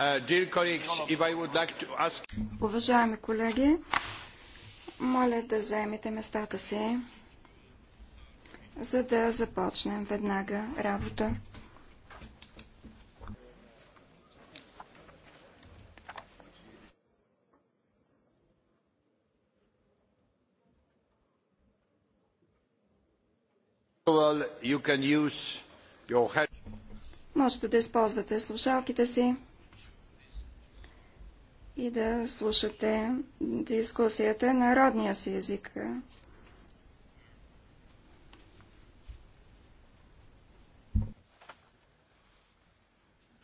Uh, Уважаеми колеги, моля да заемете местата си, за да започнем веднага работа. Можете да използвате слушалките си и да слушате дискусията на родния си език.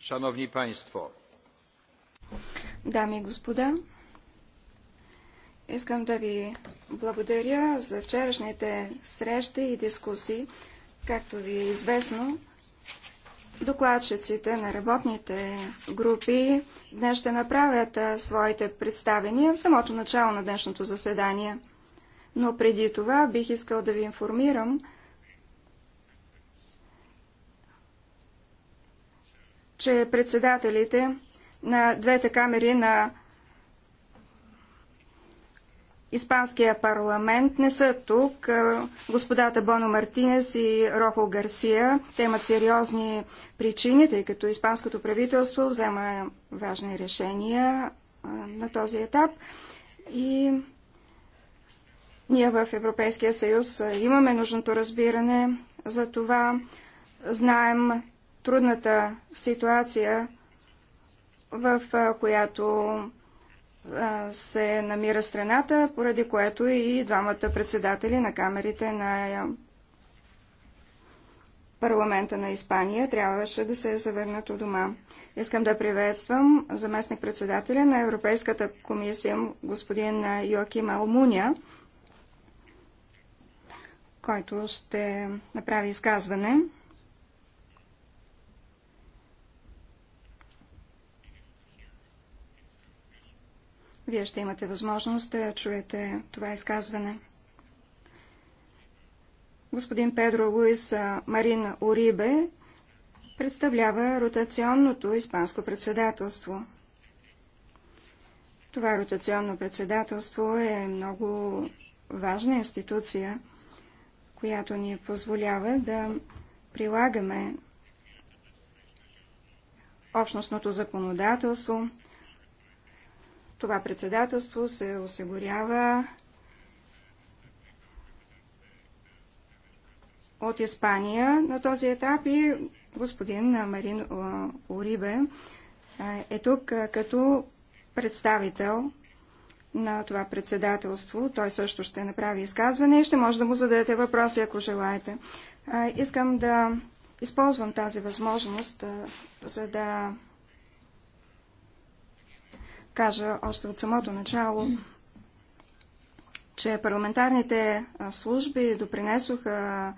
Шановни панство. Дами и господа, искам да ви благодаря за вчерашните срещи и дискусии. Както ви е известно, докладчиците на работните групи днес ще направят своите представения в самото начало на днешното заседание. Но преди това бих искал да ви информирам, че председателите на двете камери на Испанския парламент не са тук. Господата Боно Мартинес и Рохо Гарсия. Те имат сериозни причини, тъй като испанското правителство взема важни решения на този етап. И ние в Европейския съюз имаме нужното разбиране за това. Знаем трудната ситуация, в която се намира страната, поради което и двамата председатели на камерите на парламента на Испания трябваше да се завърнат у дома. Искам да приветствам заместник-председателя на Европейската комисия, господин Йоаким Алмуня, който ще направи изказване. Вие ще имате възможност да чуете това изказване. Господин Педро Луис Марин Орибе представлява ротационното испанско председателство. Това ротационно председателство е много важна институция, която ни позволява да прилагаме общностното законодателство, това председателство се осигурява от Испания. На този етап и господин Марин Орибе е тук като представител на това председателство. Той също ще направи изказване и ще може да му зададете въпроси, ако желаете. Искам да използвам тази възможност, за да кажа още от самото начало, че парламентарните служби допринесоха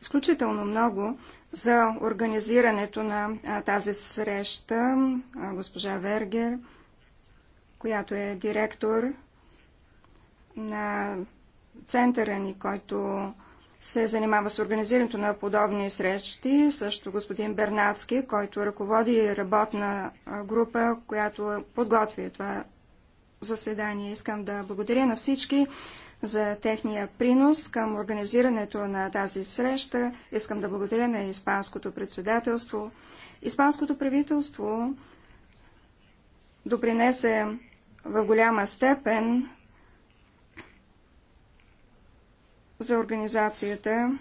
изключително много за организирането на тази среща. Госпожа Вергер, която е директор на центъра ни, който се занимава с организирането на подобни срещи, също господин Бернацки, който ръководи работна група, която подготви това заседание. Искам да благодаря на всички за техния принос към организирането на тази среща. Искам да благодаря на Испанското председателство. Испанското правителство допринесе в голяма степен за организацията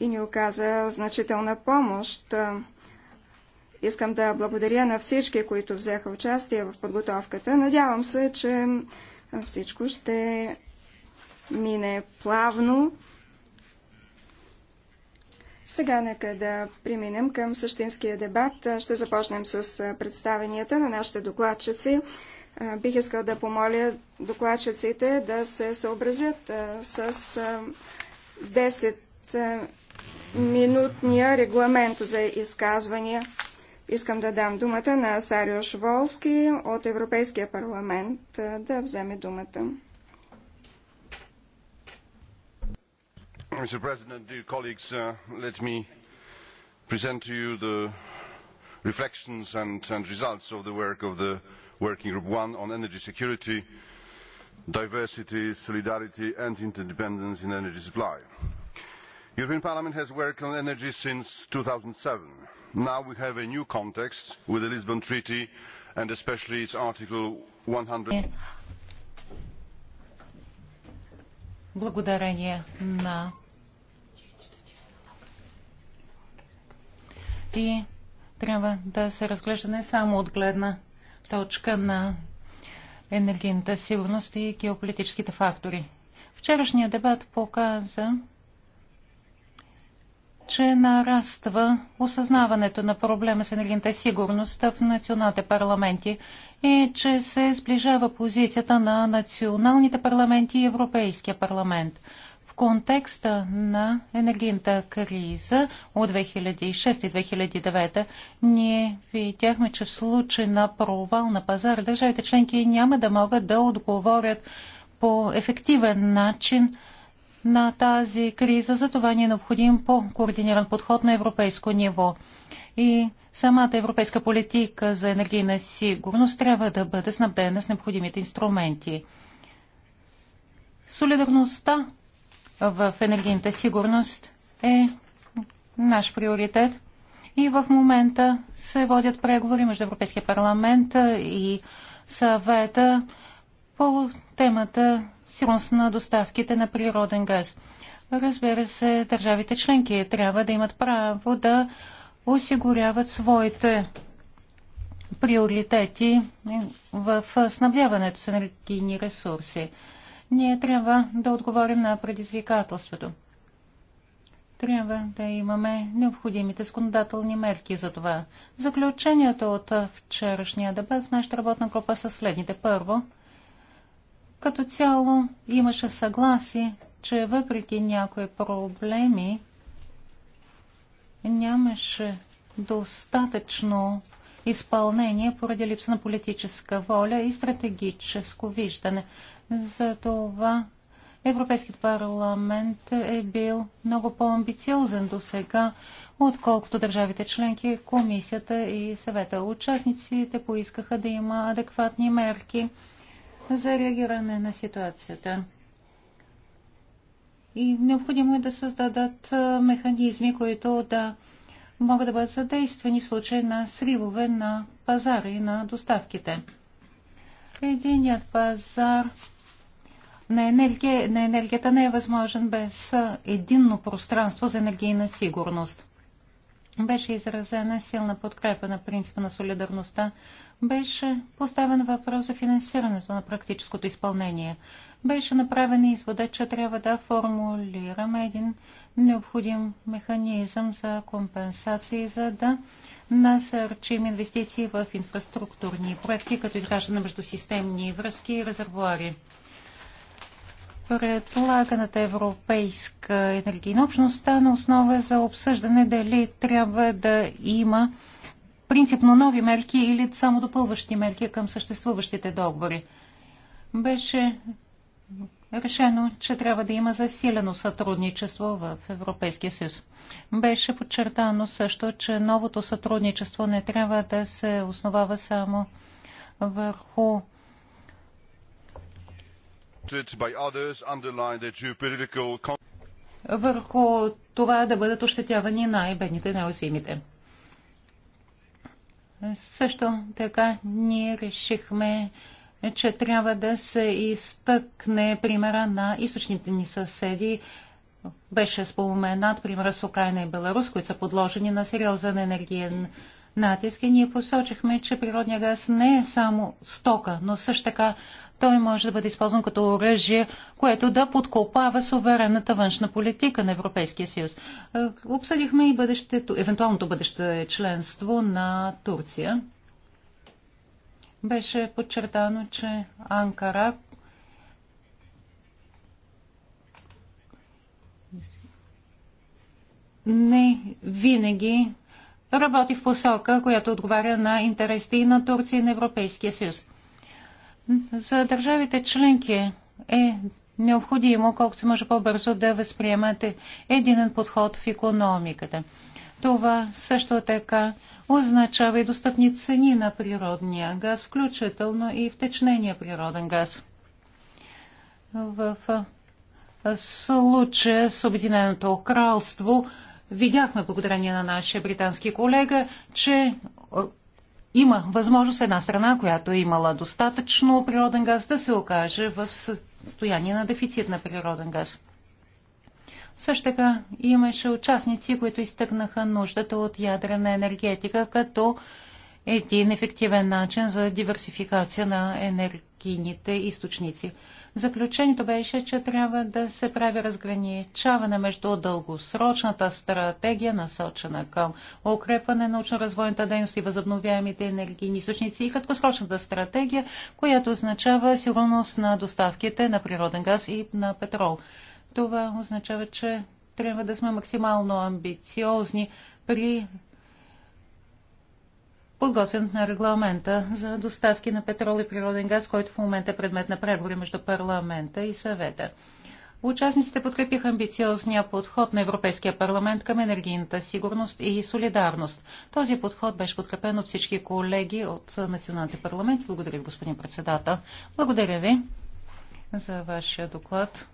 и ни оказа значителна помощ. Искам да благодаря на всички, които взеха участие в подготовката. Надявам се, че всичко ще мине плавно. Сега нека да преминем към същинския дебат. Ще започнем с представенията на нашите докладчици. Бих искал да помоля докладчиците да се съобразят с 10-минутния регламент за изказвания. Искам да дам думата на Сариош Волски от Европейския парламент да вземе думата. Mr. President, dear colleagues, uh, let me present to you the reflections and, and results of the work of the working group one on energy security diversity solidarity and interdependence in energy supply. the european parliament has worked on energy since two thousand and seven. now we have a new context with the lisbon treaty and especially its article one hundred благодарение на и трябва да се разглежда не само от гледна точка на енергийната сигурност и геополитическите фактори. Вчерашният дебат показа, че нараства осъзнаването на проблема с енергийната сигурност в националните парламенти и че се сближава позицията на националните парламенти и Европейския парламент – в контекста на енергийната криза от 2006 и 2009 ние видяхме, че в случай на провал на пазара държавите членки няма да могат да отговорят по ефективен начин на тази криза. Затова ни е необходим по-координиран подход на европейско ниво. И самата европейска политика за енергийна сигурност трябва да бъде снабдена с необходимите инструменти. Солидарността в енергийната сигурност е наш приоритет. И в момента се водят преговори между Европейския парламент и съвета по темата сигурност на доставките на природен газ. Разбира се, държавите членки трябва да имат право да осигуряват своите приоритети в снабдяването с енергийни ресурси ние трябва да отговорим на предизвикателството. Трябва да имаме необходимите законодателни мерки за това. Заключението от вчерашния дебат в нашата работна група са следните. Първо, като цяло имаше съгласие, че въпреки някои проблеми нямаше достатъчно изпълнение поради липса на политическа воля и стратегическо виждане. За това Европейският парламент е бил много по-амбициозен до сега, отколкото държавите членки, комисията и съвета. Участниците поискаха да има адекватни мерки за реагиране на ситуацията. И необходимо е да създадат механизми, които да могат да бъдат задействани в случай на сривове на пазари и на доставките. Единият пазар на, енергия, на енергията не е възможен без единно пространство за енергийна сигурност. Беше изразена силна подкрепа на принципа на солидарността. Беше поставен въпрос за финансирането на практическото изпълнение. Беше направен извода, че трябва да формулираме един необходим механизъм за компенсации, за да насърчим инвестиции в инфраструктурни проекти, като изграждане между системни връзки и резервуари предлаганата европейска енергийна общност стана основа за обсъждане дали трябва да има принципно нови мерки или само допълващи мерки към съществуващите договори. Беше решено, че трябва да има засилено сътрудничество в Европейския съюз. Беше подчертано също, че новото сътрудничество не трябва да се основава само върху върху това да бъдат ощетявани най-бедните, най-уязвимите. Също така ние решихме, че трябва да се изтъкне примера на източните ни съседи. Беше споменат примера с Украина и Беларус, които са подложени на сериозен енергиен натиск и ние посочихме, че природния газ не е само стока, но също така той може да бъде използван като оръжие, което да подкопава суверенната външна политика на Европейския съюз. Е, обсъдихме и бъдещето, евентуалното бъдеще членство на Турция. Беше подчертано, че Анкара не винаги работи в посока, която отговаря на интересите и на Турция и на Европейския съюз за държавите членки е необходимо колко се може по-бързо да възприемате един подход в економиката. Това също така означава и достъпни цени на природния газ, включително и втечнения природен газ. В случая с Обединеното кралство видяхме благодарение на нашия британски колега, че има възможност една страна, която е имала достатъчно природен газ, да се окаже в състояние на дефицит на природен газ. Също така имаше участници, които изтъкнаха нуждата от ядрена енергетика като един ефективен начин за диверсификация на енергийните източници. Заключението беше, че трябва да се прави разграничаване между дългосрочната стратегия, насочена към укрепване на научно-развойната дейност и възобновяемите енергийни източници и краткосрочната стратегия, която означава сигурност на доставките на природен газ и на петрол. Това означава, че трябва да сме максимално амбициозни при подготвянето на регламента за доставки на петрол и природен газ, който в момента е предмет на преговори между парламента и съвета. Участниците подкрепиха амбициозния подход на Европейския парламент към енергийната сигурност и солидарност. Този подход беше подкрепен от всички колеги от националните парламенти. Благодаря ви, господин председател. Благодаря ви за вашия доклад.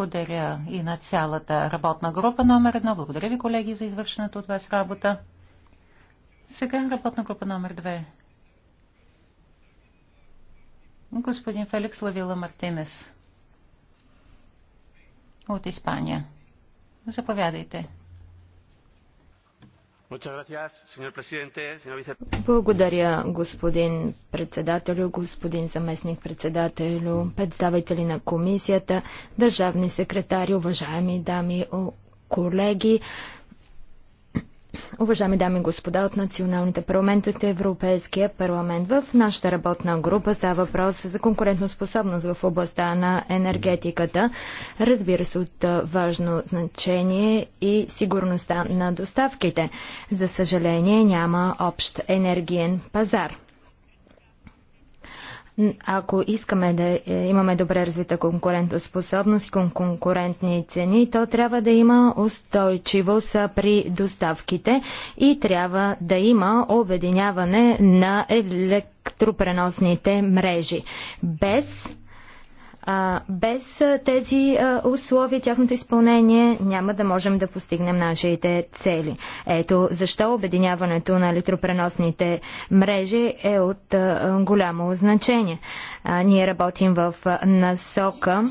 Благодаря и на цялата работна група номер едно. Благодаря ви, колеги, за извършената от вас работа. Сега работна група номер две. Господин Феликс Лавила Мартинес от Испания. Заповядайте. Благодаря, господин председателю, господин заместник председателю, представители на комисията, държавни секретари, уважаеми дами колеги. Уважаеми дами и господа от националните парламенти от Европейския парламент, в нашата работна група става въпрос за конкурентоспособност в областта на енергетиката. Разбира се, от важно значение и сигурността на доставките. За съжаление, няма общ енергиен пазар. Ако искаме да е, имаме добре развита конкурентоспособност и конкурентни цени, то трябва да има устойчивост при доставките и трябва да има обединяване на електропреносните мрежи. Без а, без тези а, условия, тяхното изпълнение, няма да можем да постигнем нашите цели. Ето защо обединяването на електропреносните мрежи е от а, голямо значение. А, ние работим в а, насока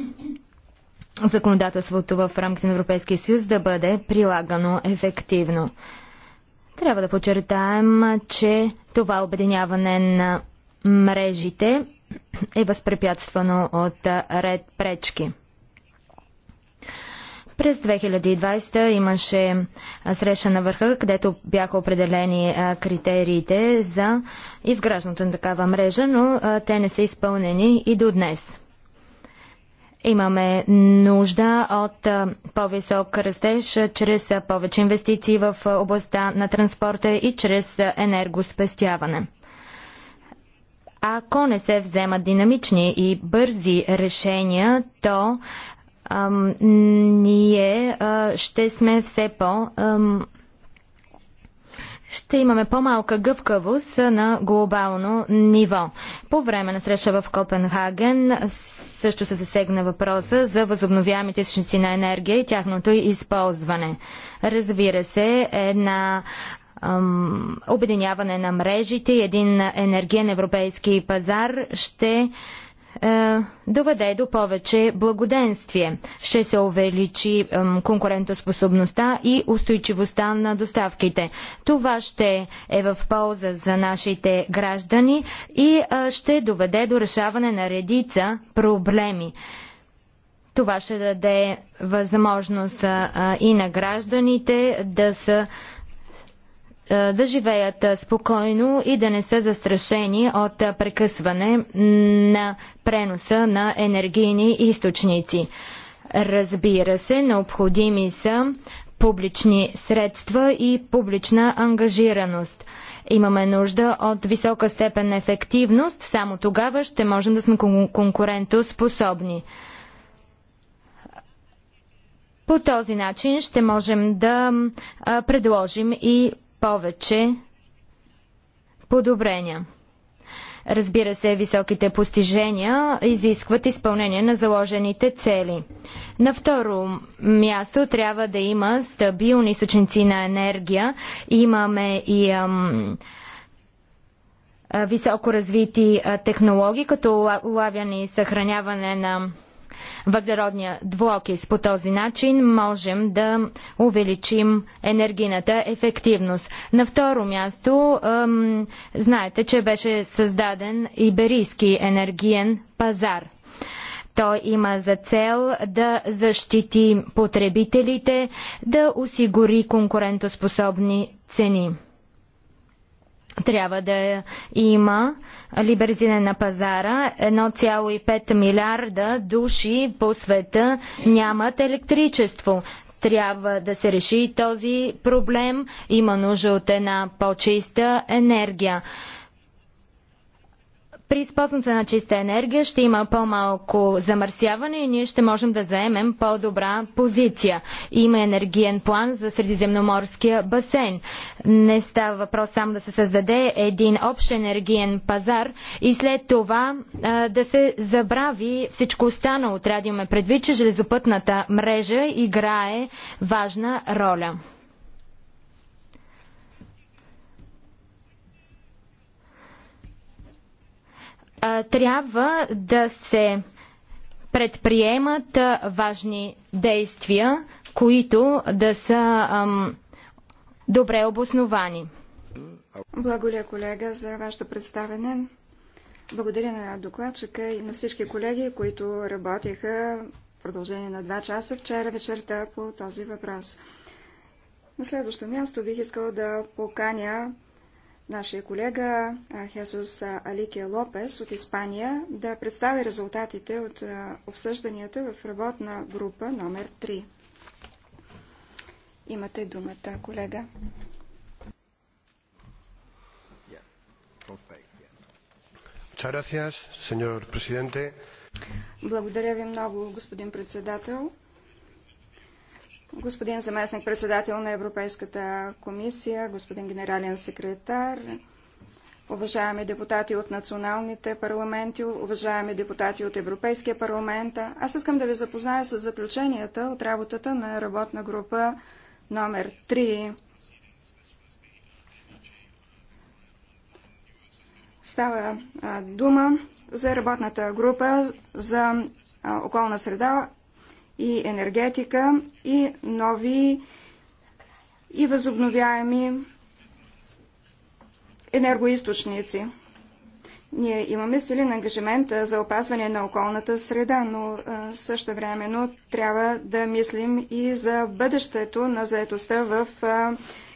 законодателството в рамките на Европейския съюз да бъде прилагано ефективно. Трябва да подчертаем, че това обединяване на мрежите е възпрепятствано от ред пречки. През 2020 имаше среща на върха, където бяха определени критериите за изграждането на такава мрежа, но те не са изпълнени и до днес. Имаме нужда от по-висок растеж чрез повече инвестиции в областта на транспорта и чрез енергоспестяване. Ако не се вземат динамични и бързи решения, то ам, ние а, ще сме все по. Ам, ще имаме по-малка гъвкавост на глобално ниво. По време на среща в Копенхаген също се засегна въпроса за възобновяемите източници на енергия и тяхното използване. Разбира се, една обединяване на мрежите и един енергиен европейски пазар ще е, доведе до повече благоденствие. Ще се увеличи конкурентоспособността и устойчивостта на доставките. Това ще е в полза за нашите граждани и ще доведе до решаване на редица проблеми. Това ще даде възможност и на гражданите да са е, да живеят е, спокойно и да не са застрашени от е, прекъсване на преноса на енергийни източници. Разбира се, необходими са публични средства и публична ангажираност. Имаме нужда от висока степен на ефективност, само тогава ще можем да сме конкурентоспособни. По този начин ще можем да предложим и повече подобрения. Разбира се, високите постижения изискват изпълнение на заложените цели. На второ място трябва да има стабилни източници на енергия. Имаме и ам, високо развити технологии, като улавяне и съхраняване на въглеродния двуокис. По този начин можем да увеличим енергийната ефективност. На второ място, ем, знаете, че беше създаден Иберийски енергиен пазар. Той има за цел да защити потребителите, да осигури конкурентоспособни цени трябва да има либерзина на пазара. 1,5 милиарда души по света нямат електричество. Трябва да се реши този проблем. Има нужда от една по-чиста енергия. При използването на чиста енергия ще има по-малко замърсяване и ние ще можем да заемем по-добра позиция. Има енергиен план за Средиземноморския басейн. Не става въпрос само да се създаде един общ енергиен пазар и след това а, да се забрави всичко останало. Трябва да имаме предвид, че железопътната мрежа играе важна роля. трябва да се предприемат важни действия, които да са ам, добре обосновани. Благодаря, колега, за вашето представене. Благодаря на докладчика и на всички колеги, които работиха в продължение на два часа вчера вечерта по този въпрос. На следващо място бих искала да поканя нашия колега Хесус Алике Лопес от Испания да представи резултатите от обсъжданията в работна група номер 3. Имате думата, колега. Благодаря ви много, господин председател господин заместник председател на Европейската комисия, господин генерален секретар, уважаеми депутати от националните парламенти, уважаеми депутати от Европейския парламент. Аз искам да ви запозная с заключенията от работата на работна група номер 3. Става дума за работната група за околна среда и енергетика и нови и възобновяеми енергоисточници. Ние имаме силен ангажимент за опазване на околната среда, но също времено трябва да мислим и за бъдещето на заетостта в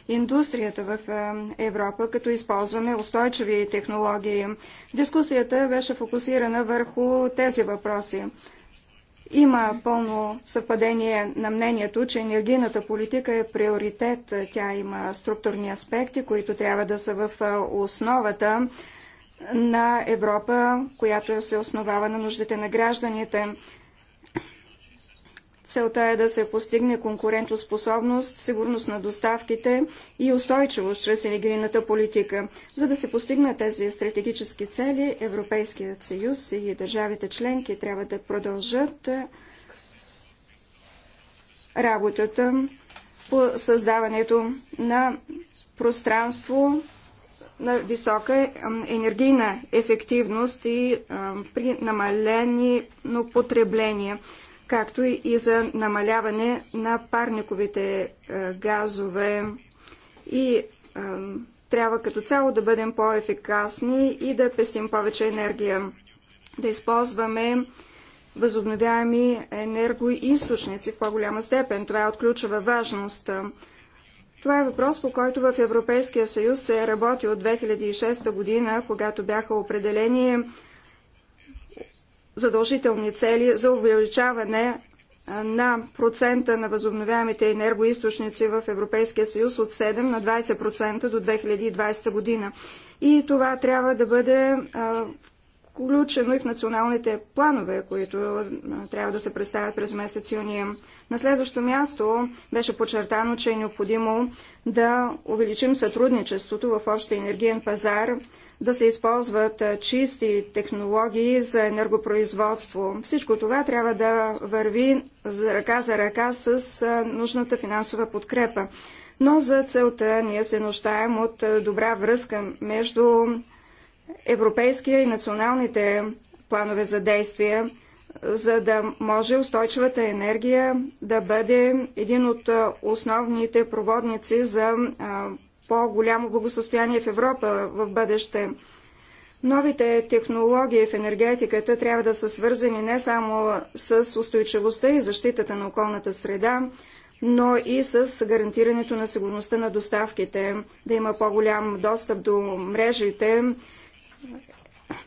индустрията в Европа, като използваме устойчиви технологии. Дискусията беше фокусирана върху тези въпроси. Има пълно съвпадение на мнението, че енергийната политика е приоритет. Тя има структурни аспекти, които трябва да са в основата на Европа, която се основава на нуждите на гражданите. Целта е да се постигне конкурентоспособност, сигурност на доставките и устойчивост чрез енергийната политика. За да се постигнат тези стратегически цели, Европейският съюз и държавите членки трябва да продължат е, работата по създаването на пространство на висока е, енергийна ефективност и е, при намалени потребления както и за намаляване на парниковите е, газове и е, трябва като цяло да бъдем по-ефикасни и да пестим повече енергия, да използваме възобновяеми енергоисточници в по-голяма степен. Това е от ключова важност. Това е въпрос, по който в Европейския съюз се е работи от 2006 година, когато бяха определени задължителни цели за увеличаване на процента на възобновяемите енергоисточници в Европейския съюз от 7 на 20% до 2020 година. И това трябва да бъде включено и в националните планове, които трябва да се представят през месец юни. На следващо място беше подчертано, че е необходимо да увеличим сътрудничеството в общия енергиен пазар, да се използват чисти технологии за енергопроизводство. Всичко това трябва да върви за ръка за ръка с нужната финансова подкрепа. Но за целта ние се нощаем от добра връзка между европейския и националните планове за действие, за да може устойчивата енергия да бъде един от основните проводници за по-голямо благосостояние в Европа в бъдеще. Новите технологии в енергетиката трябва да са свързани не само с устойчивостта и защитата на околната среда, но и с гарантирането на сигурността на доставките, да има по-голям достъп до мрежите,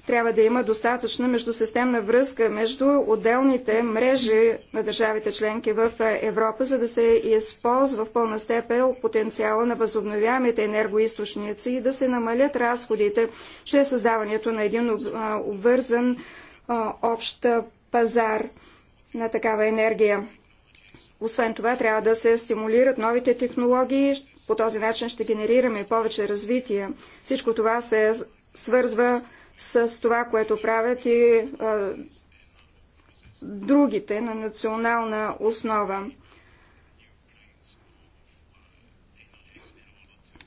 трябва да има достатъчна междусистемна връзка между отделните мрежи на държавите членки в Европа, за да се използва в пълна степен потенциала на възобновяемите енергоисточници и да се намалят разходите чрез създаването на един обвързан общ пазар на такава енергия. Освен това, трябва да се стимулират новите технологии, по този начин ще генерираме повече развитие. Всичко това се свързва с това, което правят и а, другите на национална основа.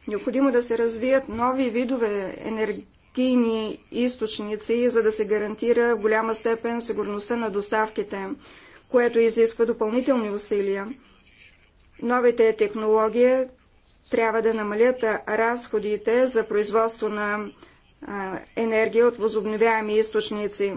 Необходимо да се развият нови видове енергийни източници, за да се гарантира в голяма степен сигурността на доставките, което изисква допълнителни усилия. Новите технологии трябва да намалят разходите за производство на енергия от възобновяеми източници.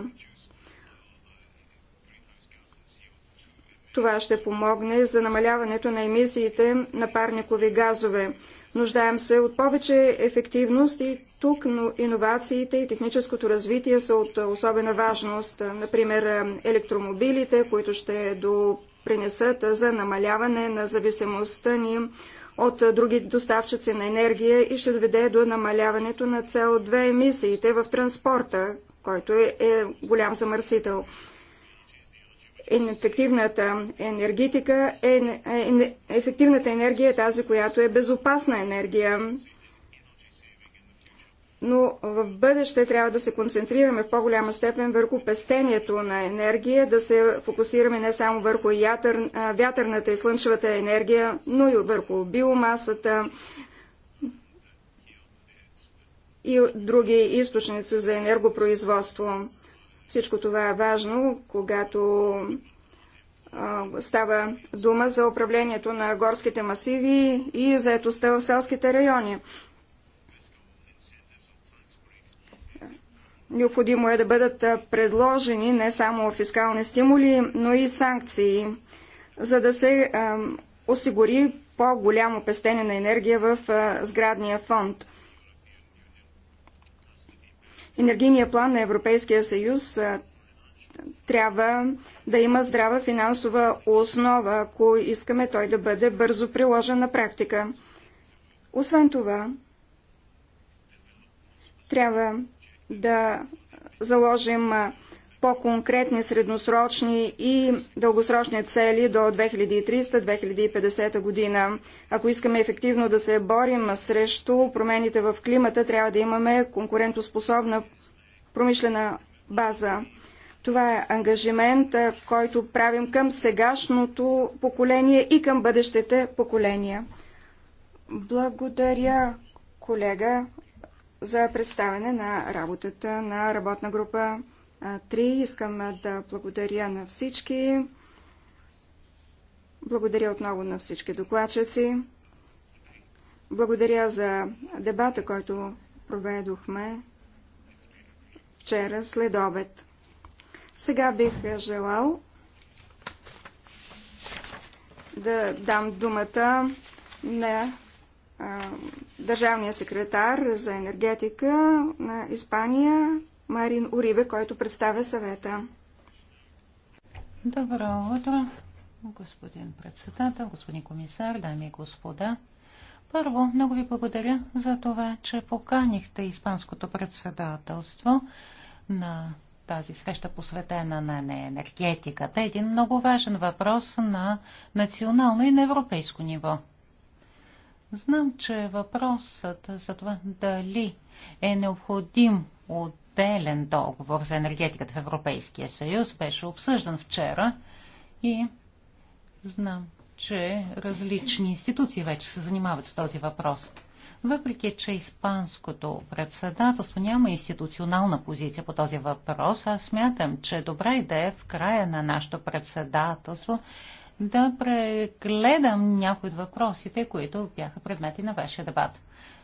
Това ще помогне за намаляването на емисиите на парникови газове. Нуждаем се от повече ефективност и тук, но иновациите и техническото развитие са от особена важност. Например, електромобилите, които ще допринесат за намаляване на зависимостта ни от други доставчици на енергия и ще доведе до намаляването на CO2 емисиите в транспорта, който е, е голям замърсител. Ефективната енергетика е, е, е, ефективната енергия е тази, която е безопасна енергия но в бъдеще трябва да се концентрираме в по-голяма степен върху пестението на енергия, да се фокусираме не само върху ятър, вятърната и слънчевата енергия, но и върху биомасата и други източници за енергопроизводство. Всичко това е важно, когато става дума за управлението на горските масиви и заетостта в селските райони. Необходимо е да бъдат предложени не само фискални стимули, но и санкции, за да се осигури по-голямо пестене на енергия в сградния фонд. Енергийният план на Европейския съюз трябва да има здрава финансова основа, ако искаме той да бъде бързо приложен на практика. Освен това, трябва да заложим по-конкретни средносрочни и дългосрочни цели до 2300-2050 година. Ако искаме ефективно да се борим срещу промените в климата, трябва да имаме конкурентоспособна промишлена база. Това е ангажимент, който правим към сегашното поколение и към бъдещите поколения. Благодаря, колега за представяне на работата на работна група 3. Искам да благодаря на всички. Благодаря отново на всички докладчици. Благодаря за дебата, който проведохме вчера след обед. Сега бих желал да дам думата на държавния секретар за енергетика на Испания Марин Урибе, който представя съвета. Добро утро, господин председател, господин комисар, дами и господа. Първо, много ви благодаря за това, че поканихте Испанското председателство на тази среща посветена на енергетиката. Един много важен въпрос на национално и на европейско ниво. Знам, че въпросът за това дали е необходим отделен договор за енергетиката в Европейския съюз беше обсъждан вчера и знам, че различни институции вече се занимават с този въпрос. Въпреки, че испанското председателство няма институционална позиция по този въпрос, аз смятам, че добра идея в края на нашето председателство да прегледам някои от въпросите, които бяха предмети на вашия дебат.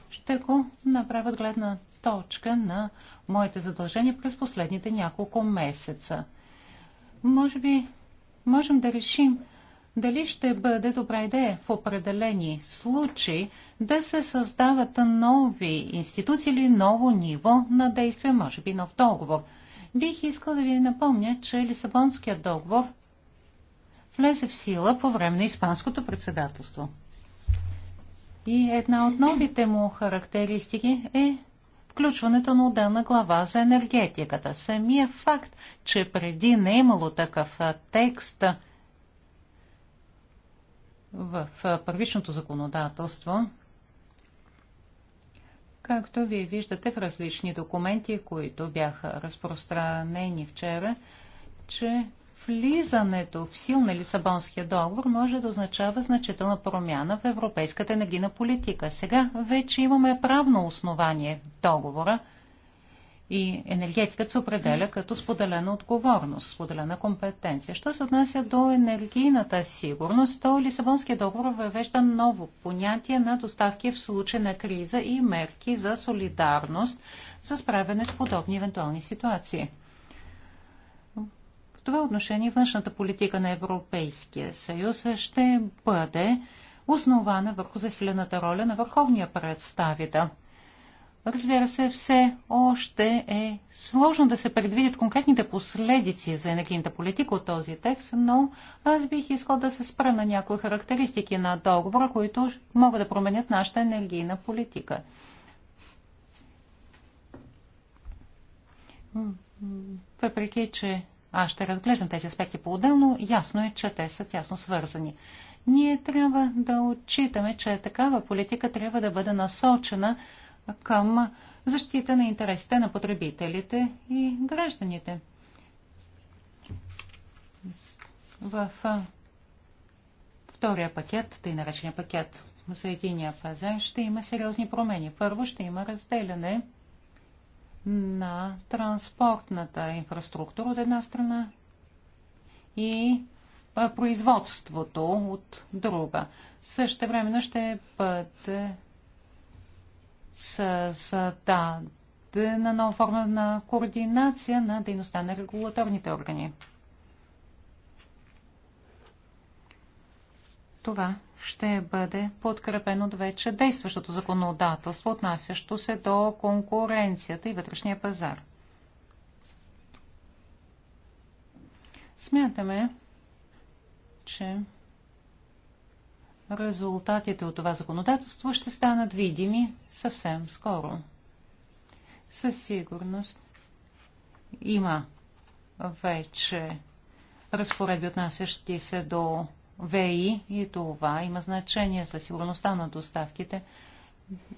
Ще го направя гледна точка на моите задължения през последните няколко месеца. Може би можем да решим дали ще бъде добра идея в определени случаи да се създават нови институции или ново ниво на действие, може би нов договор. Бих искал да ви напомня, че Лисабонският договор – влезе в сила по време на Испанското председателство. И една от новите му характеристики е включването на отделна глава за енергетиката. Самия факт, че преди не е имало такъв текст в първичното законодателство, както вие виждате в различни документи, които бяха разпространени вчера, че влизането в сил на Лисабонския договор може да означава значителна промяна в европейската енергийна политика. Сега вече имаме правно основание в договора и енергетиката се определя като споделена отговорност, споделена компетенция. Що се отнася до енергийната сигурност, то Лисабонския договор въвежда ново понятие на доставки в случай на криза и мерки за солидарност за справяне с подобни евентуални ситуации това отношение външната политика на Европейския съюз ще бъде основана върху засилената роля на върховния представител. Разбира се, все още е сложно да се предвидят конкретните последици за енергийната политика от този текст, но аз бих искал да се спра на някои характеристики на договора, които могат да променят нашата енергийна политика. Въпреки, че аз ще разглеждам тези аспекти по-отделно, ясно е, че те са тясно свързани. Ние трябва да отчитаме, че такава политика трябва да бъде насочена към защита на интересите на потребителите и гражданите. В втория пакет, тъй наречения пакет за единия пазар, ще има сериозни промени. Първо ще има разделяне на транспортната инфраструктура от една страна и производството от друга. Също времено ще бъде създадена нова форма на координация на дейността на регулаторните органи. това ще бъде подкрепено от вече действащото законодателство, отнасящо се до конкуренцията и вътрешния пазар. Смятаме, че резултатите от това законодателство ще станат видими съвсем скоро. Със сигурност има вече разпоредби, отнасящи се до ВИ и това има значение за сигурността на доставките.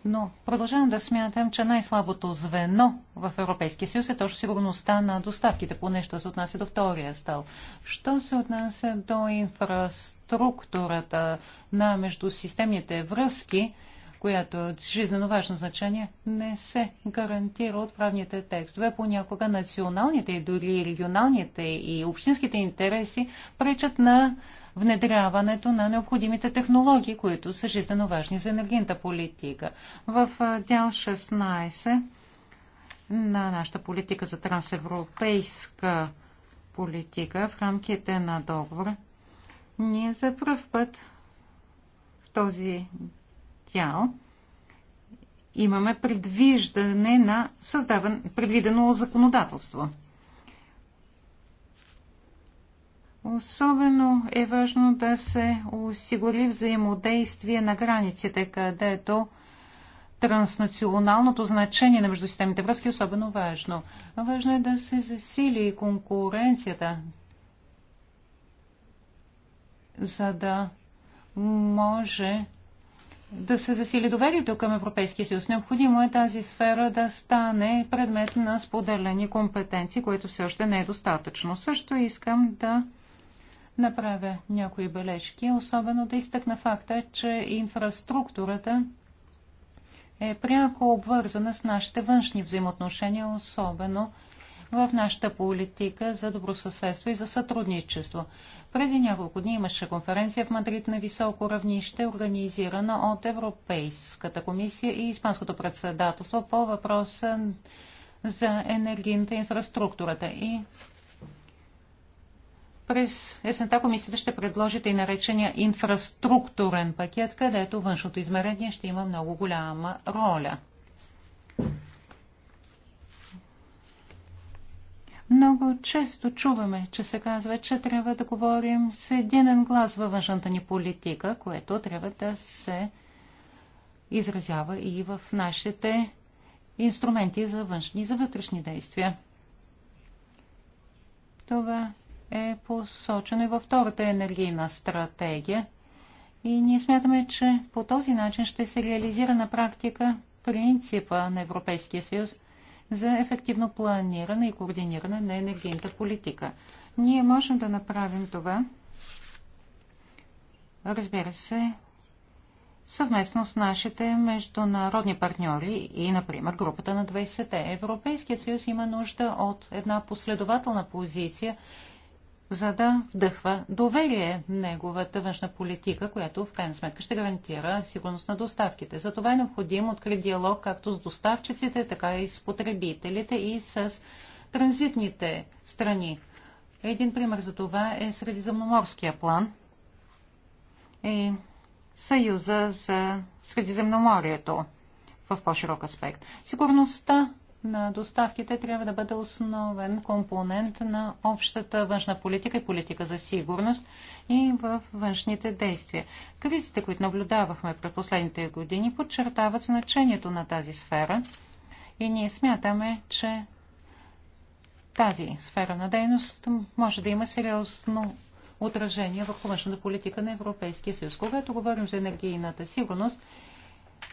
Но продължавам да смятам, че най-слабото звено в Европейския съюз е точно сигурността на доставките, поне що се отнася до втория стъл. Що се отнася до инфраструктурата на междусистемните връзки, която е от жизненно важно значение, не се гарантира от правните текстове. Понякога националните и дори регионалните и общинските интереси пречат на внедряването на необходимите технологии, които са жизненно важни за енергийната политика. В дял 16 на нашата политика за трансевропейска политика в рамките на договора, ние за първ път в този дял имаме предвиждане на създаване, предвидено законодателство. Особено е важно да се осигури взаимодействие на границите, където транснационалното значение на междусистемните връзки е особено важно. Важно е да се засили конкуренцията, за да може да се засили доверието към Европейския съюз. Необходимо е тази сфера да стане предмет на споделени компетенции, което все още не е достатъчно. Също искам да направя някои бележки, особено да изтъкна факта, че инфраструктурата е пряко обвързана с нашите външни взаимоотношения, особено в нашата политика за добросъседство и за сътрудничество. Преди няколко дни имаше конференция в Мадрид на високо равнище, организирана от Европейската комисия и Испанското председателство по въпроса за енергийната инфраструктурата. И през есента комисията ще предложи и наречения инфраструктурен пакет, където външното измерение ще има много голяма роля. Много често чуваме, че се казва, че трябва да говорим с единен глас във външната ни политика, което трябва да се изразява и в нашите инструменти за външни и за вътрешни действия. Това е посочено и във втората енергийна стратегия. И ние смятаме, че по този начин ще се реализира на практика принципа на Европейския съюз за ефективно планиране и координиране на енергийната политика. Ние можем да направим това, разбира се, съвместно с нашите международни партньори и, например, групата на 20-те. Европейският съюз има нужда от една последователна позиция за да вдъхва доверие неговата външна политика, която в крайна сметка ще гарантира сигурност на доставките. За това е необходим открит диалог както с доставчиците, така и с потребителите и с транзитните страни. Един пример за това е Средиземноморския план и Съюза за Средиземноморието в по-широк аспект. Сигурността на доставките трябва да бъде основен компонент на общата външна политика и политика за сигурност и в външните действия. Кризите, които наблюдавахме през последните години, подчертават значението на тази сфера и ние смятаме, че тази сфера на дейност може да има сериозно отражение върху външната политика на Европейския съюз. Когато говорим за енергийната сигурност,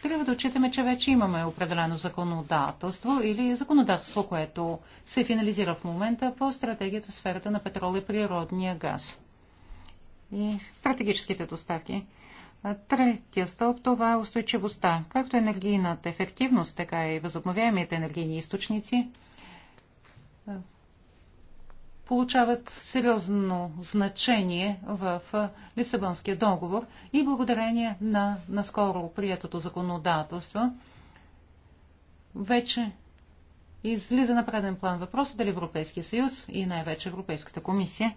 трябва да отчитаме, че вече имаме определено законодателство или законодателство, което се финализира в момента по стратегията в сферата на петрол и природния газ. И стратегическите доставки. Третия стълб това е устойчивостта, както енергийната ефективност, така и възобновяемите енергийни източници получават сериозно значение в Лисабонския договор и благодарение на наскоро приятото законодателство вече излиза на преден план въпроса дали Европейския съюз и най-вече Европейската комисия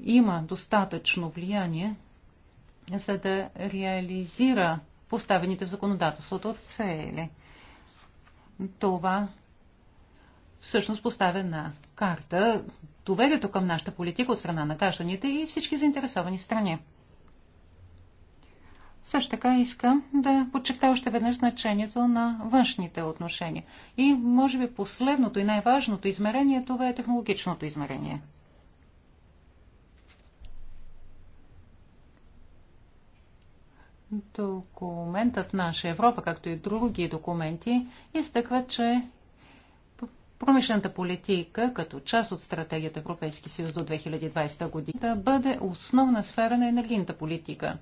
има достатъчно влияние за да реализира поставените в законодателството цели. Това всъщност поставя на карта доверието към нашата политика от страна на гражданите и всички заинтересовани страни. Също така искам да подчертая още веднъж значението на външните отношения. И може би последното и най-важното измерение това е технологичното измерение. Документът Наша Европа, както и други документи, изтъкват, че промишлената политика като част от стратегията Европейски съюз до 2020 година да бъде основна сфера на енергийната политика.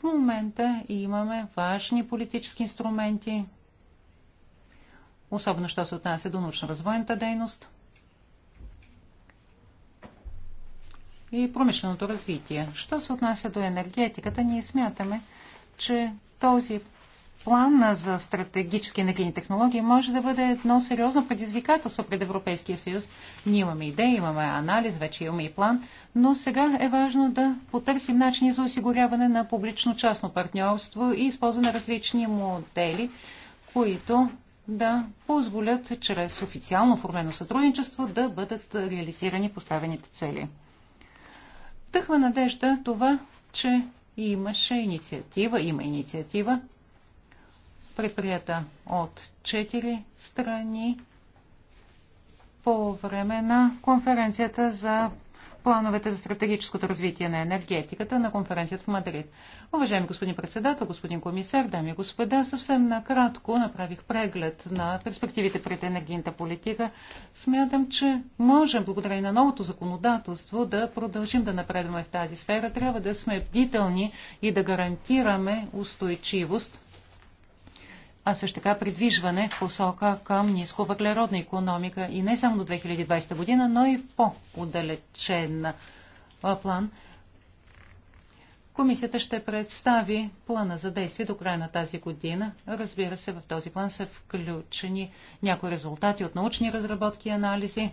В момента имаме важни политически инструменти, особено що се отнася до научно-развойната дейност и промишленото развитие. Що се отнася до енергетиката, ние смятаме, че този план за стратегически енергийни технологии може да бъде едно сериозно предизвикателство пред Европейския съюз. Ние имаме идеи, имаме анализ, вече имаме и план, но сега е важно да потърсим начини за осигуряване на публично-частно партньорство и използване на различни модели, които да позволят чрез официално формено сътрудничество да бъдат реализирани поставените цели. Вдъхва надежда това, че имаше инициатива, има инициатива предприята от четири страни по време на конференцията за плановете за стратегическото развитие на енергетиката на конференцията в Мадрид. Уважаеми господин председател, господин комисар, дами и господа, съвсем накратко направих преглед на перспективите пред енергийната политика. Смятам, че можем, благодарение на новото законодателство, да продължим да напредваме в тази сфера. Трябва да сме бдителни и да гарантираме устойчивост а също така придвижване в посока към нисковъглеродна економика и не само до 2020 година, но и в по-удалечен план. Комисията ще представи плана за действие до края на тази година. Разбира се, в този план са включени някои резултати от научни разработки и анализи.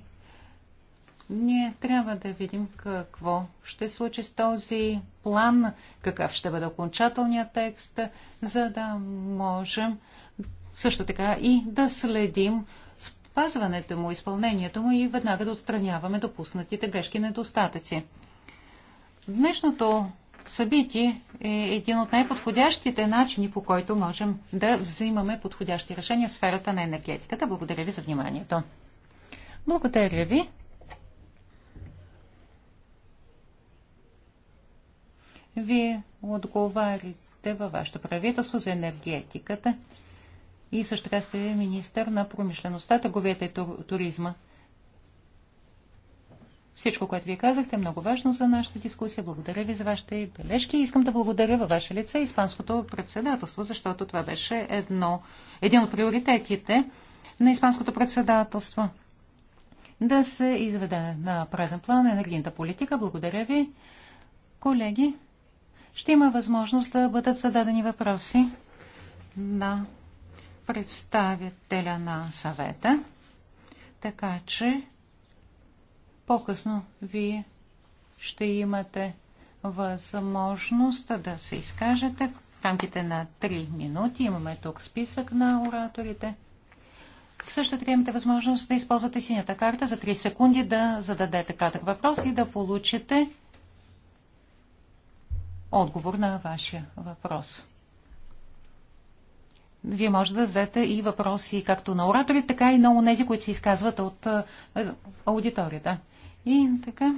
Ние трябва да видим какво ще случи с този план, какъв ще бъде окончателният текст, за да можем също така и да следим спазването му, изпълнението му и веднага да отстраняваме допуснатите грешки недостатъци. Днешното събитие е един от най-подходящите начини, по който можем да взимаме подходящи решения в сферата на енергетиката. Благодаря ви за вниманието. Благодаря ви. Вие отговарите във вашето правителство за енергетиката и също така сте министър на промишлеността, търговията и туризма. Всичко, което вие казахте, е много важно за нашата дискусия. Благодаря ви за вашите бележки. Искам да благодаря във ваше лице Испанското председателство, защото това беше едно, един от приоритетите на Испанското председателство. Да се изведе на преден план енергийната политика. Благодаря ви. Колеги, ще има възможност да бъдат зададени въпроси на представителя на съвета, така че по-късно вие ще имате възможност да се изкажете в рамките на 3 минути. Имаме тук списък на ораторите. Също така имате възможност да използвате синята карта за 3 секунди да зададете кратък въпрос и да получите отговор на вашия въпрос вие може да зададете и въпроси както на ораторите, така и на онези, които се изказват от е, аудиторията. И така,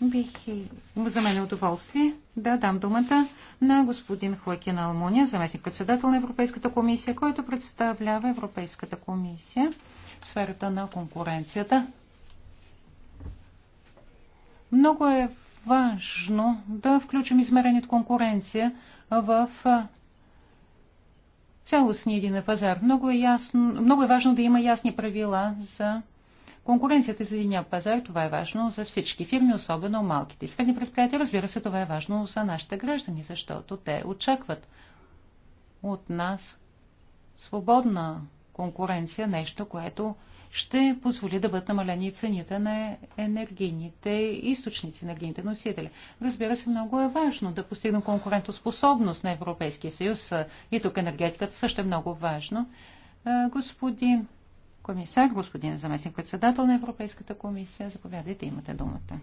бих и за мен е удоволствие да дам думата на господин Хоакин Алмуния, заместник председател на Европейската комисия, който представлява Европейската комисия в сферата на конкуренцията. Много е важно да включим измерението конкуренция в е, цялостния един пазар. Много е, ясно, много е важно да има ясни правила за конкуренцията за единия пазар. Това е важно за всички фирми, особено малките и средни предприятия. Разбира се, това е важно за нашите граждани, защото те очакват от нас свободна конкуренция, нещо, което ще позволи да бъдат намалени цените на енергийните източници, енергийните носители. Разбира се, много е важно да постигнем конкурентоспособност на Европейския съюз и тук енергетиката също е много важно. Господин комисар, господин заместник председател на Европейската комисия, заповядайте, имате думата.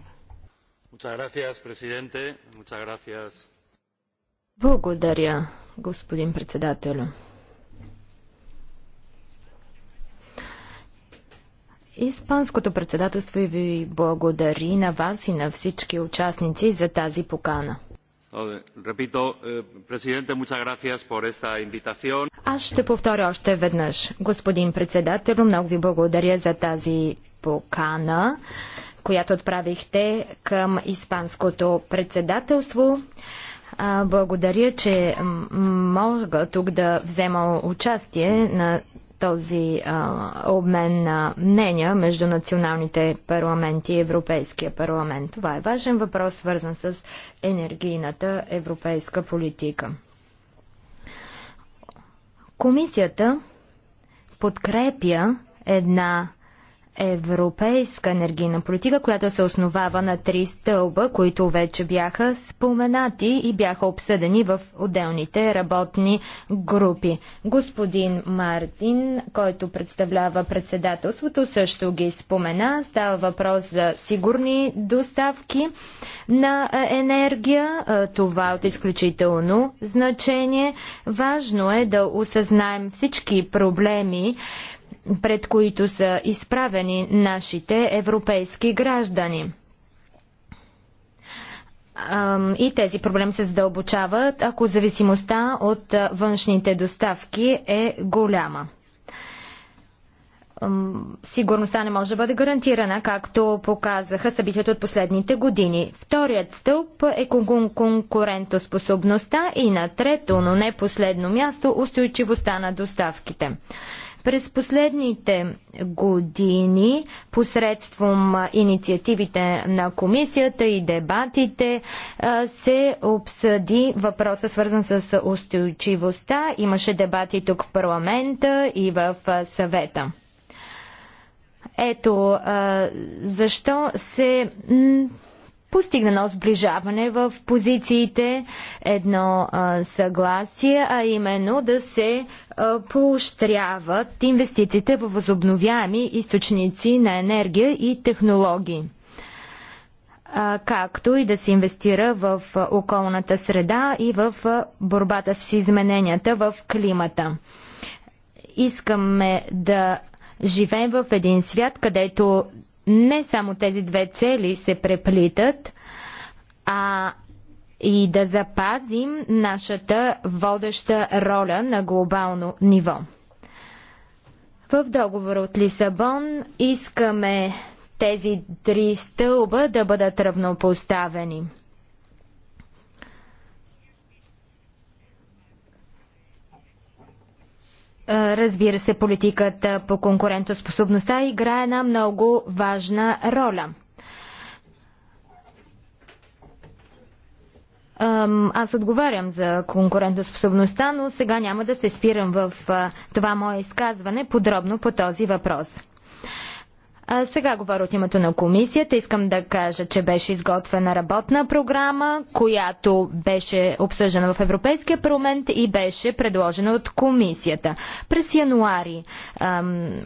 Благодаря, господин председателю. Испанското председателство и ви благодари на вас и на всички участници за тази покана. Eh, Аз ще повторя още веднъж. Господин председател, много ви благодаря за тази покана, която отправихте към Испанското председателство. Благодаря, че мога тук да взема участие на този а, обмен на мнения между националните парламенти и Европейския парламент. Това е важен въпрос, свързан с енергийната европейска политика. Комисията подкрепя една европейска енергийна политика, която се основава на три стълба, които вече бяха споменати и бяха обсъдени в отделните работни групи. Господин Мартин, който представлява председателството, също ги спомена. Става въпрос за сигурни доставки на енергия. Това е от изключително значение. Важно е да осъзнаем всички проблеми, пред които са изправени нашите европейски граждани. И тези проблеми се задълбочават, ако зависимостта от външните доставки е голяма. Сигурността не може да бъде гарантирана, както показаха събитията от последните години. Вторият стълб е конкурентоспособността и на трето, но не последно място, устойчивостта на доставките. През последните години, посредством инициативите на комисията и дебатите, се обсъди въпроса свързан с устойчивостта. Имаше дебати тук в парламента и в съвета. Ето защо се постигнано сближаване в позициите, едно а, съгласие, а именно да се а, поощряват инвестициите в възобновяеми източници на енергия и технологии както и да се инвестира в околната среда и в борбата с измененията в климата. Искаме да живеем в един свят, където не само тези две цели се преплитат, а и да запазим нашата водеща роля на глобално ниво. В договора от Лисабон искаме тези три стълба да бъдат равнопоставени – Разбира се, политиката по конкурентоспособността играе една много важна роля. Аз отговарям за конкурентоспособността, но сега няма да се спирам в това мое изказване подробно по този въпрос. А, сега говоря от името на комисията. Искам да кажа, че беше изготвена работна програма, която беше обсъждана в Европейския парламент и беше предложена от комисията. През януари ам,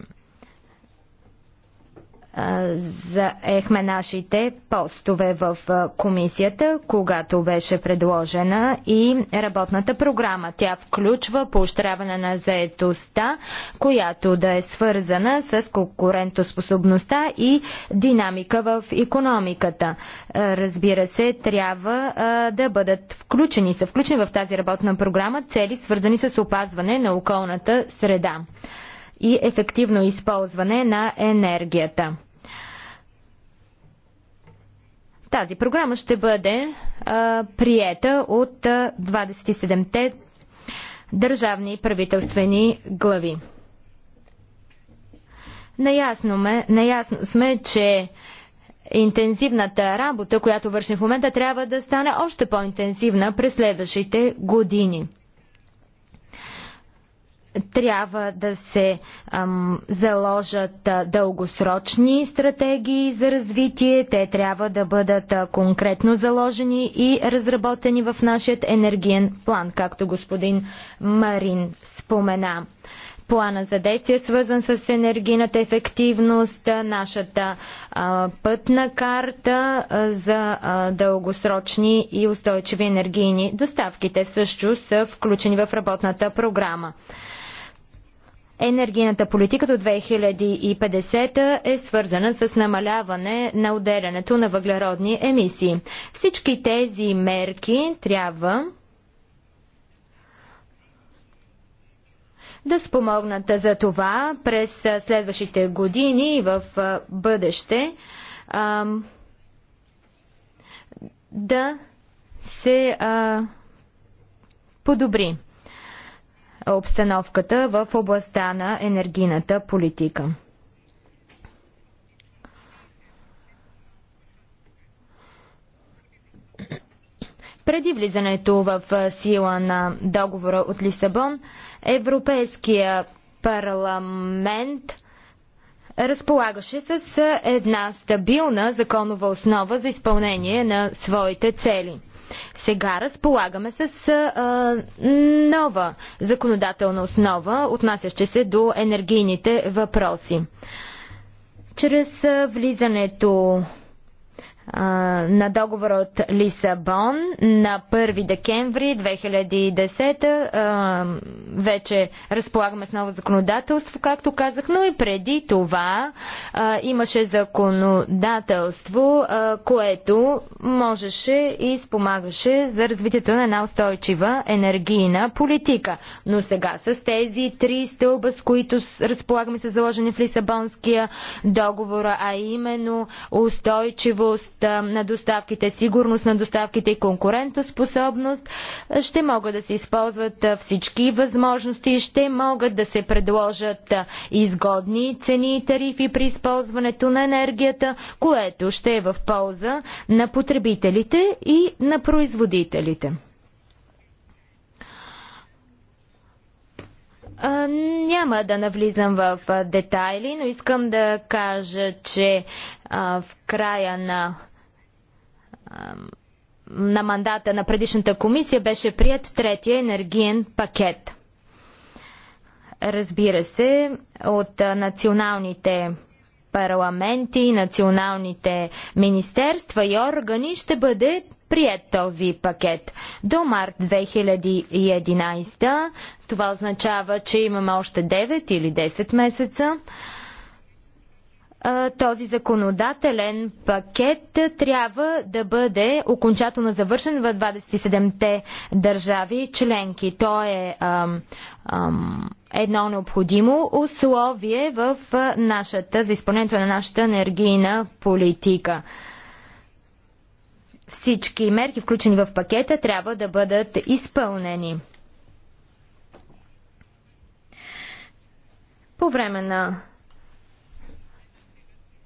заехме нашите постове в комисията, когато беше предложена и работната програма. Тя включва поощряване на заетостта, която да е свързана с конкурентоспособността и динамика в економиката. Разбира се, трябва да бъдат включени, са включени в тази работна програма цели, свързани с опазване на околната среда и ефективно използване на енергията. Тази програма ще бъде а, приета от 27-те държавни и правителствени глави. Наясно, ме, наясно сме, че интензивната работа, която вършим в момента, трябва да стане още по-интензивна през следващите години трябва да се ам, заложат дългосрочни стратегии за развитие. Те трябва да бъдат конкретно заложени и разработени в нашия енергиен план, както господин Марин спомена. Плана за действие, свързан с енергийната ефективност, нашата а, пътна карта а, за а, дългосрочни и устойчиви енергийни доставки. Те също са включени в работната програма. Енергийната политика до 2050 е свързана с намаляване на отделянето на въглеродни емисии. Всички тези мерки трябва да спомогнат за това през следващите години и в бъдеще да се подобри обстановката в областта на енергийната политика. Преди влизането в сила на договора от Лисабон, Европейския парламент разполагаше с една стабилна законова основа за изпълнение на своите цели – сега разполагаме с а, нова законодателна основа, отнасяща се до енергийните въпроси. Чрез влизането на договора от Лисабон на 1 декември 2010 вече разполагаме с ново законодателство, както казах, но и преди това имаше законодателство, което можеше и спомагаше за развитието на една устойчива енергийна политика. Но сега с тези три стълба, с които разполагаме са заложени в Лисабонския договор, а именно устойчивост, на доставките, сигурност на доставките и конкурентоспособност. Ще могат да се използват всички възможности, ще могат да се предложат изгодни цени и тарифи при използването на енергията, което ще е в полза на потребителите и на производителите. Няма да навлизам в детайли, но искам да кажа, че в края на на мандата на предишната комисия беше прият третия енергиен пакет. Разбира се, от националните парламенти, националните министерства и органи ще бъде прият този пакет. До март 2011 това означава, че имаме още 9 или 10 месеца. Този законодателен пакет трябва да бъде окончателно завършен в 27-те държави членки. То е ам, ам, едно необходимо условие в нашата, за изпълнението на нашата енергийна политика. Всички мерки, включени в пакета, трябва да бъдат изпълнени. По време на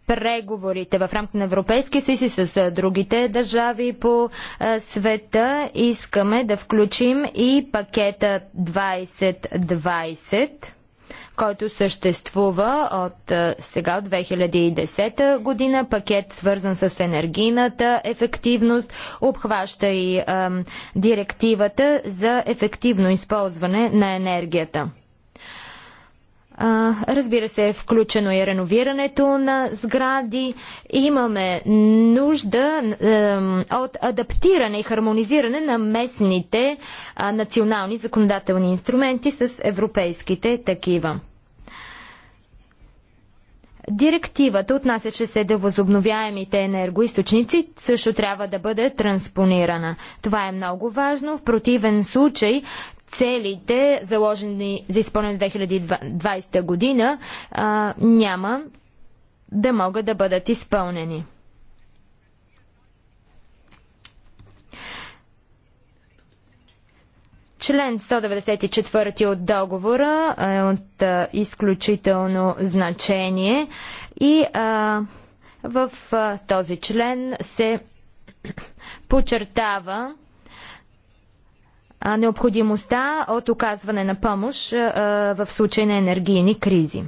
преговорите в рамките на Европейския съюз и с другите държави по света искаме да включим и пакета 2020 който съществува от сега, от 2010 година. Пакет свързан с енергийната ефективност, обхваща и директивата за ефективно използване на енергията. А, разбира се, е включено е реновирането на сгради. Имаме нужда от адаптиране и хармонизиране на местните национални законодателни инструменти с европейските такива. Директивата, отнасяща се до възобновяемите енергоисточници, също трябва да бъде транспонирана. Това е много важно. В противен случай целите, заложени за изпълнение 2020 година, а, няма да могат да бъдат изпълнени. Член 194 от договора е от а, изключително значение и а, в а, този член се подчертава необходимостта от оказване на помощ в случай на енергийни кризи.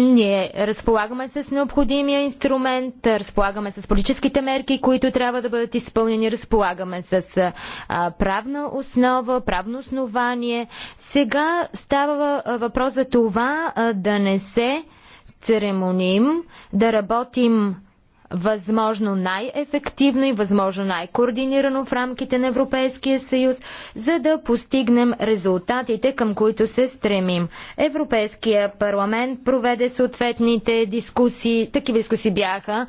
Ние разполагаме с необходимия инструмент, разполагаме с политическите мерки, които трябва да бъдат изпълнени, разполагаме с а, правна основа, правно основание. Сега става въпрос за това а, да не се церемоним, да работим възможно най-ефективно и възможно най-координирано в рамките на Европейския съюз, за да постигнем резултатите, към които се стремим. Европейския парламент проведе съответните дискусии, такива дискусии бяха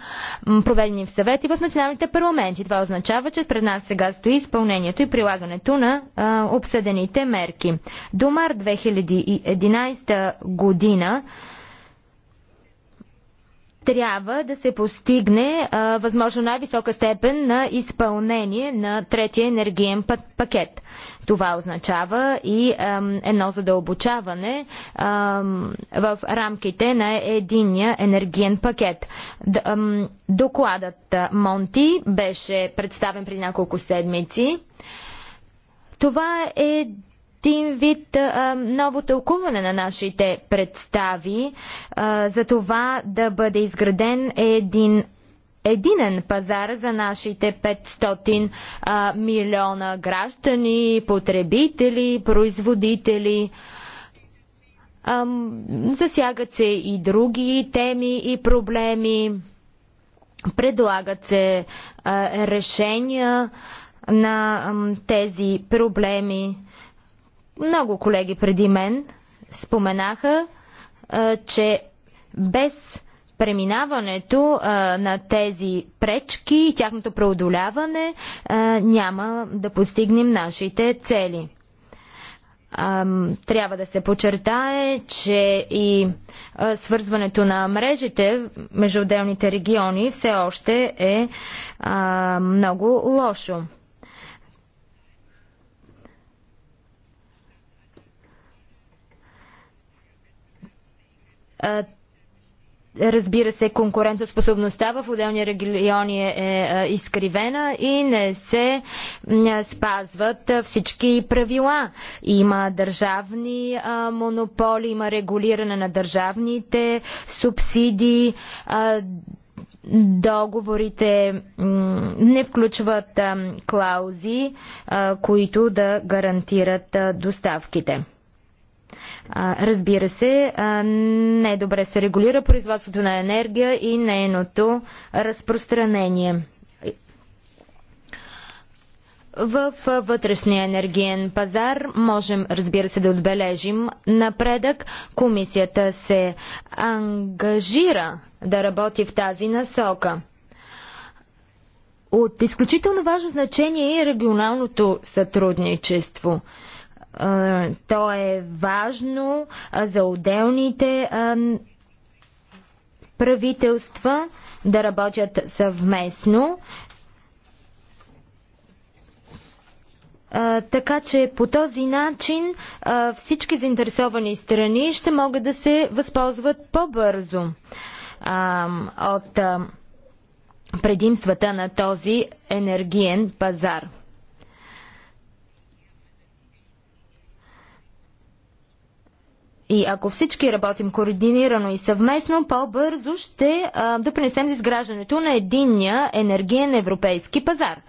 проведени в съвети в националните парламенти. Това означава, че пред нас сега стои изпълнението и прилагането на а, обсъдените мерки. До март 2011 година трябва да се постигне а, възможно най-висока степен на изпълнение на третия енергиен пакет. Това означава и ам, едно задълбочаване ам, в рамките на единия енергиен пакет. Д, ам, докладът Монти беше представен при няколко седмици. Това е един вид а, ново тълкуване на нашите представи а, за това да бъде изграден един единен пазар за нашите 500 а, милиона граждани, потребители, производители. А, засягат се и други теми и проблеми. Предлагат се а, решения на а, тези проблеми. Много колеги преди мен споменаха, че без преминаването на тези пречки и тяхното преодоляване няма да постигнем нашите цели. трябва да се подчертае, че и свързването на мрежите между отделните региони все още е много лошо. Разбира се, конкурентоспособността в отделни региони е, е, е изкривена и не се спазват всички правила. Има държавни монополи, има регулиране на държавните субсидии. Договорите не включват клаузи, които да гарантират доставките. Разбира се, не е добре се регулира производството на енергия и нейното разпространение. В вътрешния енергиен пазар можем, разбира се, да отбележим напредък. Комисията се ангажира да работи в тази насока. От изключително важно значение е регионалното сътрудничество. То е важно за отделните правителства да работят съвместно. така че по този начин всички заинтересовани страни ще могат да се възползват по-бързо от предимствата на този енергиен пазар. И ако всички работим координирано и съвместно, по-бързо ще а, допринесем за изграждането на единния енергиен европейски пазар.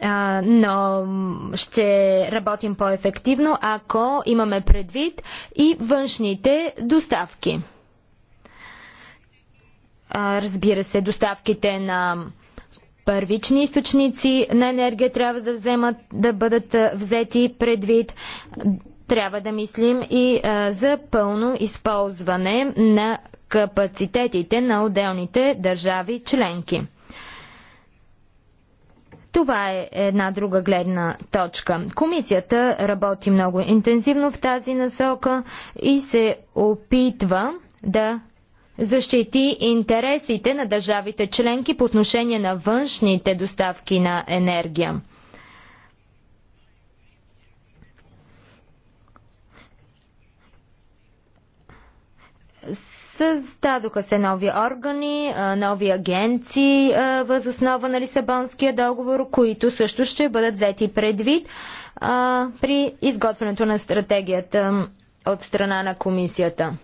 А, но ще работим по-ефективно, ако имаме предвид и външните доставки. А, разбира се, доставките на първични източници на енергия трябва да, вземат, да бъдат взети предвид. Трябва да мислим и а, за пълно използване на капацитетите на отделните държави членки. Това е една друга гледна точка. Комисията работи много интензивно в тази насока и се опитва да защити интересите на държавите членки по отношение на външните доставки на енергия. Създадоха се нови органи, нови агенции въз основа на Лисабонския договор, които също ще бъдат взети предвид при изготвянето на стратегията от страна на комисията.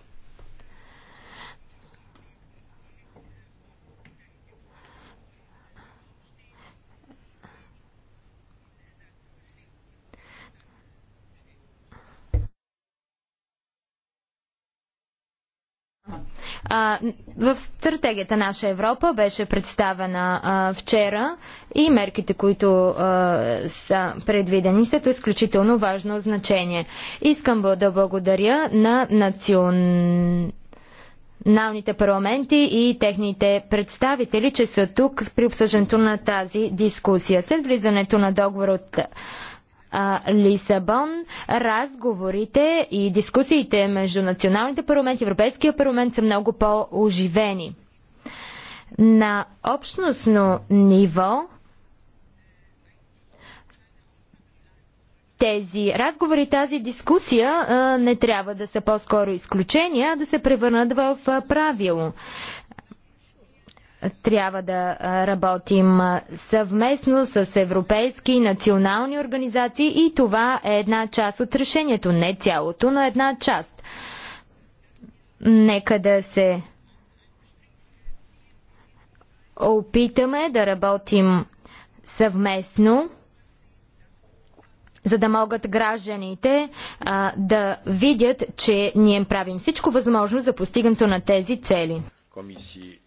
А, в стратегията Наша Европа беше представена а, вчера и мерките, които а, са предвидени, са то изключително важно значение. Искам да благодаря на националните парламенти и техните представители, че са тук при обсъждането на тази дискусия. След влизането на договор от а, Лисабон, разговорите и дискусиите между националните парламенти и Европейския парламент са много по-оживени. На общностно ниво тези разговори, тази дискусия не трябва да са по-скоро изключения, а да се превърнат в правило трябва да работим съвместно с европейски и национални организации и това е една част от решението, не цялото, но една част. Нека да се опитаме да работим съвместно, за да могат гражданите а, да видят, че ние правим всичко възможно за постигането на тези цели. Комисии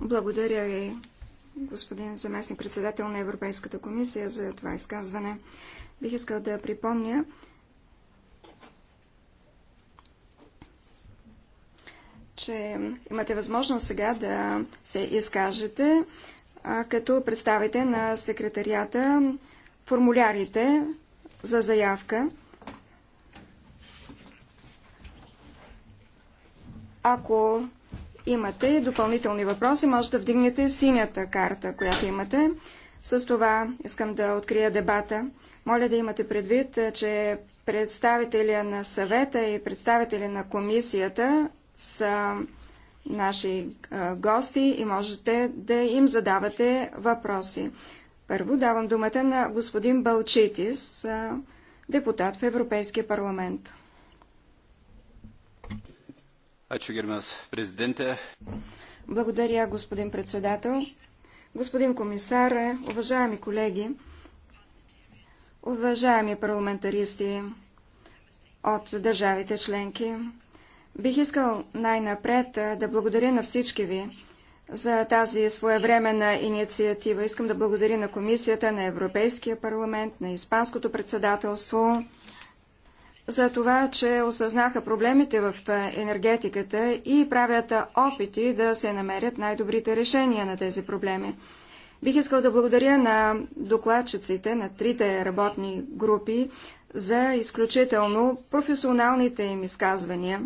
благодаря ви, господин заместник председател на Европейската комисия, за това изказване. Бих искал да припомня, че имате възможност сега да се изкажете, като представите на секретарията формулярите за заявка. Ако имате допълнителни въпроси, може да вдигнете синята карта, която имате. С това искам да открия дебата. Моля да имате предвид, че представителя на съвета и представителя на комисията са наши гости и можете да им задавате въпроси. Първо давам думата на господин Балчитис, депутат в Европейския парламент. Благодаря, господин председател. Господин комисар, уважаеми колеги, уважаеми парламентаристи от държавите членки, бих искал най-напред да благодаря на всички ви за тази своевременна инициатива. Искам да благодаря на Комисията, на Европейския парламент, на Испанското председателство, за това, че осъзнаха проблемите в е, енергетиката и правят е, опити да се намерят най-добрите решения на тези проблеми. Бих искал да благодаря на докладчиците на трите работни групи за изключително професионалните им изказвания.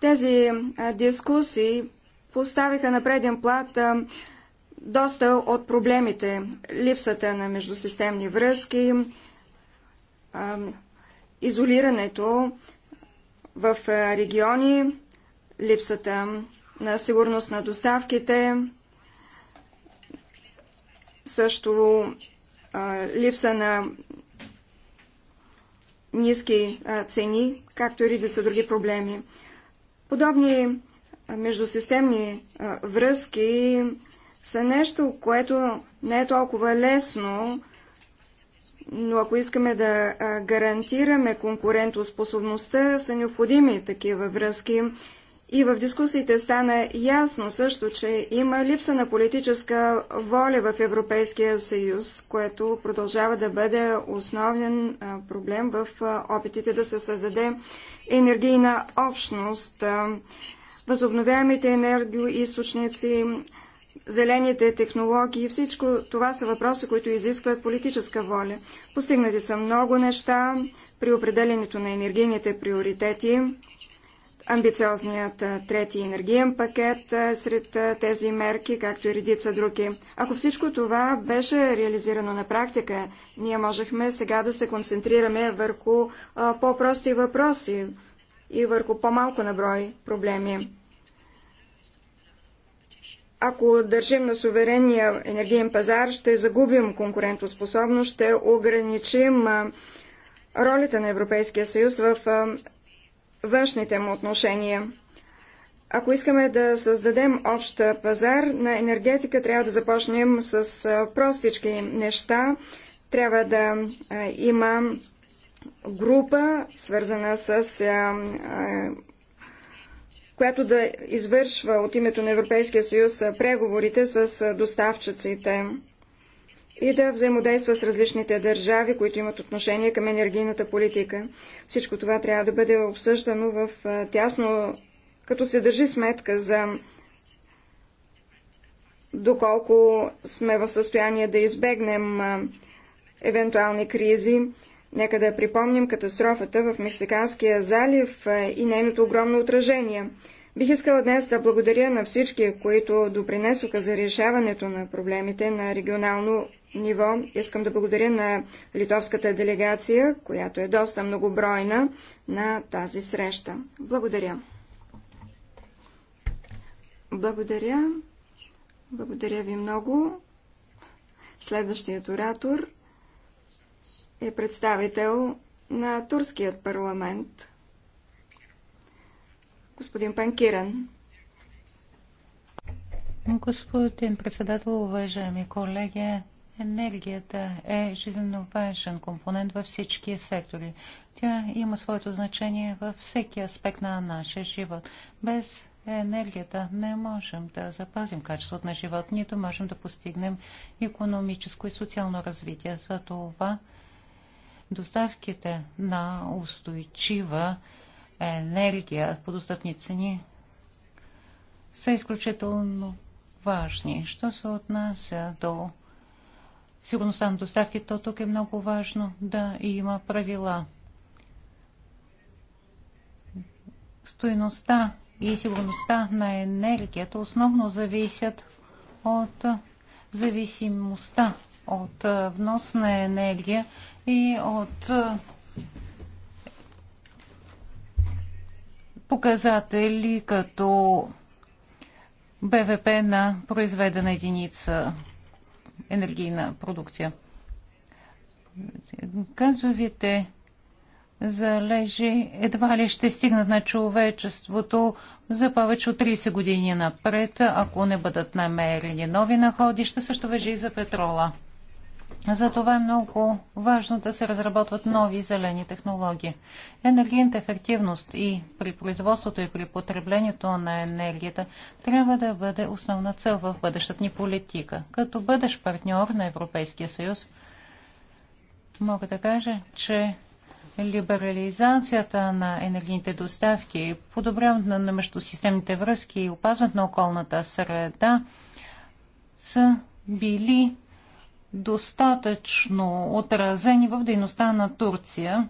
Тези е, дискусии поставиха на преден плат доста от проблемите. Липсата на междусистемни връзки, изолирането в региони, липсата на сигурност на доставките, също липса на ниски цени, както и редица други проблеми. Подобни междусистемни връзки са нещо, което не е толкова лесно но ако искаме да гарантираме конкурентоспособността, са необходими такива връзки. И в дискусиите стана ясно също, че има липса на политическа воля в Европейския съюз, което продължава да бъде основен проблем в опитите да се създаде енергийна общност. Възобновяемите енергоисточници, зелените технологии, всичко това са въпроси, които изискват политическа воля. Постигнати са много неща при определенето на енергийните приоритети. Амбициозният трети енергиен пакет сред тези мерки, както и редица други. Ако всичко това беше реализирано на практика, ние можехме сега да се концентрираме върху по-прости въпроси и върху по-малко наброй проблеми ако държим на суверения енергиен пазар, ще загубим конкурентоспособност, ще ограничим ролята на Европейския съюз в външните му отношения. Ако искаме да създадем общ пазар на енергетика, трябва да започнем с простички неща. Трябва да има група, свързана с която да извършва от името на Европейския съюз преговорите с доставчиците и да взаимодейства с различните държави, които имат отношение към енергийната политика. Всичко това трябва да бъде обсъждано в тясно, като се държи сметка за доколко сме в състояние да избегнем евентуални кризи, Нека да припомним катастрофата в Мексиканския залив и нейното огромно отражение. Бих искала днес да благодаря на всички, които допринесоха за решаването на проблемите на регионално ниво. Искам да благодаря на литовската делегация, която е доста многобройна на тази среща. Благодаря. Благодаря. Благодаря ви много. Следващият оратор е представител на турският парламент, господин Панкиран. Господин председател, уважаеми колеги, енергията е жизненно важен компонент във всички сектори. Тя има своето значение във всеки аспект на нашия живот. Без енергията не можем да запазим качеството на живот, нито можем да постигнем економическо и социално развитие. За това Доставките на устойчива енергия по достъпни цени са изключително важни. Що се отнася до сигурността на доставки, то тук е много важно да има правила. Стоеността и сигурността на енергията основно зависят от зависимостта от внос на енергия и от показатели като БВП на произведена единица енергийна продукция. Газовите залежи едва ли ще стигнат на човечеството за повече от 30 години напред, ако не бъдат намерени нови находища, също въжи и за петрола. Затова е много важно да се разработват нови зелени технологии. Енергийната ефективност и при производството и при потреблението на енергията трябва да бъде основна цел в бъдещата ни политика. Като бъдеш партньор на Европейския съюз, мога да кажа, че либерализацията на енергийните доставки, подобряването на междусистемните връзки и опазването на околната среда са били достатъчно отразени в дейността на Турция,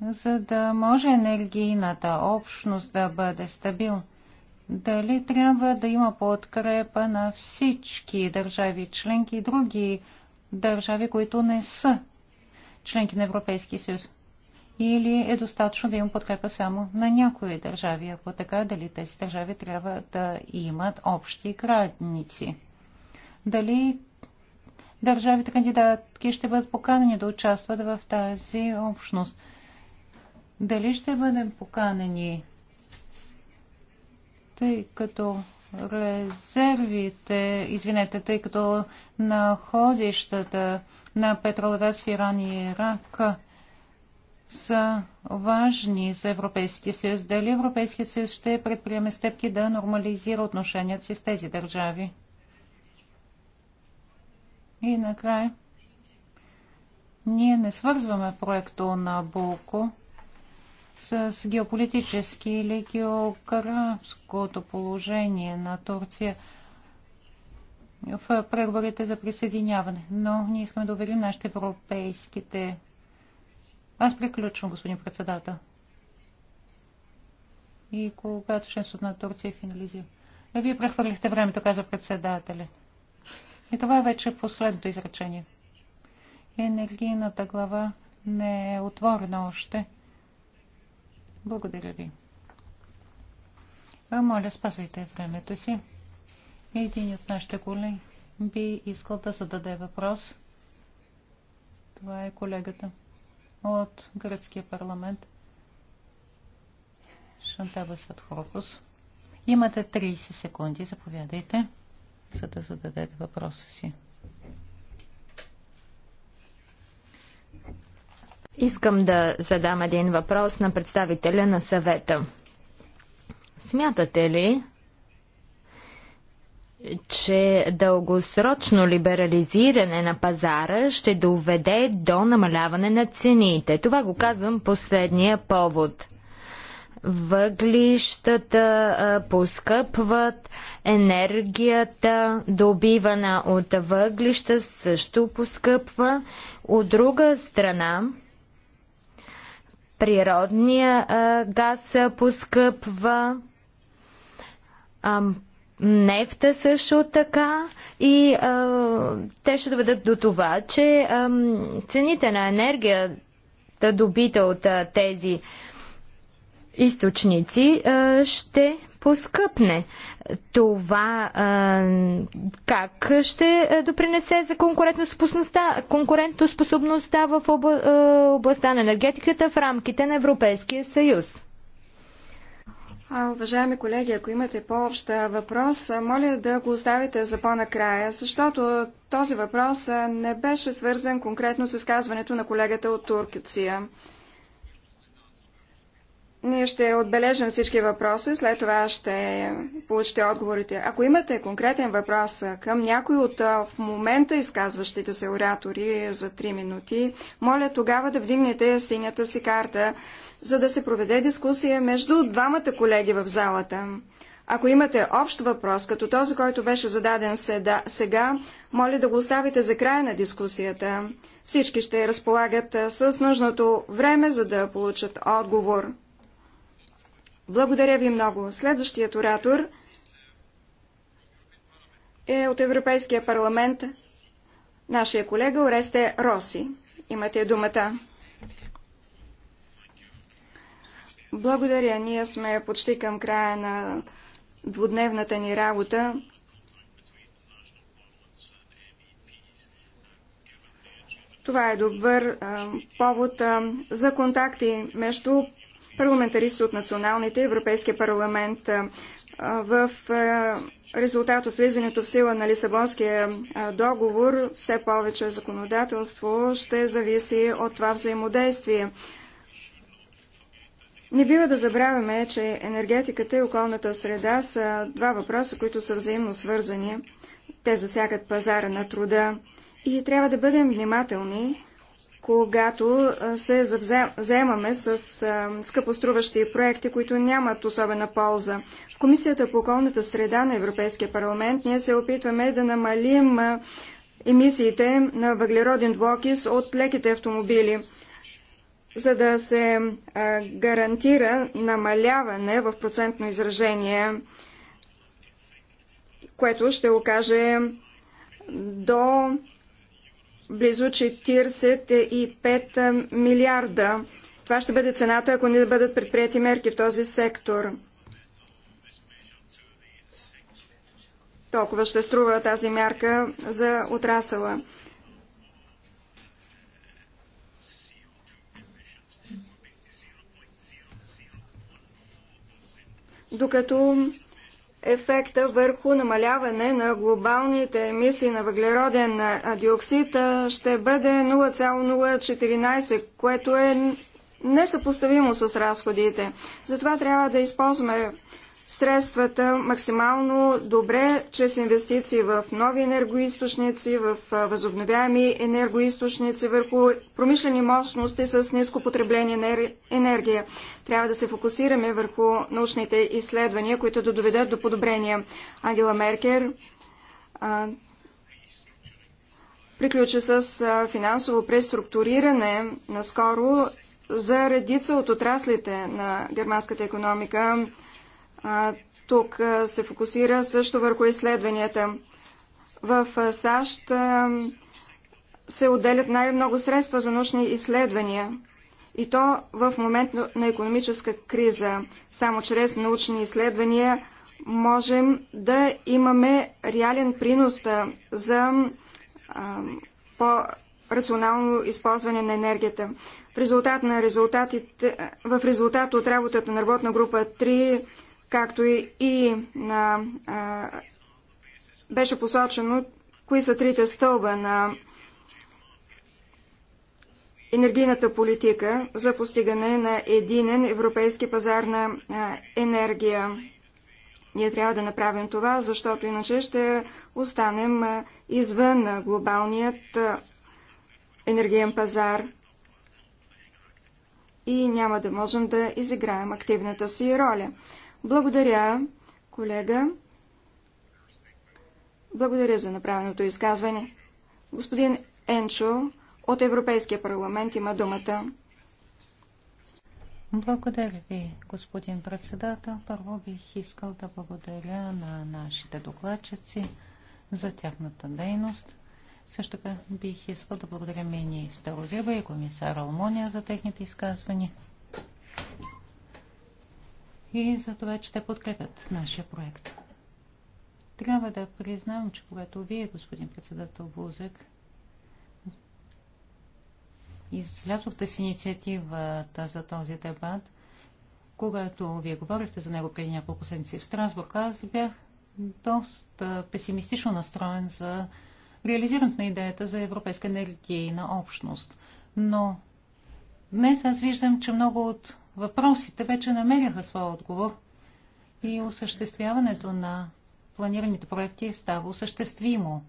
за да може енергийната общност да бъде стабилна. Дали трябва да има подкрепа на всички държави членки и други държави, които не са членки на Европейския съюз? или е достатъчно да има подкрепа само на някои държави, ако така, дали тези държави трябва да имат общи граници. Дали държавите кандидатки ще бъдат поканени да участват в тази общност? Дали ще бъдем поканени, тъй като резервите, извинете, тъй като находищата на Петролевес, в Иран и Ирак – са важни за Европейския съюз. Дали Европейския съюз ще предприеме стъпки да нормализира отношенията си с тези държави? И накрая, ние не свързваме проекто на Булко с геополитически или географското положение на Турция в преговорите за присъединяване. Но ние искаме да уверим нашите европейските аз приключвам, господин председател. И когато членството на Турция е финализира. Е, вие прехвърлихте времето, каза председателя. И това е вече последното изречение. Енергийната глава не е отворена още. Благодаря ви. А моля, спазвайте времето си. Един от нашите колеги би искал да зададе въпрос. Това е колегата от гръцкия парламент. Шантава Садхорус. Имате 30 секунди, заповядайте, за да зададете въпроса си. Искам да задам един въпрос на представителя на съвета. Смятате ли, че дългосрочно либерализиране на пазара ще доведе до намаляване на цените. Това го казвам последния повод. Въглищата поскъпват, енергията, добивана от въглища, също поскъпва. От друга страна, природния газ поскъпва нефта също така и а, те ще доведат до това, че а, цените на енергията, добита от а, тези източници, а, ще поскъпне. Това а, как ще допринесе за конкурентоспособността, конкурентоспособността в а, областта на енергетиката в рамките на Европейския съюз? А, уважаеми колеги, ако имате по-общ въпрос, моля да го оставите за по-накрая, защото този въпрос не беше свързан конкретно с изказването на колегата от Турция. Ние ще отбележим всички въпроси, след това ще получите отговорите. Ако имате конкретен въпрос към някой от в момента изказващите се оратори за 3 минути, моля тогава да вдигнете синята си карта, за да се проведе дискусия между двамата колеги в залата. Ако имате общ въпрос, като този, който беше зададен сега, моля да го оставите за края на дискусията. Всички ще разполагат с нужното време, за да получат отговор. Благодаря ви много. Следващият оратор е от Европейския парламент нашия колега Оресте Роси. Имате думата. Благодаря. Ние сме почти към края на двудневната ни работа. Това е добър а, повод а, за контакти между парламентаристи от националните Европейския парламент в резултат от влизането в сила на Лисабонския договор все повече законодателство ще зависи от това взаимодействие. Не бива да забравяме, че енергетиката и околната среда са два въпроса, които са взаимно свързани. Те засягат пазара на труда и трябва да бъдем внимателни, когато се заемаме с скъпоструващи проекти, които нямат особена полза. В Комисията по околната среда на Европейския парламент ние се опитваме да намалим емисиите на въглероден двуокис от леките автомобили, за да се гарантира намаляване в процентно изражение, което ще окаже до близо 45 милиарда. Това ще бъде цената, ако не бъдат предприяти мерки в този сектор. Толкова ще струва тази мярка за отрасъла. Докато ефекта върху намаляване на глобалните емисии на въглероден диоксид ще бъде 0,014, което е несъпоставимо с разходите. Затова трябва да използваме средствата максимално добре чрез инвестиции в нови енергоисточници, в възобновяеми енергоисточници, върху промишлени мощности с ниско потребление на енергия. Трябва да се фокусираме върху научните изследвания, които да доведат до подобрения. Ангела Меркер а, приключи с финансово преструктуриране наскоро за редица от отраслите на германската економика – тук се фокусира също върху изследванията. В САЩ се отделят най-много средства за научни изследвания. И то в момент на економическа криза. Само чрез научни изследвания можем да имаме реален принос за по-рационално използване на енергията. В резултат, на резултатите, в резултат от работата на работна група 3 както и, и на, а, беше посочено кои са трите стълба на енергийната политика за постигане на единен европейски пазар на а, енергия. Ние трябва да направим това, защото иначе ще останем а, извън глобалният а, енергиен пазар и няма да можем да изиграем активната си роля. Благодаря, колега. Благодаря за направеното изказване. Господин Енчо от Европейския парламент има думата. Благодаря ви, господин председател. Първо бих искал да благодаря на нашите докладчици за тяхната дейност. Също така бих искал да благодаря мини Риба и комисар Алмония за техните изказвания и за това, че те подкрепят нашия проект. Трябва да признавам, че когато вие, господин председател Бузък, излязохте с инициативата за този дебат, когато вие говорихте за него преди няколко седмици в Страсбург, аз бях доста песимистично настроен за реализирането на идеята за Европейска енергийна общност. Но днес аз виждам, че много от въпросите вече намеряха своя отговор и осъществяването на планираните проекти става осъществимо.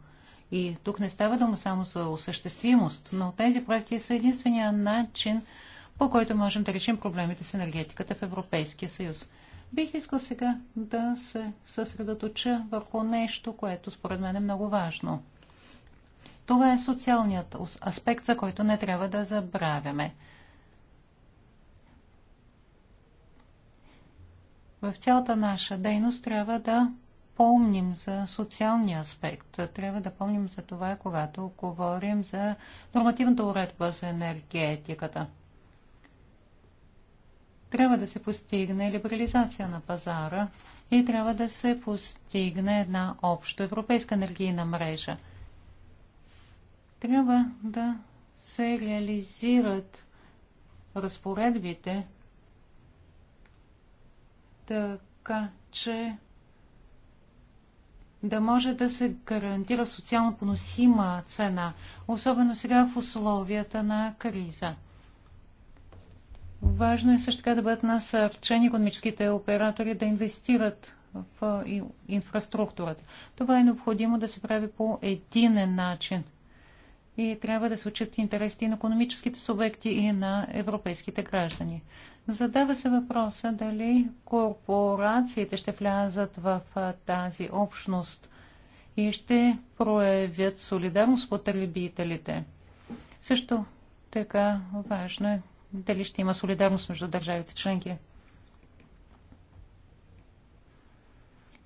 И тук не става дума само за осъществимост, но тези проекти са единствения начин, по който можем да решим проблемите с енергетиката в Европейския съюз. Бих искал сега да се съсредоточа върху нещо, което според мен е много важно. Това е социалният аспект, за който не трябва да забравяме. В цялата наша дейност трябва да помним за социалния аспект. Трябва да помним за това, когато говорим за нормативната уредба за енергетиката. Трябва да се постигне либерализация на пазара и трябва да се постигне една общо европейска енергийна мрежа. Трябва да се реализират разпоредбите така че да може да се гарантира социално поносима цена, особено сега в условията на криза. Важно е също така да бъдат насърчени економическите оператори да инвестират в инфраструктурата. Това е необходимо да се прави по единен начин. И трябва да се учат интересите и на економическите субекти, и на европейските граждани. Задава се въпроса дали корпорациите ще влязат в тази общност и ще проявят солидарност потребителите. Също така важно е дали ще има солидарност между държавите членки.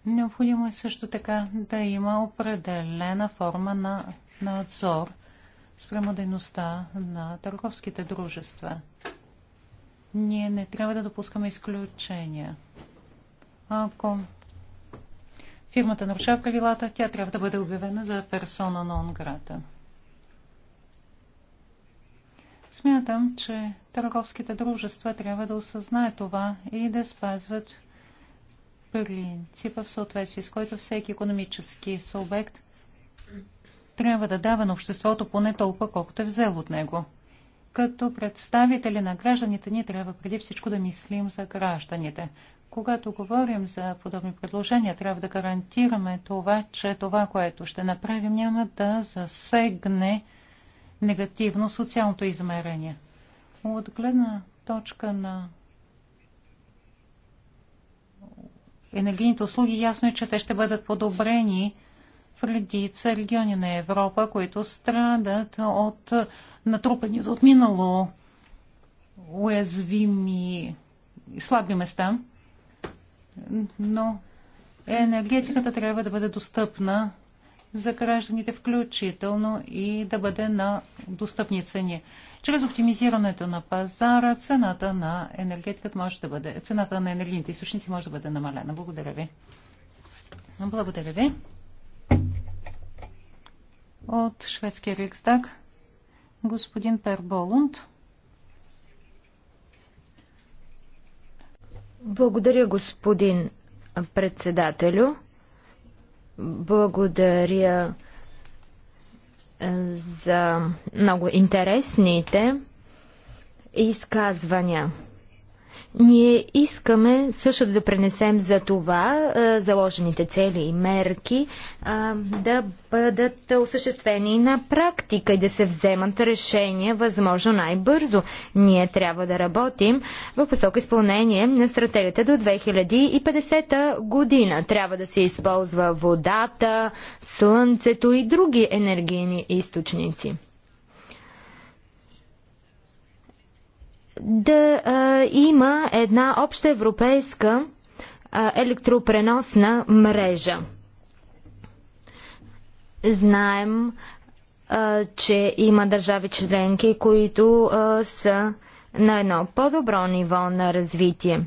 Необходимо е също така да има определена форма на надзор спрямо дейността на търговските дружества. Ние не трябва да допускаме изключения. Ако фирмата нарушава правилата, тя трябва да бъде обявена за персона на Онграта. Смятам, че търговските дружества трябва да осъзнаят това и да спазват принципа в съответствие с който всеки економически субект трябва да дава на обществото поне толкова, колкото е взел от него. Като представители на гражданите ние трябва преди всичко да мислим за гражданите. Когато говорим за подобни предложения, трябва да гарантираме това, че това, което ще направим, няма да засегне негативно социалното измерение. От гледна точка на енергийните услуги, ясно е, че те ще бъдат подобрени в редица региони на Европа, които страдат от натрупани от минало уязвими и слаби места. Но енергетиката трябва да бъде достъпна за гражданите включително и да бъде на достъпни цени. Чрез оптимизирането на пазара цената на енергетиката може да бъде, цената на енергийните източници може да бъде намалена. Благодаря ви. Благодаря ви от шведския Рикстаг, господин Пер Болунд. Благодаря, господин председателю. Благодаря е, за много интересните изказвания. Ние искаме също да пренесем за това заложените цели и мерки да бъдат осъществени на практика и да се вземат решения възможно най-бързо. Ние трябва да работим в посока изпълнение на стратегията до 2050 година. Трябва да се използва водата, слънцето и други енергийни източници. да а, има една обща европейска а, електропреносна мрежа. Знаем, а, че има държави членки, които а, са на едно по-добро ниво на развитие.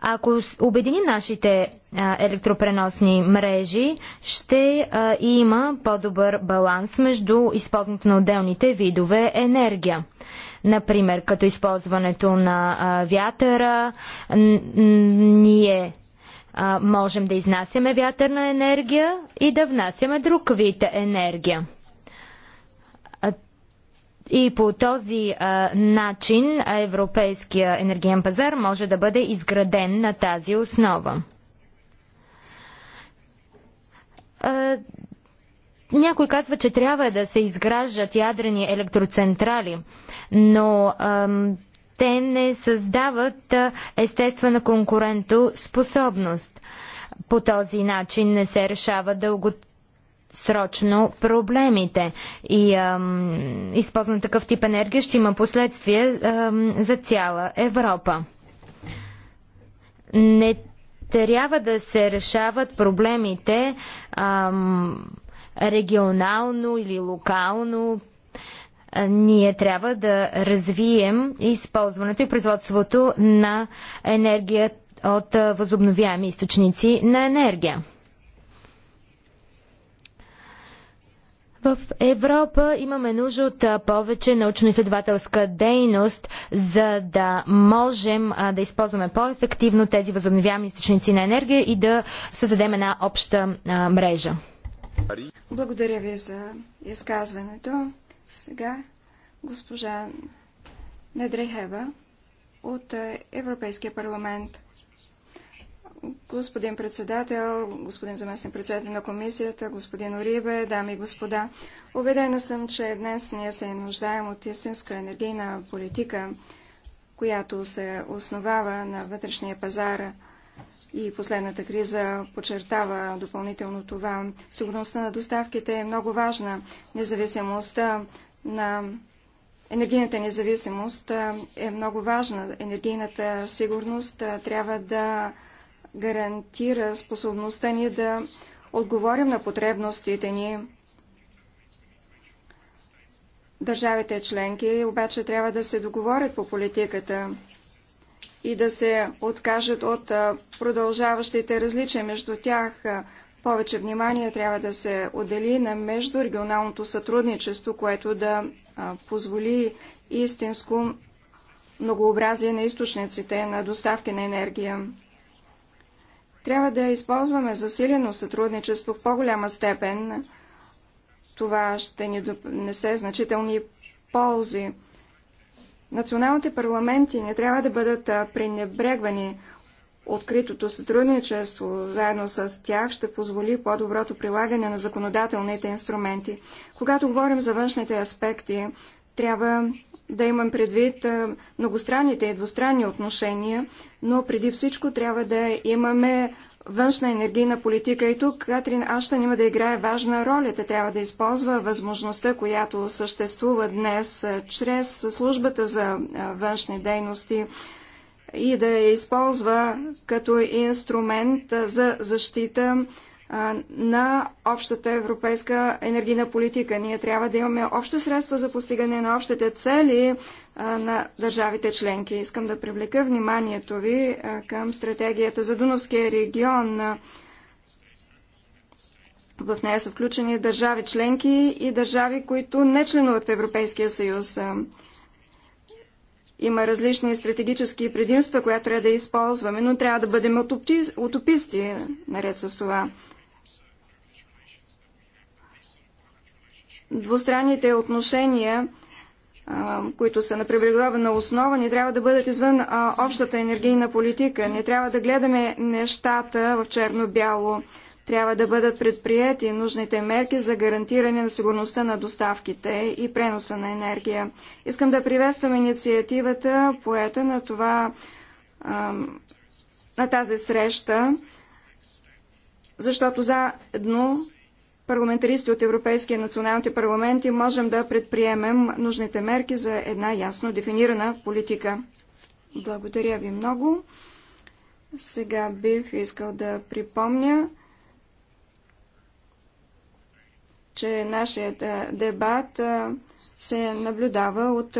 Ако обединим нашите а, електропреносни мрежи, ще а, има по-добър баланс между използването на отделните видове енергия. Например, като използването на а, вятъра, ние а, можем да изнасяме вятърна енергия и да внасяме друг вид енергия. И по този а, начин европейския енергиен пазар може да бъде изграден на тази основа. А, някой казва, че трябва да се изграждат ядрени електроцентрали, но ам, те не създават естествена конкурентоспособност. По този начин не се решава дългосрочно проблемите и ам, използван такъв тип енергия ще има последствия ам, за цяла Европа. Не трябва да се решават проблемите ам, регионално или локално ние трябва да развием използването и производството на енергия от възобновяеми източници на енергия. В Европа имаме нужда от повече научно-изследователска дейност, за да можем да използваме по-ефективно тези възобновяеми източници на енергия и да създадем една обща мрежа. Благодаря ви за изказването. Сега госпожа Недрехева от Европейския парламент. Господин председател, господин заместник председател на комисията, господин Орибе, дами и господа, убедена съм, че днес ние се нуждаем от истинска енергийна политика, която се основава на вътрешния пазар. И последната криза подчертава допълнително това. Сигурността на доставките е много важна. Независимостта на енергийната независимост е много важна. Енергийната сигурност трябва да гарантира способността ни да отговорим на потребностите ни. Държавите членки обаче трябва да се договорят по политиката и да се откажат от продължаващите различия между тях. Повече внимание трябва да се отдели на междурегионалното сътрудничество, което да позволи истинско многообразие на източниците на доставки на енергия. Трябва да използваме засилено сътрудничество в по-голяма степен. Това ще ни донесе значителни ползи. Националните парламенти не трябва да бъдат пренебрегвани. Откритото сътрудничество заедно с тях ще позволи по-доброто прилагане на законодателните инструменти. Когато говорим за външните аспекти, трябва да имам предвид многостранните и двустранни отношения, но преди всичко трябва да имаме външна енергийна политика и тук Катрин Аштън има да играе важна роля. Те трябва да използва възможността, която съществува днес чрез службата за външни дейности и да я използва като инструмент за защита на общата европейска енергийна политика. Ние трябва да имаме общо средство за постигане на общите цели на държавите членки. Искам да привлека вниманието ви към стратегията за Дуновския регион. В нея са включени държави членки и държави, които не членуват в Европейския съюз. Има различни стратегически предимства, които трябва да използваме, но трябва да бъдем утописти наред с това. двустранните отношения, които са на привилегирована основа, не трябва да бъдат извън общата енергийна политика. Не трябва да гледаме нещата в черно-бяло. Трябва да бъдат предприяти нужните мерки за гарантиране на сигурността на доставките и преноса на енергия. Искам да приветствам инициативата, поета на това на тази среща, защото заедно парламентаристи от Европейския националните парламенти можем да предприемем нужните мерки за една ясно дефинирана политика. Благодаря ви много. Сега бих искал да припомня, че нашият дебат се наблюдава от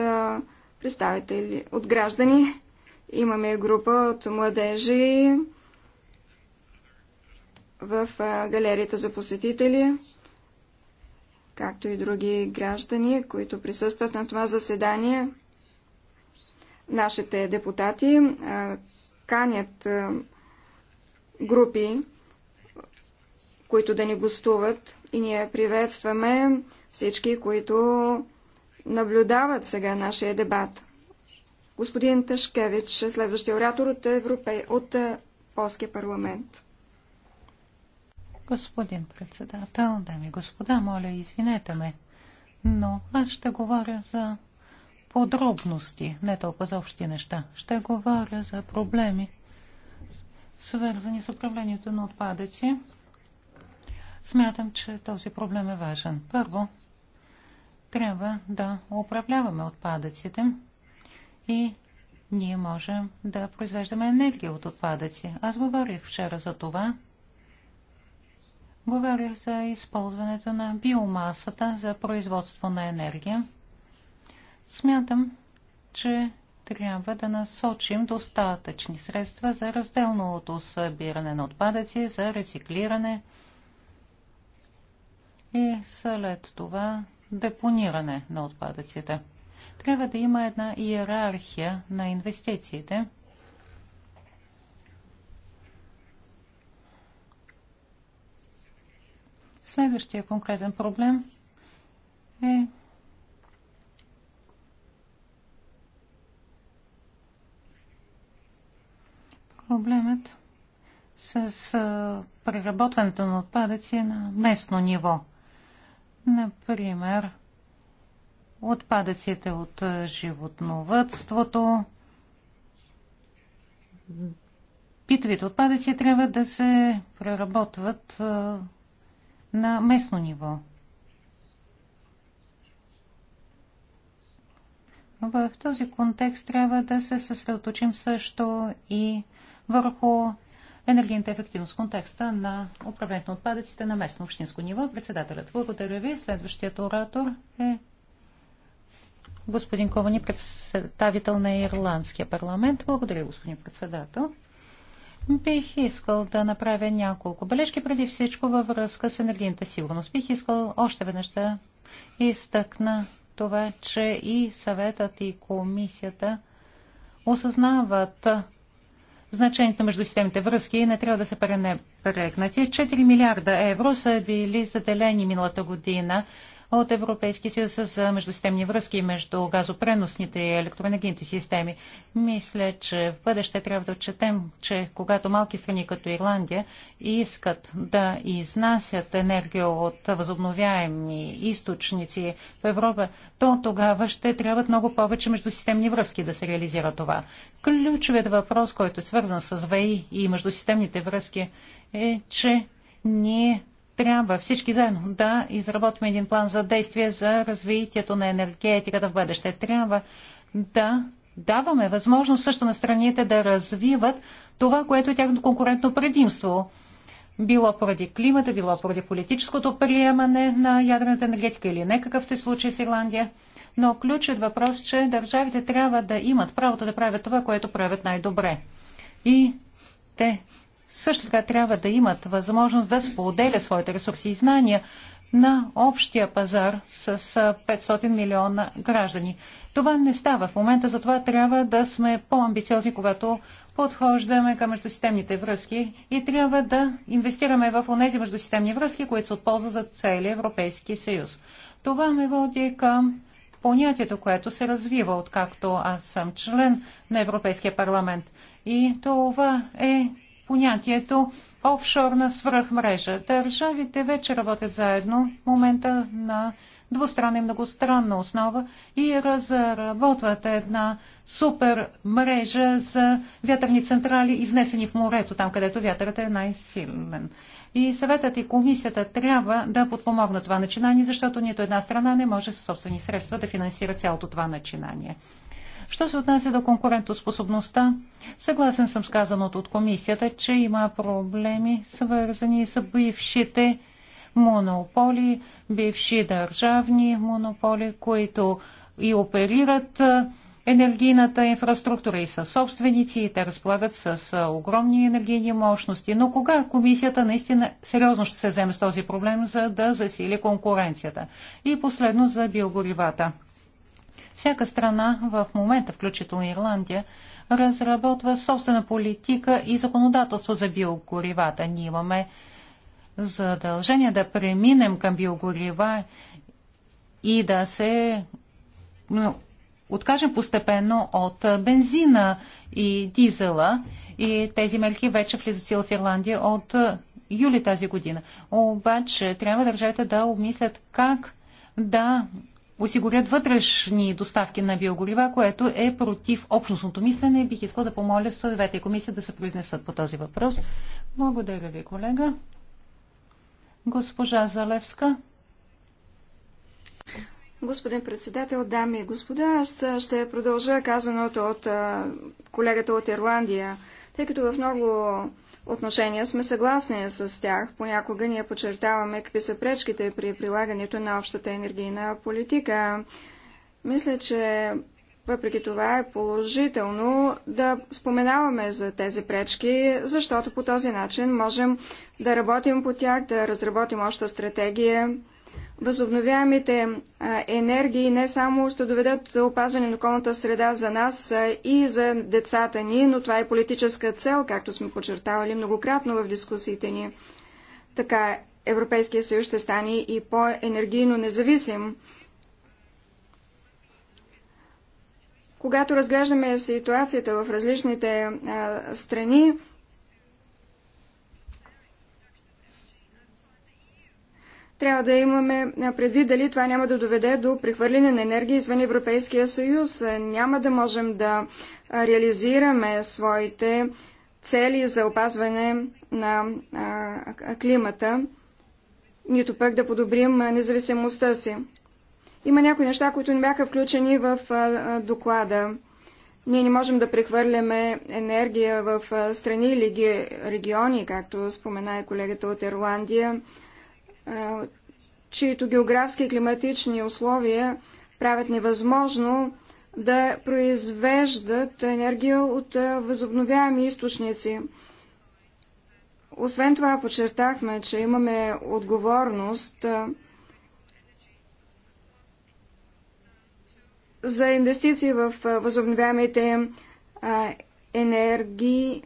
представители, от граждани. Имаме група от младежи, в галерията за посетители, както и други граждани, които присъстват на това заседание. Нашите депутати канят групи, които да ни гостуват и ние приветстваме всички, които наблюдават сега нашия дебат. Господин Ташкевич, следващия оратор от, Европей, от Полския парламент. Господин председател, дами и господа, моля, извинете ме, но аз ще говоря за подробности, не толкова за общи неща. Ще говоря за проблеми, свързани с управлението на отпадъци. Смятам, че този проблем е важен. Първо, трябва да управляваме отпадъците и ние можем да произвеждаме енергия от отпадъци. Аз говорих вчера за това, Говорих за използването на биомасата за производство на енергия. Смятам, че трябва да насочим достатъчни средства за разделното събиране на отпадъци, за рециклиране и след това депониране на отпадъците. Трябва да има една иерархия на инвестициите – Следващия конкретен проблем е проблемът с преработването на отпадъци на местно ниво. Например, отпадъците от животновътството, битовите отпадъци трябва да се преработват на местно ниво. В този контекст трябва да се съсредоточим също и върху енергийната ефективност в контекста на управлението на отпадъците на местно общинско ниво. Председателят, благодаря ви. Следващият оратор е господин Ковани, представител на Ирландския парламент. Благодаря, господин председател. Бих искал да направя няколко бележки преди всичко във връзка с енергийната сигурност. Бих искал още веднъж да изтъкна това, че и съветът и комисията осъзнават значението между системите връзки и не трябва да се пренебрегнати. 4 милиарда евро са били заделени миналата година от Европейския съюз за междусистемни връзки между газопреносните и електроенергийните системи. Мисля, че в бъдеще трябва да отчетем, че когато малки страни като Ирландия искат да изнасят енергия от възобновяеми източници в Европа, то тогава ще трябват много повече междусистемни връзки да се реализира това. Ключовият въпрос, който е свързан с ВАИ и междусистемните връзки е, че ние трябва всички заедно да изработим един план за действие за развитието на енергетиката в бъдеще. Трябва да даваме възможност също на страните да развиват това, което е тяхното конкурентно предимство. Било поради климата, било поради политическото приемане на ядрената енергетика или не, какъвто е случай с Ирландия. Но ключът въпрос, че държавите трябва да имат правото да правят това, което правят най-добре. И те също така трябва да имат възможност да споделят своите ресурси и знания на общия пазар с 500 милиона граждани. Това не става в момента, затова трябва да сме по-амбициозни, когато подхождаме към междусистемните връзки и трябва да инвестираме в тези междусистемни връзки, които са от полза за целия Европейски съюз. Това ме води към понятието, което се развива, откакто аз съм член на Европейския парламент. И това е понятието офшорна свръхмрежа. Държавите вече работят заедно в момента на двустранна и многостранна основа и разработват една супер мрежа за вятърни централи, изнесени в морето, там където вятърът е най-силен. И съветът и комисията трябва да подпомогнат това начинание, защото нито една страна не може със собствени средства да финансира цялото това начинание. Що се отнася до конкурентоспособността, съгласен съм с казаното от комисията, че има проблеми, свързани с бившите монополи, бивши държавни монополи, които и оперират енергийната инфраструктура и са собственици и те разполагат с огромни енергийни мощности. Но кога комисията наистина сериозно ще се вземе с този проблем, за да засили конкуренцията? И последно за биогоривата. Всяка страна в момента, включително Ирландия, разработва собствена политика и законодателство за биогоривата. Ние имаме задължение да преминем към биогорива и да се откажем постепенно от бензина и дизела. И тези мерки вече влизат в сила в Ирландия от юли тази година. Обаче трябва държавите да обмислят как да осигурят вътрешни доставки на биогорива, което е против общностното мислене. Бих искал да помоля съдовете и комисия да се произнесат по този въпрос. Благодаря ви, колега. Госпожа Залевска. Господин председател, дами и господа, аз ще продължа казаното от колегата от Ирландия тъй като в много отношения сме съгласни с тях. Понякога ние подчертаваме какви са пречките при прилагането на общата енергийна политика. Мисля, че въпреки това е положително да споменаваме за тези пречки, защото по този начин можем да работим по тях, да разработим обща стратегия възобновяемите енергии не само ще доведат до опазване на околната среда за нас и за децата ни, но това е политическа цел, както сме подчертавали многократно в дискусиите ни. Така Европейския съюз ще стане и по-енергийно независим. Когато разглеждаме ситуацията в различните страни, трябва да имаме предвид дали това няма да доведе до прехвърляне на енергия извън Европейския съюз. Няма да можем да реализираме своите цели за опазване на климата, нито пък да подобрим независимостта си. Има някои неща, които не бяха включени в доклада. Ние не можем да прехвърляме енергия в страни или региони, както спомена и колегата от Ирландия чието географски и климатични условия правят невъзможно да произвеждат енергия от възобновяеми източници. Освен това, подчертахме, че имаме отговорност за инвестиции в възобновяемите енергии,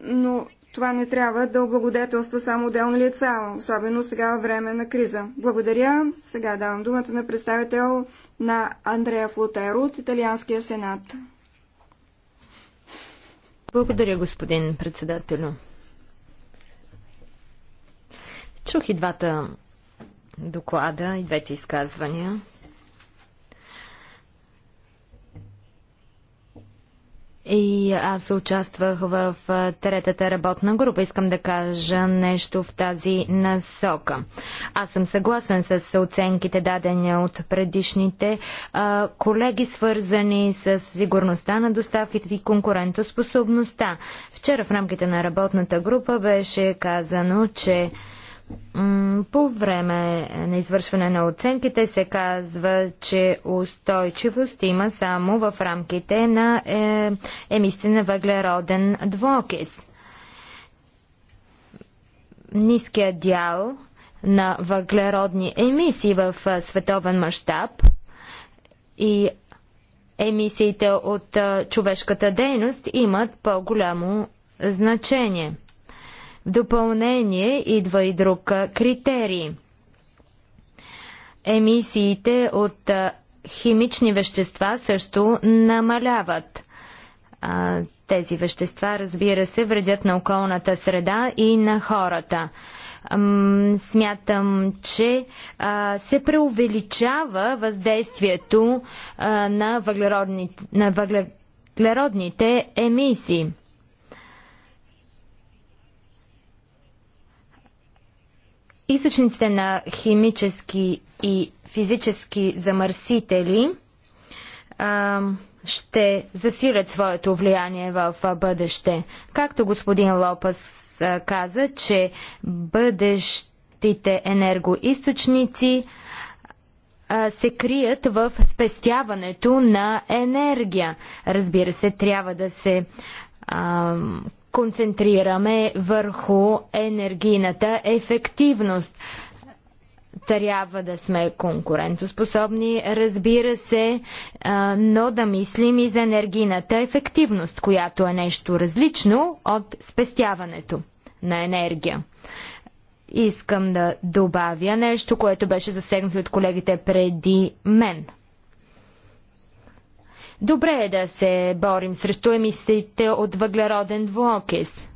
но това не трябва да облагодетелства само отделни лица, особено сега във време на криза. Благодаря. Сега давам думата на представител на Андрея Флотеро от Италианския сенат. Благодаря, господин председателю. Чух и двата доклада и двете изказвания. И аз участвах в третата работна група. Искам да кажа нещо в тази насока. Аз съм съгласен с оценките дадени от предишните а, колеги, свързани с сигурността на доставките и конкурентоспособността. Вчера в рамките на работната група беше казано, че по време на извършване на оценките се казва, че устойчивост има само в рамките на е, емисия на въглероден двокис. Ниският дял на въглеродни емисии в световен мащаб и емисиите от човешката дейност имат по-голямо значение – в допълнение идва и друг критерий. Емисиите от химични вещества също намаляват. Тези вещества, разбира се, вредят на околната среда и на хората. Смятам, че се преувеличава въздействието на на въглеродните емисии. източниците на химически и физически замърсители а, ще засилят своето влияние в бъдеще. Както господин Лопас а, каза, че бъдещите енергоисточници а, се крият в спестяването на енергия. Разбира се, трябва да се концентрираме върху енергийната ефективност. Трябва да сме конкурентоспособни, разбира се, но да мислим и за енергийната ефективност, която е нещо различно от спестяването на енергия. Искам да добавя нещо, което беше засегнато от колегите преди мен – Добре е да се борим срещу емисиите от въглероден двуокис.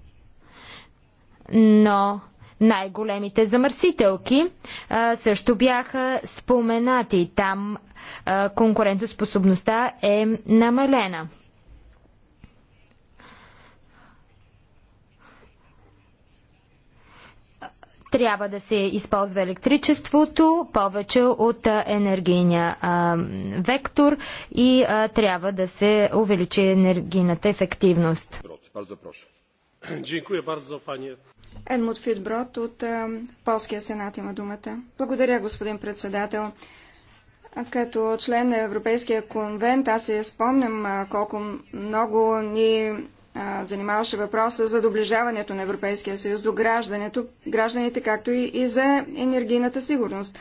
Но най-големите замърсителки а, също бяха споменати. Там а, конкурентоспособността е намалена. Трябва да се използва електричеството повече от енергийния а, вектор и а, трябва да се увеличи енергийната ефективност. Едмут Фитброд от а, Полския сенат има думата. Благодаря, господин председател. Като член на Европейския конвент, аз се спомням колко много ни занимаваше въпроса за доближаването на Европейския съюз до гражданите, както и, и за енергийната сигурност.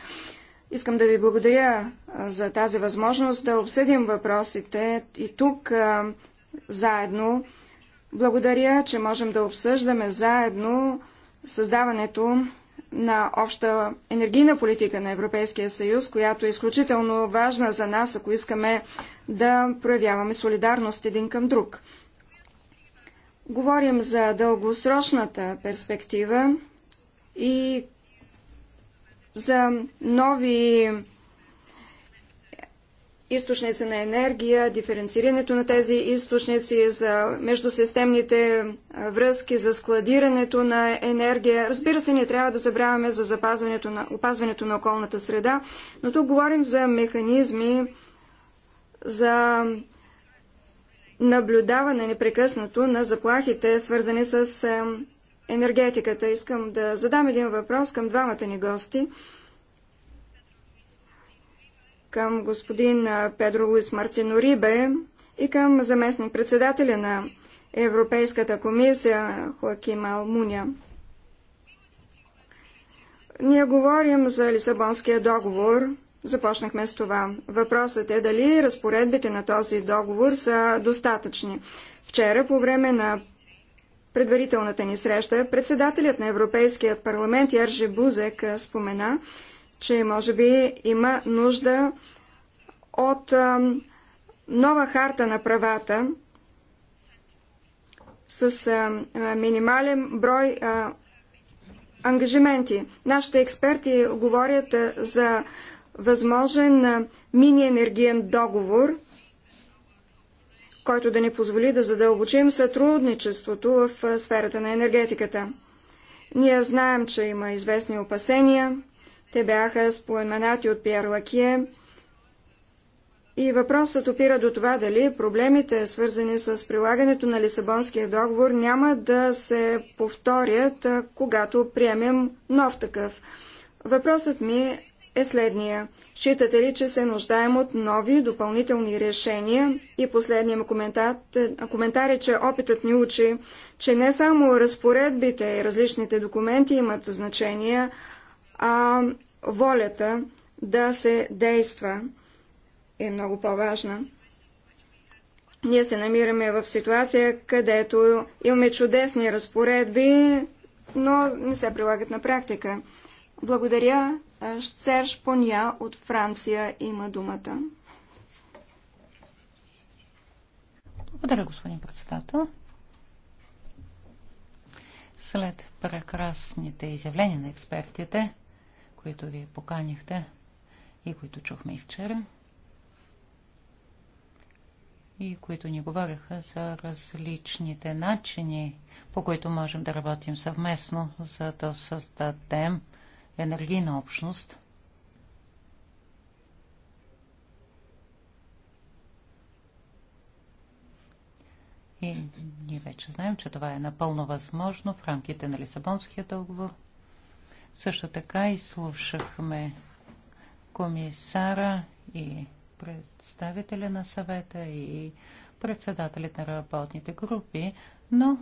Искам да ви благодаря за тази възможност да обсъдим въпросите и тук а, заедно. Благодаря, че можем да обсъждаме заедно създаването на обща енергийна политика на Европейския съюз, която е изключително важна за нас, ако искаме да проявяваме солидарност един към друг. Говорим за дългосрочната перспектива и за нови източници на енергия, диференцирането на тези източници, за междусистемните връзки, за складирането на енергия. Разбира се, не трябва да забравяме за запазването на, опазването на околната среда, но тук говорим за механизми за наблюдаване непрекъснато на заплахите, свързани с енергетиката. Искам да задам един въпрос към двамата ни гости. Към господин Педро Луис Мартино Рибе и към заместник председателя на Европейската комисия Хоаким Алмуня. Ние говорим за Лисабонския договор – Започнахме с това. Въпросът е дали разпоредбите на този договор са достатъчни. Вчера по време на предварителната ни среща председателят на Европейския парламент Ярже Бузек спомена, че може би има нужда от нова харта на правата с минимален брой ангажименти. Нашите експерти говорят за възможен мини-енергиен договор, който да ни позволи да задълбочим сътрудничеството в сферата на енергетиката. Ние знаем, че има известни опасения. Те бяха споменати от Пьер Лакие. И въпросът опира до това дали проблемите, свързани с прилагането на Лисабонския договор, няма да се повторят, когато приемем нов такъв. Въпросът ми е следния. Считате ли, че се нуждаем от нови допълнителни решения? И последния коментар, коментар е, че опитът ни учи, че не само разпоредбите и различните документи имат значение, а волята да се действа е много по-важна. Ние се намираме в ситуация, където имаме чудесни разпоредби, но не се прилагат на практика. Благодаря. Серж Поня от Франция има думата. Благодаря, господин председател. След прекрасните изявления на експертите, които ви поканихте и които чухме и вчера, и които ни говориха за различните начини, по които можем да работим съвместно, за да създадем енергийна общност. И ние вече знаем, че това е напълно възможно в рамките на Лисабонския договор. Също така изслушахме комисара и представителя на съвета и председателят на работните групи, но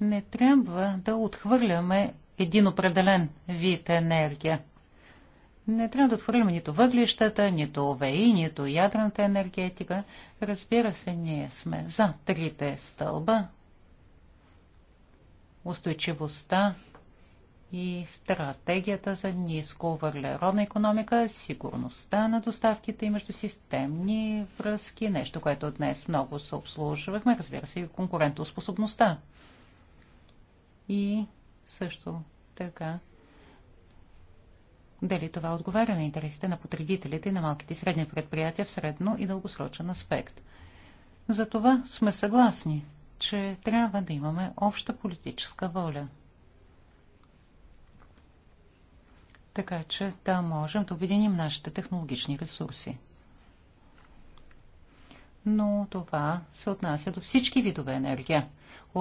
не трябва да отхвърляме един определен вид енергия. Не трябва да отворим нито въглищата, нито ОВИ, нито ядрената енергетика. Разбира се, ние сме за трите стълба, устойчивостта и стратегията за ниско въглеродна економика, сигурността на доставките и междусистемни връзки, нещо, което днес много се обслужвахме, разбира се, и конкурентоспособността. И също така дали това отговаря на интересите на потребителите и на малките и средни предприятия в средно и дългосрочен аспект. Затова сме съгласни, че трябва да имаме обща политическа воля. Така че да можем да обединим нашите технологични ресурси. Но това се отнася до всички видове енергия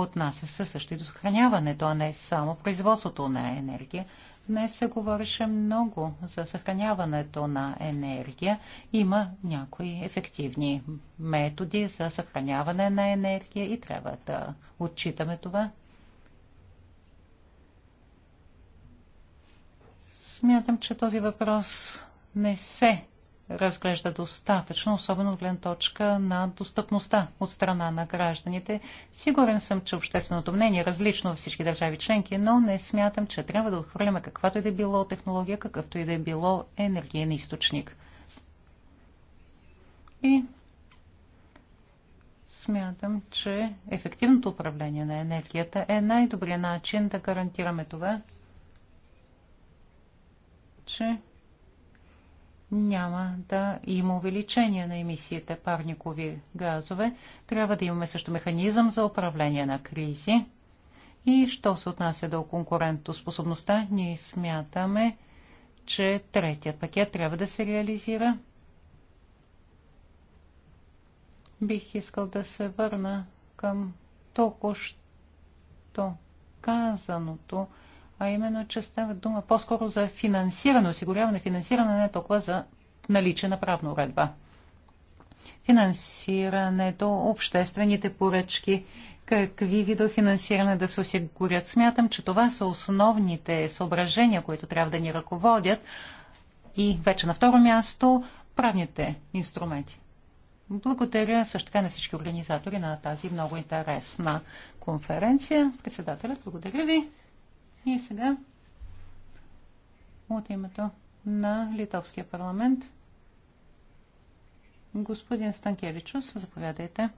отнася се също и до съхраняването, а не само производството на енергия. Днес се говореше много за съхраняването на енергия. Има някои ефективни методи за съхраняване на енергия и трябва да отчитаме това. Смятам, че този въпрос не се разглежда достатъчно, особено в гледна точка на достъпността от страна на гражданите. Сигурен съм, че общественото мнение е различно във всички държави членки, но не смятам, че трябва да отхвърляме каквато и да е било технология, какъвто и да е било енергиен източник. И смятам, че ефективното управление на енергията е най-добрият начин да гарантираме това, че няма да има увеличение на емисиите парникови газове. Трябва да имаме също механизъм за управление на кризи. И що се отнася до конкурентоспособността, ние смятаме, че третият пакет трябва да се реализира. Бих искал да се върна към току-що казаното а именно, че става дума по-скоро за финансиране, осигуряване финансиране, не толкова за наличие на правна уредба. Финансирането, обществените поръчки, какви видове финансиране да се осигурят. Смятам, че това са основните съображения, които трябва да ни ръководят. И вече на второ място правните инструменти. Благодаря също така на всички организатори на тази много интересна конференция. Председателят, благодаря ви. И сега от името на Литовския парламент господин Станкевичус, заповядайте.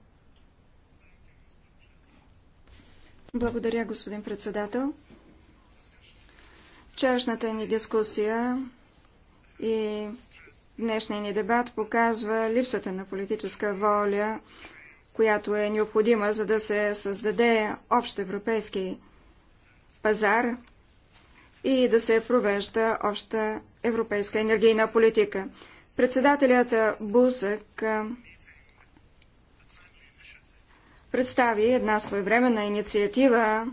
Благодаря, господин председател. Вчерашната ни дискусия и днешния ни дебат показва липсата на политическа воля, която е необходима, за да се създаде общ европейски пазар и да се провежда обща европейска енергийна политика. Председателят Бусък представи една своевременна инициатива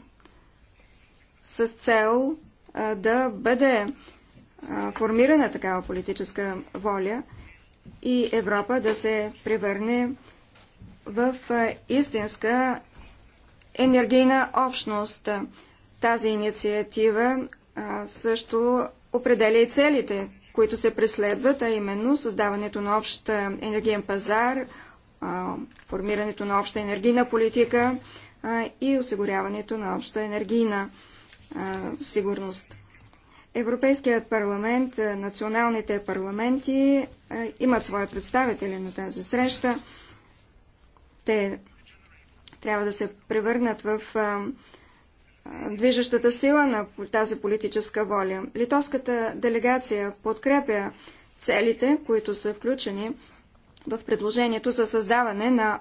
с цел да бъде формирана такава политическа воля и Европа да се превърне в истинска енергийна общност. Тази инициатива а, също определя и целите, които се преследват, а именно създаването на общ енергиен пазар, а, формирането на обща енергийна политика а, и осигуряването на обща енергийна сигурност. Европейският парламент, националните парламенти имат свои представители на тази среща. Те трябва да се превърнат в движещата сила на тази политическа воля. Литовската делегация подкрепя целите, които са включени в предложението за създаване на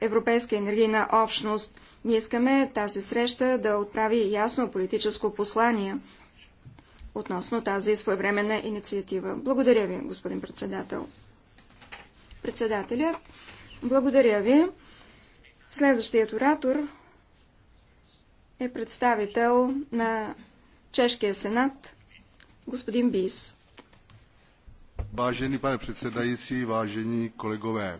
Европейска енергийна общност. Ние искаме тази среща да отправи ясно политическо послание относно тази своевременна инициатива. Благодаря ви, господин председател. Председателя, благодаря ви. Следващият оратор е представител на Чешкия сенат, господин Бис. Важени пане předsedající, важени колегове.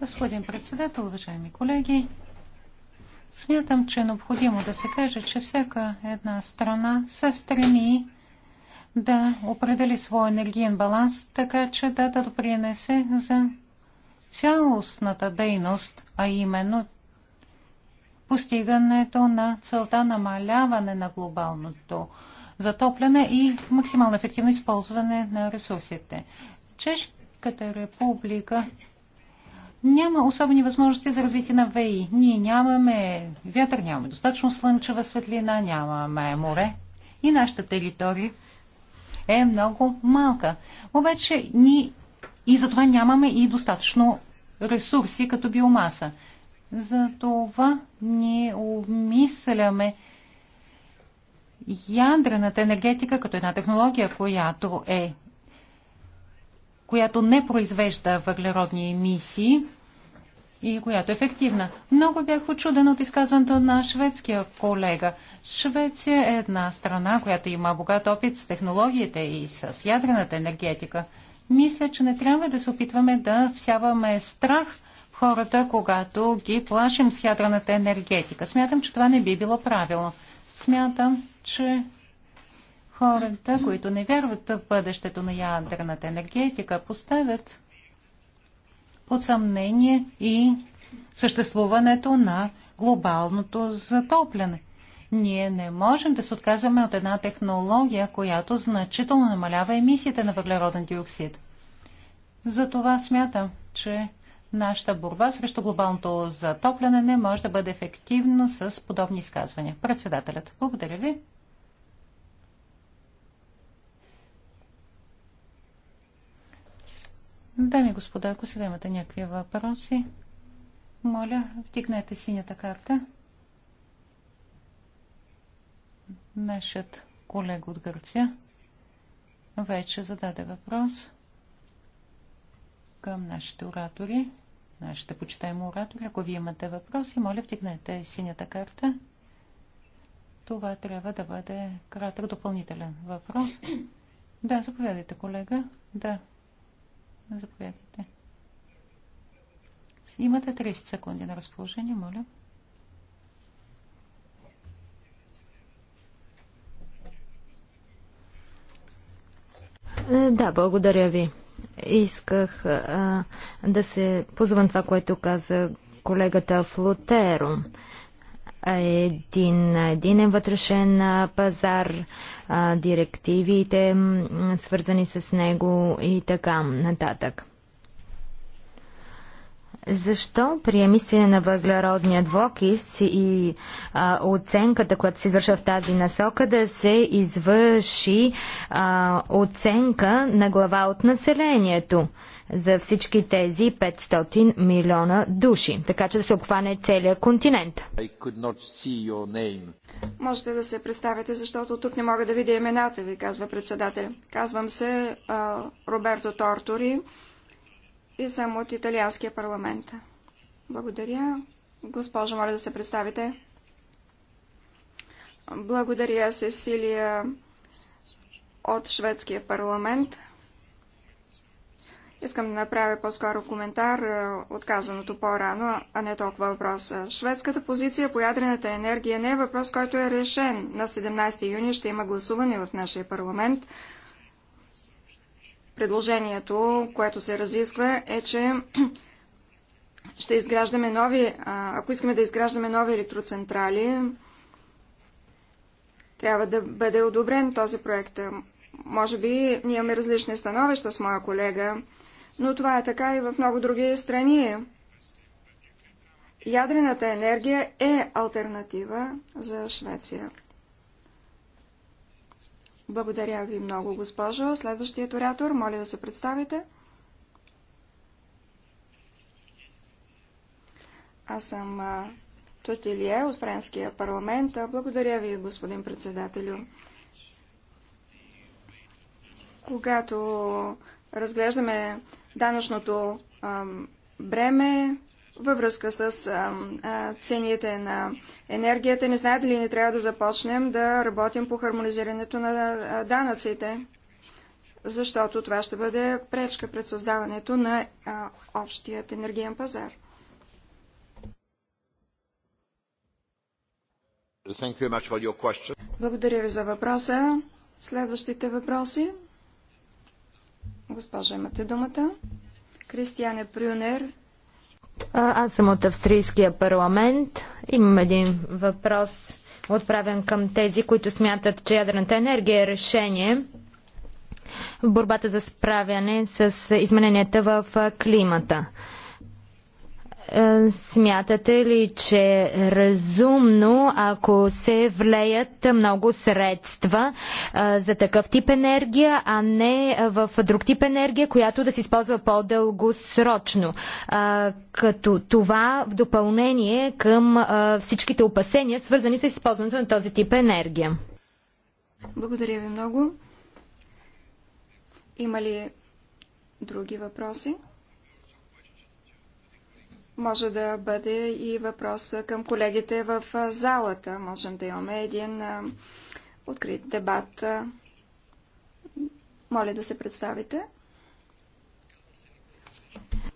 Господин председател, уважаеми колеги, смятам, че е необходимо да се каже, че всяка една страна се стреми да определи своя енергиен баланс, така че да, да допринесе за цялостната дейност, а именно постигането на целта намаляване на глобалното затопляне и максимално ефективно използване на ресурсите. Чешката република няма особени възможности за развитие на ВИ. Ние нямаме вятър, нямаме достатъчно слънчева светлина, нямаме море и нашата територия е много малка. Обаче ние и затова нямаме и достатъчно ресурси като биомаса. За това ние обмисляме ядрената енергетика като една технология, която е която не произвежда въглеродни емисии и която е ефективна. Много бях очуден от изказването на шведския колега. Швеция е една страна, която има богат опит с технологиите и с ядрената енергетика. Мисля, че не трябва да се опитваме да всяваме страх – хората, когато ги плашим с ядрената енергетика. Смятам, че това не би било правилно. Смятам, че хората, които не вярват в бъдещето на ядрената енергетика, поставят под съмнение и съществуването на глобалното затопляне. Ние не можем да се отказваме от една технология, която значително намалява емисиите на въглероден диоксид. Затова смятам, че нашата борба срещу глобалното затопляне не може да бъде ефективно с подобни изказвания. Председателят, благодаря ви. Дами и господа, ако сега имате някакви въпроси, моля, вдигнете синята карта. Нашият колега от Гърция вече зададе въпрос към нашите оратори, нашите почитаеми оратори. Ако вие имате въпроси, моля втигнете синята карта. Това трябва да бъде кратък допълнителен въпрос. Да, заповядайте, колега. Да, заповядайте. Имате 30 секунди на разположение, моля. Е, да, благодаря ви. Исках а, да се позвам това, което каза колегата Флотеро. Един, един е вътрешен пазар, а, директивите, свързани с него и така нататък. Защо при емисия на въглеродния двокис и а, оценката, която се извършва в тази насока, да се извърши а, оценка на глава от населението за всички тези 500 милиона души, така че да се обхване целият континент? Можете да се представите, защото тук не мога да видя имената ви, казва председател. Казвам се а, Роберто Тортори и съм от Италианския парламент. Благодаря. Госпожа, моля да се представите. Благодаря, Сесилия от Шведския парламент. Искам да направя по-скоро коментар е, отказаното по-рано, а не толкова въпроса. Шведската позиция по ядрената енергия не е въпрос, който е решен. На 17 юни ще има гласуване в нашия парламент. Предложението, което се разисква, е, че ще изграждаме нови, ако искаме да изграждаме нови електроцентрали, трябва да бъде одобрен този проект. Може би ние имаме различни становища с моя колега, но това е така и в много други страни. Ядрената енергия е альтернатива за Швеция. Благодаря ви много, госпожо. Следващият оратор, моля да се представите. Аз съм Тотилие от Френския парламент. Благодаря ви, господин председателю. Когато разглеждаме данъчното бреме, във връзка с а, а, цените на енергията. Не знаете ли не трябва да започнем да работим по хармонизирането на данъците? Защото това ще бъде пречка пред създаването на а, общият енергиен пазар. Благодаря ви за въпроса. Следващите въпроси. Госпожа, имате думата. Кристияне Прюнер, аз съм от Австрийския парламент. Имам един въпрос, отправен към тези, които смятат, че ядрената енергия е решение в борбата за справяне с измененията в климата. Е, смятате ли, че е разумно, ако се влеят много средства е, за такъв тип енергия, а не в друг тип енергия, която да се използва по-дългосрочно? Като това в допълнение към всичките опасения, свързани с използването на този тип енергия. Благодаря ви много. Има ли други въпроси? може да бъде и въпрос към колегите в залата. Можем да имаме един открит дебат. Моля да се представите.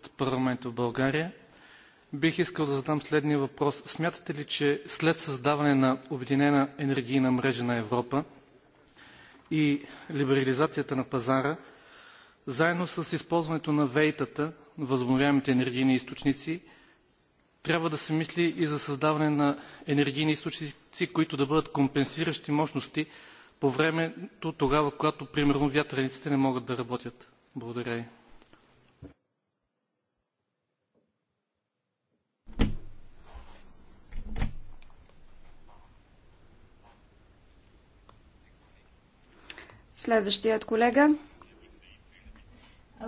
От парламента в България бих искал да задам следния въпрос. Смятате ли, че след създаване на Обединена енергийна мрежа на Европа и либерализацията на пазара, заедно с използването на вейтата, възобновяемите енергийни източници, трябва да се мисли и за създаване на енергийни източници, които да бъдат компенсиращи мощности по времето тогава, когато примерно вятърниците не могат да работят. Благодаря ви. Следващият колега.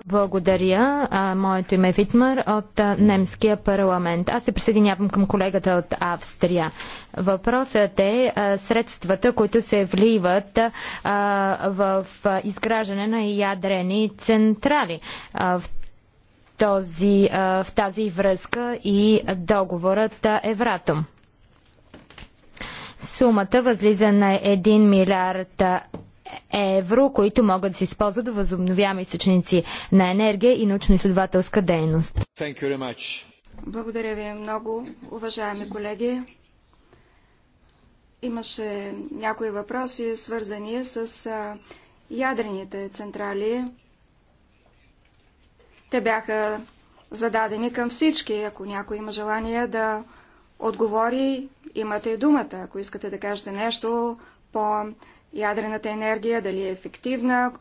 Благодаря. Моето име е Витмар от Немския парламент. Аз се присъединявам към колегата от Австрия. Въпросът е средствата, които се вливат в изграждане на ядрени централи. В този, в тази връзка и договорът Евратом. Сумата възлиза на 1 милиард евро, които могат да се използват да възобновяваме източници на енергия и научно-изследователска дейност. Благодаря ви много, уважаеми колеги. Имаше някои въпроси, свързани с ядрените централи. Те бяха зададени към всички. Ако някой има желание да отговори, имате и думата. Ако искате да кажете нещо по ядрената енергия, дали е ефективна,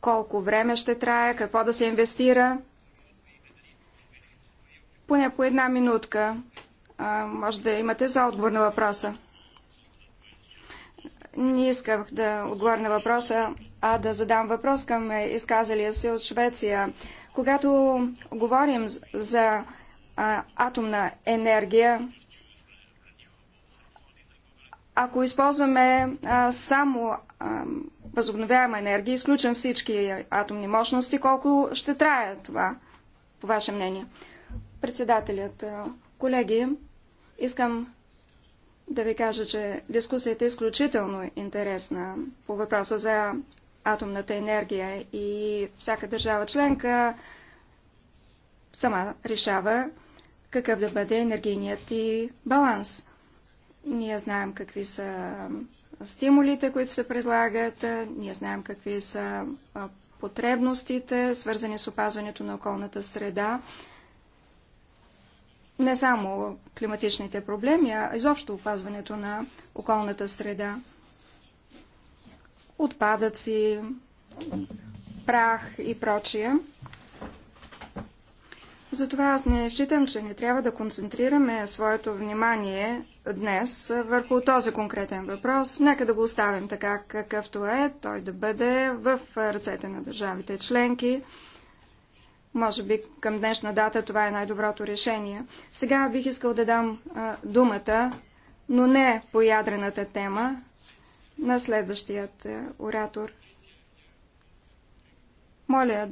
колко време ще трае, какво да се инвестира. Поне по една минутка а, може да имате за отговор на въпроса. Не исках да отговоря на въпроса, а да задам въпрос към изказалия се от Швеция. Когато говорим за а, атомна енергия, ако използваме а, само а, възобновяема енергия, изключвам всички атомни мощности, колко ще трае това, по ваше мнение? Председателят, колеги, искам да ви кажа, че дискусията е изключително интересна по въпроса за атомната енергия и всяка държава членка сама решава какъв да бъде енергийният и баланс. Ние знаем какви са стимулите, които се предлагат, ние знаем какви са потребностите, свързани с опазването на околната среда. Не само климатичните проблеми, а изобщо опазването на околната среда. Отпадъци, прах и прочие. Затова аз не считам, че не трябва да концентрираме своето внимание днес върху този конкретен въпрос. Нека да го оставим така какъвто е, той да бъде в ръцете на държавите членки. Може би към днешна дата това е най-доброто решение. Сега бих искал да дам а, думата, но не по ядрената тема, на следващият оратор. Моля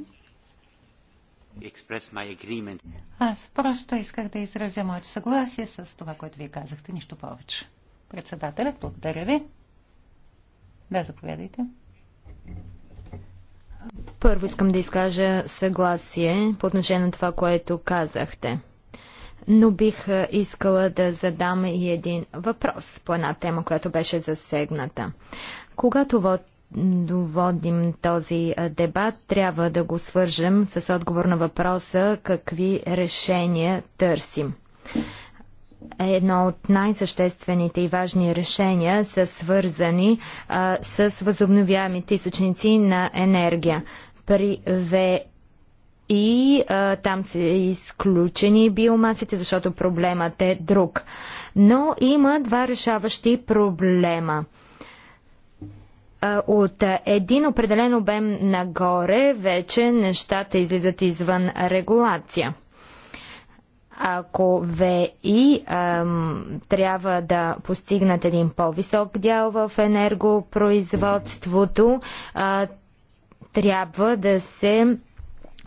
аз просто исках да изразя моето съгласие с това, което вие казахте, нищо повече. Председателят, благодаря ви. Да, заповядайте. Първо искам да изкажа съгласие по отношение на това, което казахте. Но бих искала да задам и един въпрос по една тема, която беше засегната. Когато вод доводим този дебат, трябва да го свържем с отговор на въпроса какви решения търсим. Едно от най-съществените и важни решения са свързани а, с възобновяемите източници на енергия. При В и а, там са изключени биомасите, защото проблемът е друг. Но има два решаващи проблема – от един определен обем нагоре вече нещата излизат извън регулация. Ако ВИ ам, трябва да постигнат един по-висок дял в енергопроизводството, а, трябва да се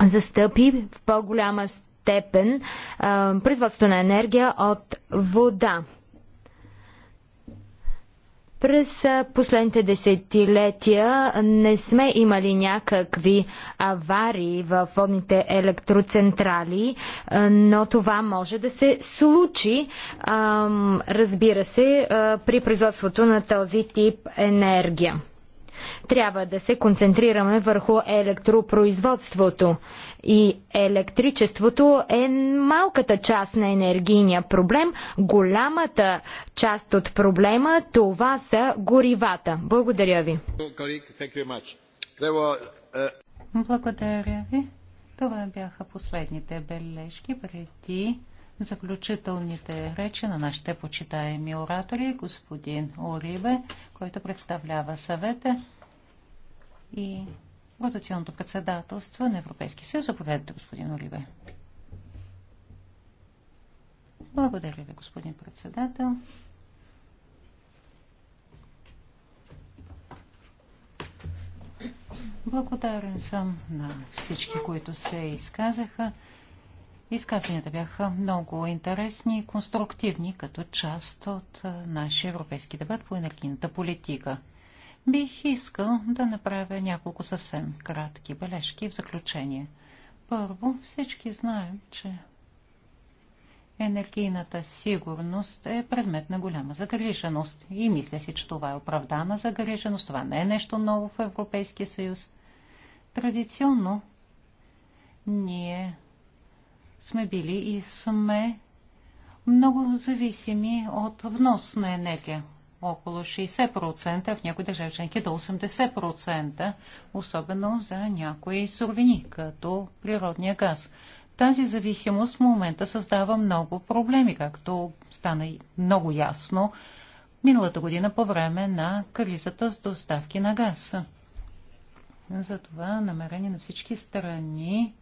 застъпи в по-голяма степен а, производството на енергия от вода. През последните десетилетия не сме имали някакви аварии в водните електроцентрали, но това може да се случи, разбира се, при производството на този тип енергия. Трябва да се концентрираме върху електропроизводството. И електричеството е малката част на енергийния проблем. Голямата част от проблема това са горивата. Благодаря ви. Благодаря ви. Това бяха последните бележки преди заключителните речи на нашите почитаеми оратори, господин Орибе, който представлява съвета и ротационното председателство на Европейския съюз. Заповядайте, господин Орибе. Благодаря ви, господин председател. Благодарен съм на всички, които се изказаха. Изказванията бяха много интересни и конструктивни като част от нашия европейски дебат по енергийната политика. Бих искал да направя няколко съвсем кратки бележки в заключение. Първо, всички знаем, че енергийната сигурност е предмет на голяма загриженост. И мисля си, че това е оправдана загриженост. Това не е нещо ново в Европейския съюз. Традиционно ние сме били и сме много зависими от внос на енергия. Около 60%, в някои държави членки до 80%, особено за някои суровини, като природния газ. Тази зависимост в момента създава много проблеми, както стана много ясно миналата година по време на кризата с доставки на газ. Затова намерение на всички страни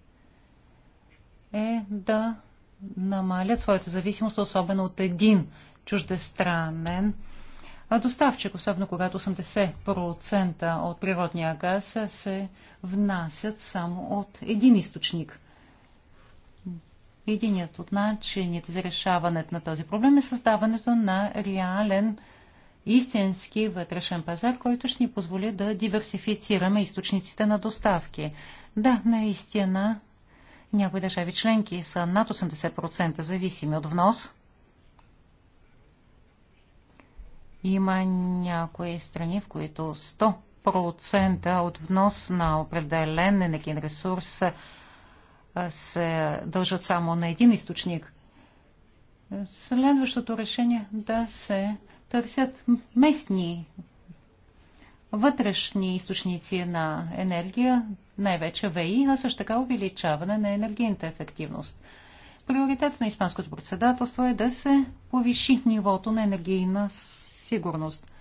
е да намалят своята зависимост, особено от един чуждестранен доставчик, особено когато 80% от природния газ се внасят само от един източник. Единият от начините за решаването на този проблем е създаването на реален истински вътрешен пазар, който ще ни позволи да диверсифицираме източниците на доставки. Да, наистина някои държави членки са над 80% зависими от внос. Има някои страни, в които 100% от внос на определен енергиен ресурс се дължат само на един източник. Следващото решение е да се търсят местни вътрешни източници на енергия, най-вече ВИ, а също така увеличаване на енергийната ефективност. Приоритет на Испанското председателство е да се повиши нивото на енергийна сигурност.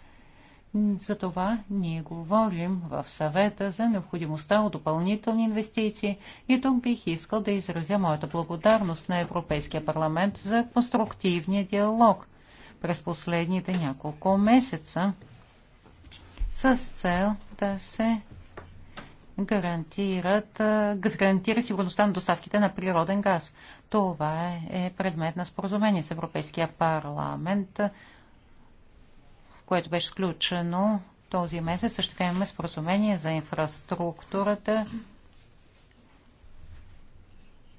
За това ние говорим в съвета за необходимостта от допълнителни инвестиции и тук бих искал да изразя моята благодарност на Европейския парламент за конструктивния диалог през последните няколко месеца с цел да се гарантират, да гарантира сигурността на доставките на природен газ. Това е, е предмет на споразумение с Европейския парламент, което беше сключено този месец. Също така имаме споразумение за инфраструктурата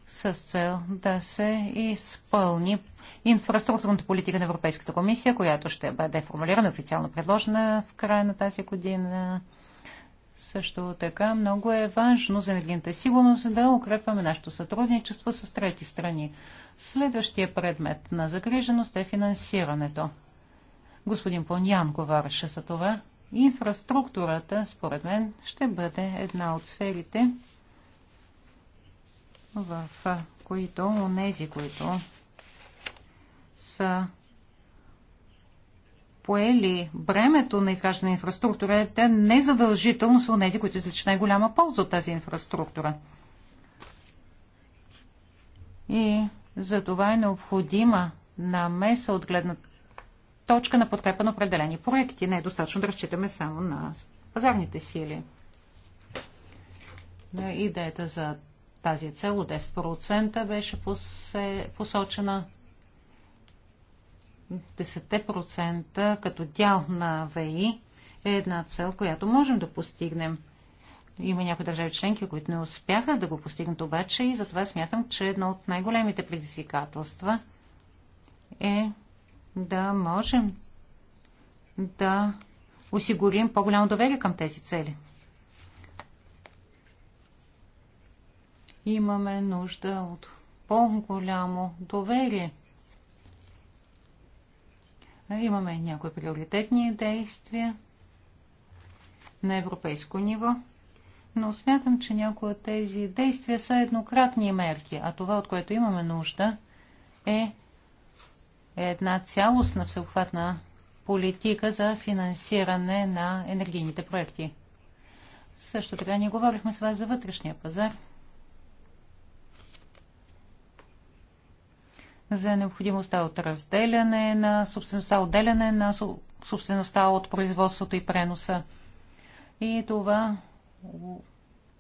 с цел да се изпълни инфраструктурната политика на Европейската комисия, която ще бъде формулирана, официално предложена в края на тази година. Също така много е важно за енергийната сигурност да укрепваме нашето сътрудничество с трети страни. Следващия предмет на загриженост е финансирането. Господин Понян говореше за това. Инфраструктурата, според мен, ще бъде една от сферите, в които онези, които са поели бремето на изграждане на инфраструктура инфраструктурата, незадължително са тези, които извличат най-голяма полза от тази инфраструктура. И за това е необходима намеса от гледна точка на подкрепа на определени проекти. Не е достатъчно да разчитаме само на пазарните сили. Идеята за тази цел от 10% беше посочена 10% като дял на ВИ е една цел, която можем да постигнем. Има някои държави членки, които не успяха да го постигнат обаче и затова смятам, че едно от най-големите предизвикателства е да можем да осигурим по-голямо доверие към тези цели. Имаме нужда от по-голямо доверие – Имаме някои приоритетни действия на европейско ниво, но смятам, че някои от тези действия са еднократни мерки, а това, от което имаме нужда, е една цялостна всеобхватна политика за финансиране на енергийните проекти. Също така ние говорихме с вас за вътрешния пазар – за необходимостта от разделяне на собствеността, отделяне на собствеността от производството и преноса. И това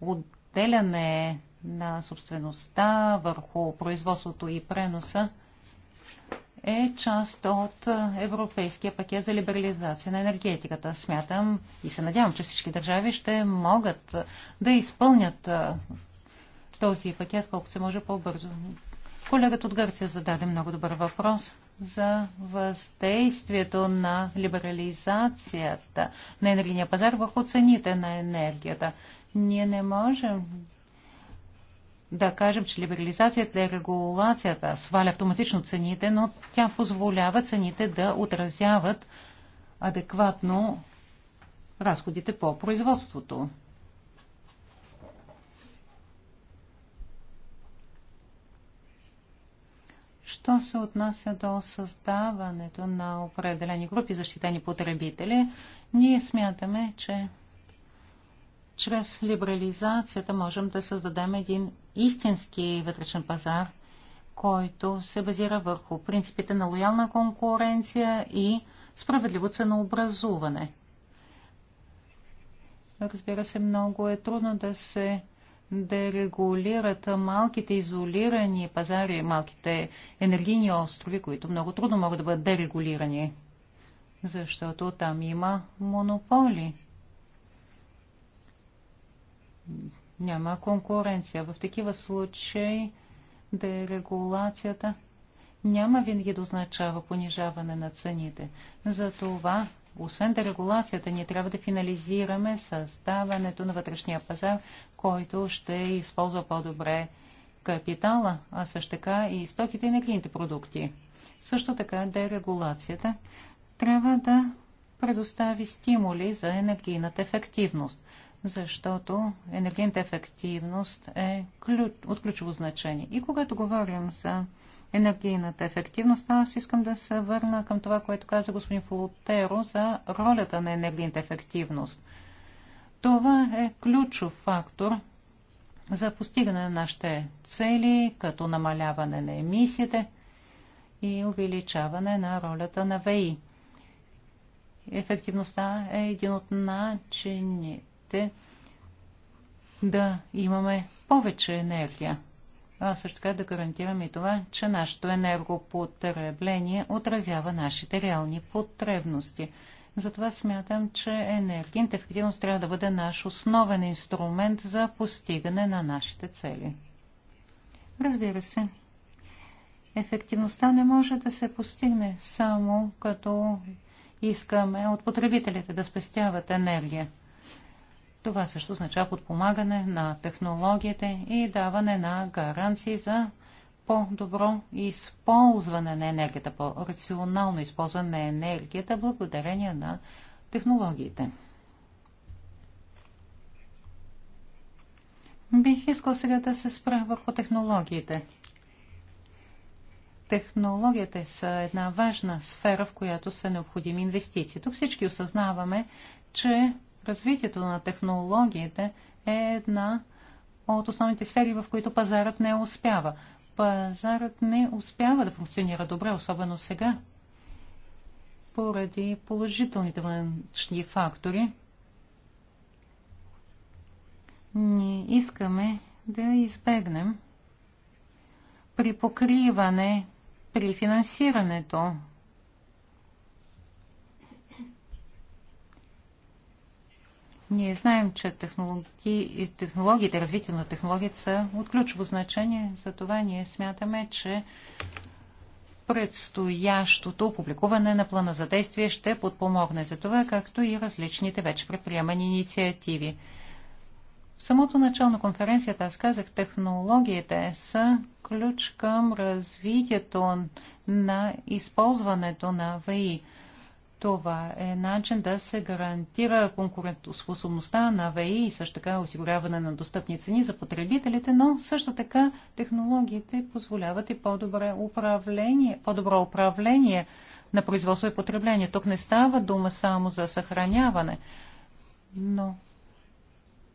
отделяне на собствеността върху производството и преноса е част от Европейския пакет за либерализация на енергетиката. Смятам и се надявам, че всички държави ще могат да изпълнят този пакет колкото се може по-бързо. Колегата от Гърция зададе много добър въпрос за въздействието на либерализацията на енергийния пазар върху цените на енергията. Ние не можем да кажем, че либерализацията и е регулацията сваля автоматично цените, но тя позволява цените да отразяват адекватно разходите по производството. Що се отнася до създаването на определени групи защитени потребители, ние смятаме, че чрез либерализацията можем да създадем един истински вътрешен пазар, който се базира върху принципите на лоялна конкуренция и справедливо ценообразуване. Разбира се, много е трудно да се да регулират малките изолирани пазари, малките енергийни острови, които много трудно могат да бъдат дерегулирани, защото там има монополи. Няма конкуренция. В такива случаи дерегулацията няма винаги да означава понижаване на цените. Затова, освен дерегулацията, ние трябва да финализираме създаването на вътрешния пазар който ще използва по-добре капитала, а също така и стоките и енергийните продукти. Също така дерегулацията трябва да предостави стимули за енергийната ефективност, защото енергийната ефективност е от ключово значение. И когато говорим за енергийната ефективност, аз искам да се върна към това, което каза господин Флотеро за ролята на енергийната ефективност – това е ключов фактор за постигане на нашите цели, като намаляване на емисиите и увеличаване на ролята на ВИ. Ефективността е един от начините да имаме повече енергия, а също така да гарантираме и това, че нашето енергопотребление отразява нашите реални потребности – затова смятам, че енергийната ефективност трябва да бъде наш основен инструмент за постигане на нашите цели. Разбира се, ефективността не може да се постигне само като искаме от потребителите да спестяват енергия. Това също означава подпомагане на технологиите и даване на гаранции за по-добро използване на енергията, по-рационално използване на енергията, благодарение на технологиите. Бих искал сега да се спра върху технологиите. Технологията са една важна сфера, в която са необходими инвестиции. Тук всички осъзнаваме, че развитието на технологиите е една от основните сфери, в които пазарът не успява пазарът не успява да функционира добре, особено сега, поради положителните външни фактори. Ние искаме да избегнем при покриване при финансирането Ние знаем, че технологии, технологиите, развитие на технологията са от ключово значение, затова ние смятаме, че предстоящото публикуване на плана за действие ще подпомогне за това, както и различните вече предприемани инициативи. В самото начало на конференцията аз казах, технологиите са ключ към развитието на използването на ВИ. Това е начин да се гарантира конкурентоспособността на ВИ и също така осигуряване на достъпни цени за потребителите, но също така технологиите позволяват и по добро управление, по-добро управление на производство и потребление. Тук не става дума само за съхраняване, но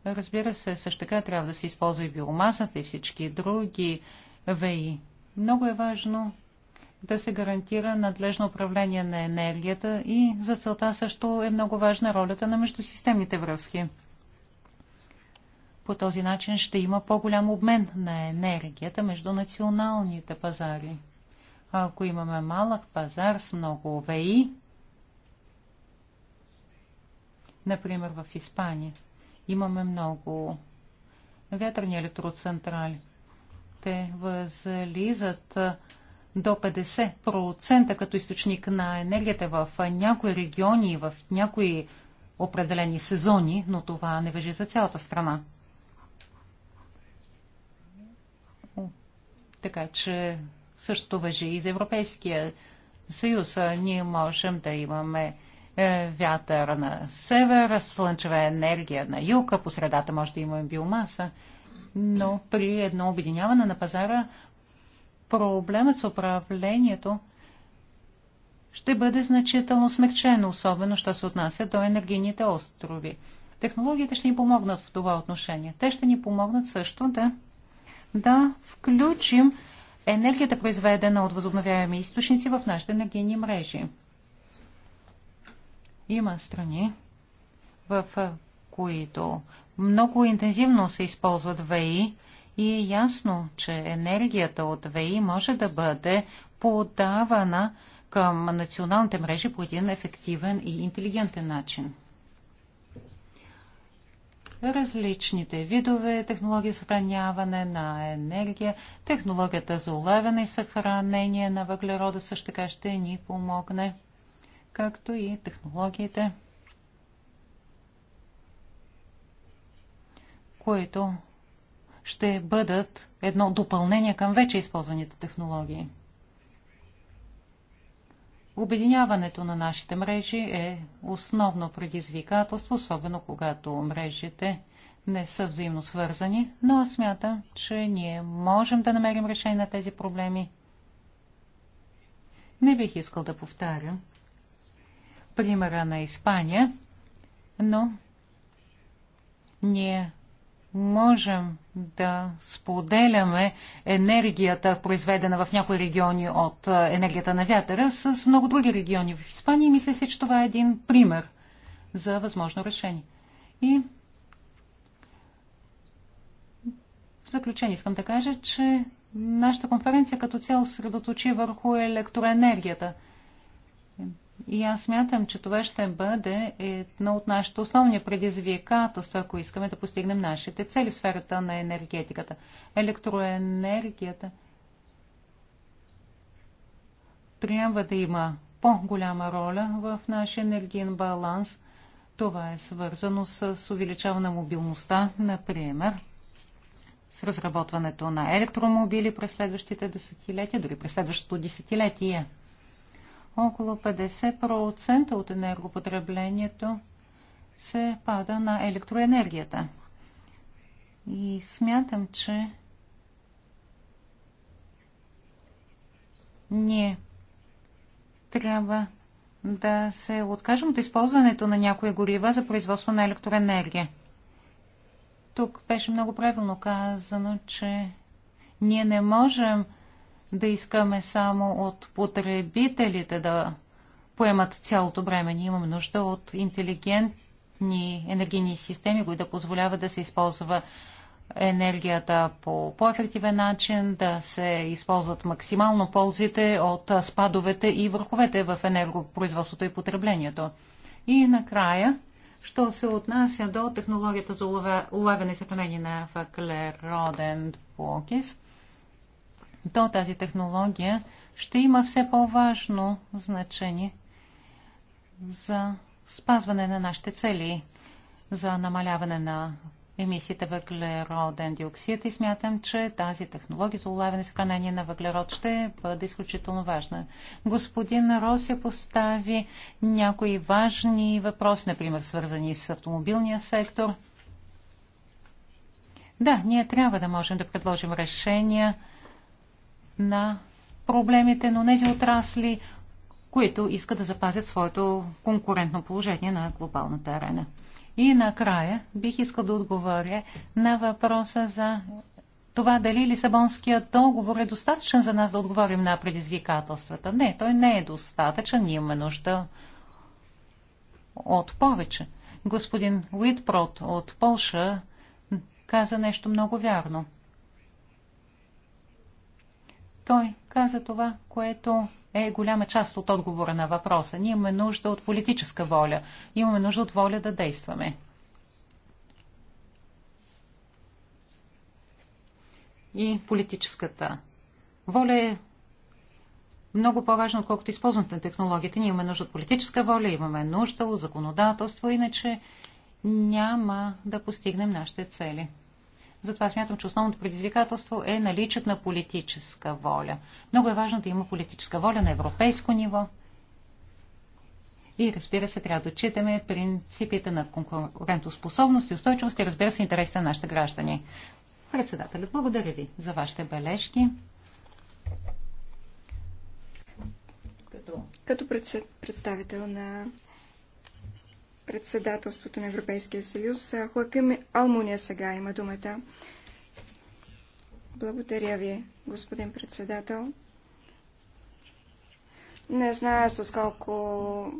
разбира се, също така трябва да се използва и биомасата и всички други ВИ. Много е важно да се гарантира надлежно управление на енергията и за целта също е много важна ролята на междусистемните връзки. По този начин ще има по-голям обмен на енергията между националните пазари. А ако имаме малък пазар с много ОВИ, например в Испания, имаме много вятърни електроцентрали. Те възлизат до 50% като източник на енергията в някои региони и в някои определени сезони, но това не въжи за цялата страна. Така че същото въжи и за Европейския съюз. Ние можем да имаме е, вятър на север, слънчева енергия на юг, по средата може да имаме биомаса, но при едно обединяване на пазара проблемът с управлението ще бъде значително смягчен, особено що се отнася до енергийните острови. Технологиите ще ни помогнат в това отношение. Те ще ни помогнат също да, да включим енергията, произведена от възобновяеми източници в нашите енергийни мрежи. Има страни, в които много интензивно се използват ВИ, и е ясно, че енергията от ВИ може да бъде подавана към националните мрежи по един ефективен и интелигентен начин. Различните видове технологии съхраняване на енергия, технологията за улавяне и съхранение на въглерода също така ще ни помогне, както и технологиите, които ще бъдат едно допълнение към вече използваните технологии. Обединяването на нашите мрежи е основно предизвикателство, особено когато мрежите не са взаимно свързани, но аз смятам, че ние можем да намерим решение на тези проблеми. Не бих искал да повтарям примера на Испания, но ние можем да споделяме енергията, произведена в някои региони от е, енергията на вятъра, с много други региони в Испания. мисля се, че това е един пример за възможно решение. И в заключение искам да кажа, че нашата конференция като цяло се средоточи върху електроенергията – и аз смятам, че това ще бъде едно от нашите основни предизвикателства, ако искаме да постигнем нашите цели в сферата на енергетиката. Електроенергията трябва да има по-голяма роля в нашия енергиен баланс. Това е свързано с увеличаване на мобилността, например, с разработването на електромобили през следващите десетилетия, дори през следващото десетилетие около 50% от енергопотреблението се пада на електроенергията. И смятам, че ние трябва да се откажем от използването на някои горива за производство на електроенергия. Тук беше много правилно казано, че ние не можем да искаме само от потребителите да поемат цялото бреме. Ние имаме нужда от интелигентни енергийни системи, които да позволяват да се използва енергията по по-ефективен начин, да се използват максимално ползите от спадовете и върховете в енергопроизводството и потреблението. И накрая, що се отнася до технологията за улавяне и съхранение на въглероден покист то тази технология ще има все по-важно значение за спазване на нашите цели, за намаляване на емисиите въглероден диоксид и смятам, че тази технология за улавяне и съхранение на въглерод ще бъде изключително важна. Господин Росия постави някои важни въпроси, например свързани с автомобилния сектор. Да, ние трябва да можем да предложим решения на проблемите на тези отрасли, които искат да запазят своето конкурентно положение на глобалната арена. И накрая бих искал да отговоря на въпроса за това дали Лисабонският договор е достатъчен за нас да отговорим на предизвикателствата. Не, той не е достатъчен. Ние имаме нужда от повече. Господин Уитпрот от Полша каза нещо много вярно. Той каза това, което е голяма част от отговора на въпроса. Ние имаме нужда от политическа воля. Имаме нужда от воля да действаме. И политическата воля е много по важна отколкото използването на технологията. Ние имаме нужда от политическа воля, имаме нужда от законодателство, иначе няма да постигнем нашите цели. Затова смятам, че основното предизвикателство е наличието на политическа воля. Много е важно да има политическа воля на европейско ниво. И разбира се, трябва да отчитаме принципите на конкурентоспособност и устойчивост и разбира се интересите на нашите граждани. Председателят, благодаря ви за вашите бележки. Като, Като представител на председателството на Европейския съюз. Хуакъм Алмуния сега има думата. Благодаря ви, господин председател. Не зная с колко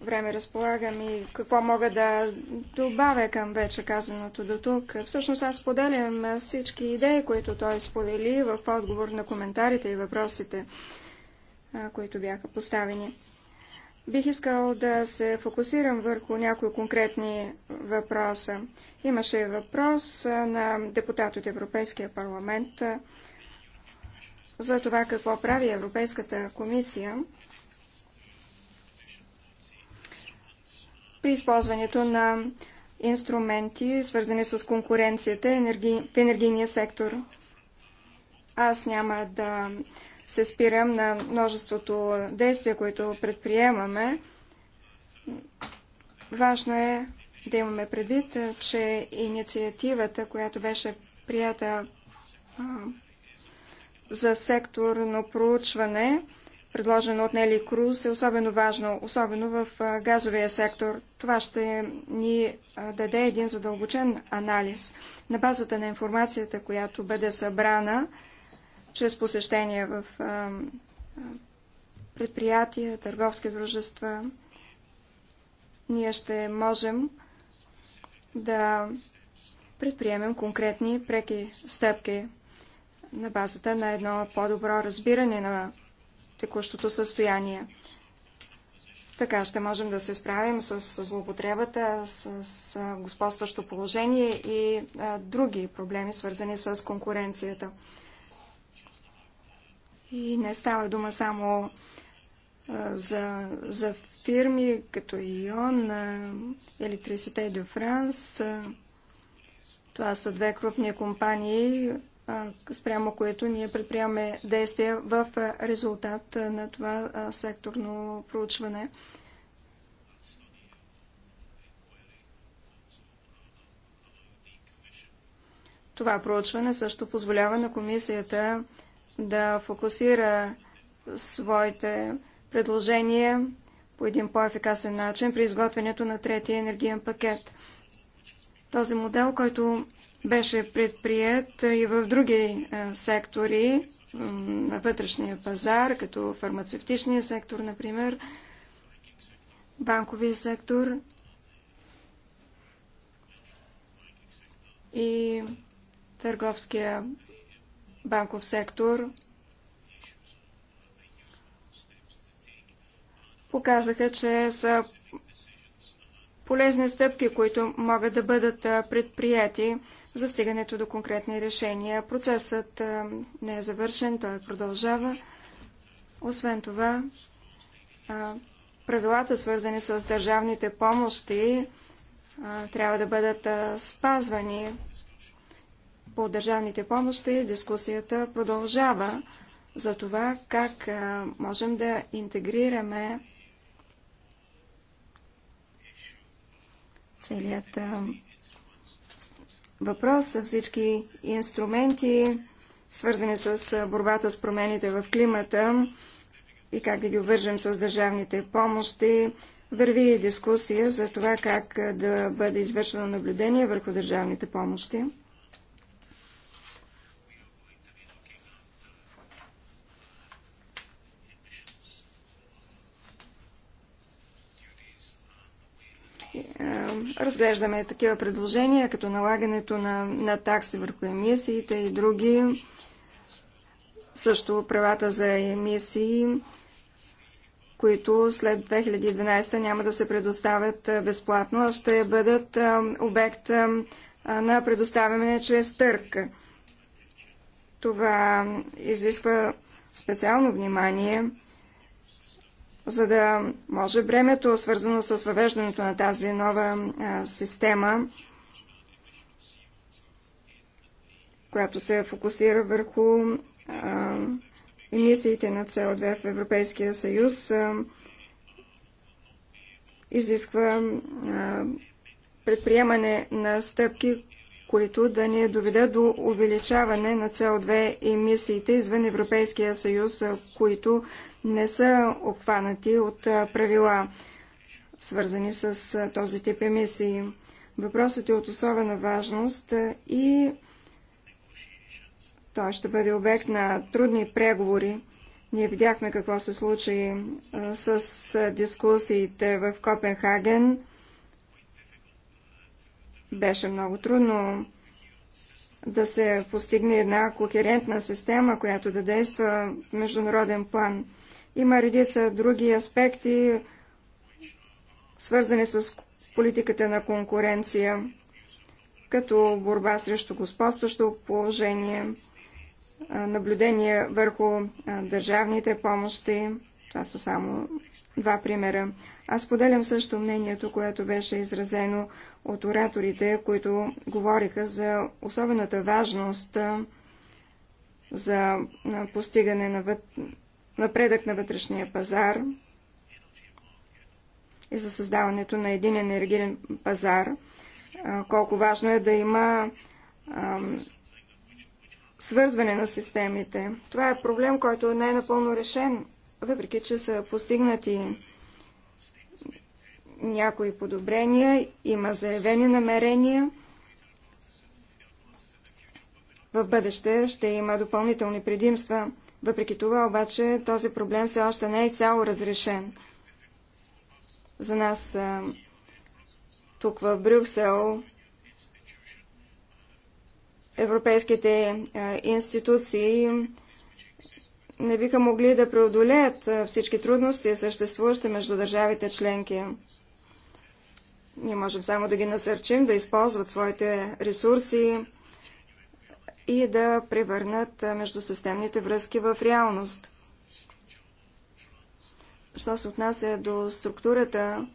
време разполагам и какво мога да добавя към вече казаното до тук. Всъщност аз поделям всички идеи, които той сподели в отговор на коментарите и въпросите, които бяха поставени. Бих искал да се фокусирам върху някои конкретни въпроса. Имаше въпрос на депутат от Европейския парламент за това какво прави Европейската комисия при използването на инструменти, свързани с конкуренцията в енергийния сектор. Аз няма да се спирам на множеството действия, които предприемаме. Важно е да имаме предвид, че инициативата, която беше прията за секторно проучване, предложено от Нели Круз, е особено важно, особено в газовия сектор. Това ще ни даде един задълбочен анализ. На базата на информацията, която бъде събрана, чрез посещения в предприятия, търговски дружества, ние ще можем да предприемем конкретни преки стъпки на базата на едно по-добро разбиране на текущото състояние. Така ще можем да се справим с злоупотребата, с господстващо положение и а, други проблеми, свързани с конкуренцията. И не става дума само за, за фирми като ИОН, Електрисите де Франс. Това са две крупни компании, спрямо които ние предприемаме действия в резултат на това секторно проучване. Това проучване също позволява на комисията да фокусира своите предложения по един по-ефикасен начин при изготвянето на третия енергиен пакет. Този модел, който беше предприят и в други е, сектори на вътрешния пазар, като фармацевтичния сектор, например, банковия сектор и търговския банков сектор показаха, че са полезни стъпки, които могат да бъдат предприяти за стигането до конкретни решения. Процесът не е завършен, той продължава. Освен това, правилата, свързани с държавните помощи, трябва да бъдат спазвани по държавните помощи дискусията продължава за това как можем да интегрираме целият въпрос, всички инструменти, свързани с борбата с промените в климата и как да ги обвържем с държавните помощи. Върви дискусия за това как да бъде извършвано наблюдение върху държавните помощи. разглеждаме такива предложения, като налагането на, на такси върху емисиите и други, също правата за емисии, които след 2012 няма да се предоставят безплатно, а ще бъдат обект на предоставяне чрез търк. Това изисква специално внимание за да може бремето, свързано с въвеждането на тази нова система, която се фокусира върху емисиите на CO2 в Европейския съюз, изисква предприемане на стъпки, които да ни доведат до увеличаване на CO2 емисиите извън Европейския съюз, които не са обхванати от правила, свързани с този тип емисии. Въпросът е от особена важност и той ще бъде обект на трудни преговори. Ние видяхме какво се случи с дискусиите в Копенхаген. Беше много трудно да се постигне една кохерентна система, която да действа в международен план. Има редица други аспекти, свързани с политиката на конкуренция, като борба срещу господстващо положение, наблюдение върху държавните помощи. Това са само два примера. Аз поделям също мнението, което беше изразено от ораторите, които говориха за особената важност за постигане на въд... напредък на вътрешния пазар и за създаването на един енергиен пазар. Колко важно е да има ам, свързване на системите. Това е проблем, който не е напълно решен въпреки че са постигнати някои подобрения, има заявени намерения. В бъдеще ще има допълнителни предимства. Въпреки това обаче този проблем все още не е цяло разрешен. За нас тук в Брюксел европейските институции не биха могли да преодолеят всички трудности, съществуващи между държавите членки. Ние можем само да ги насърчим да използват своите ресурси и да превърнат междусистемните връзки в реалност. Що се отнася до структурата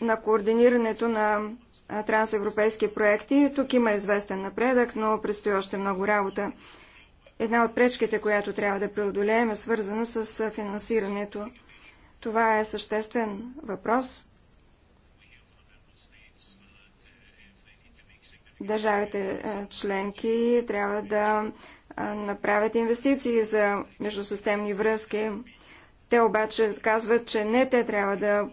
на координирането на трансевропейски проекти. Тук има известен напредък, но предстои още много работа. Една от пречките, която трябва да преодолеем, е свързана с финансирането. Това е съществен въпрос. Държавите членки трябва да направят инвестиции за междусистемни връзки. Те обаче казват, че не те трябва да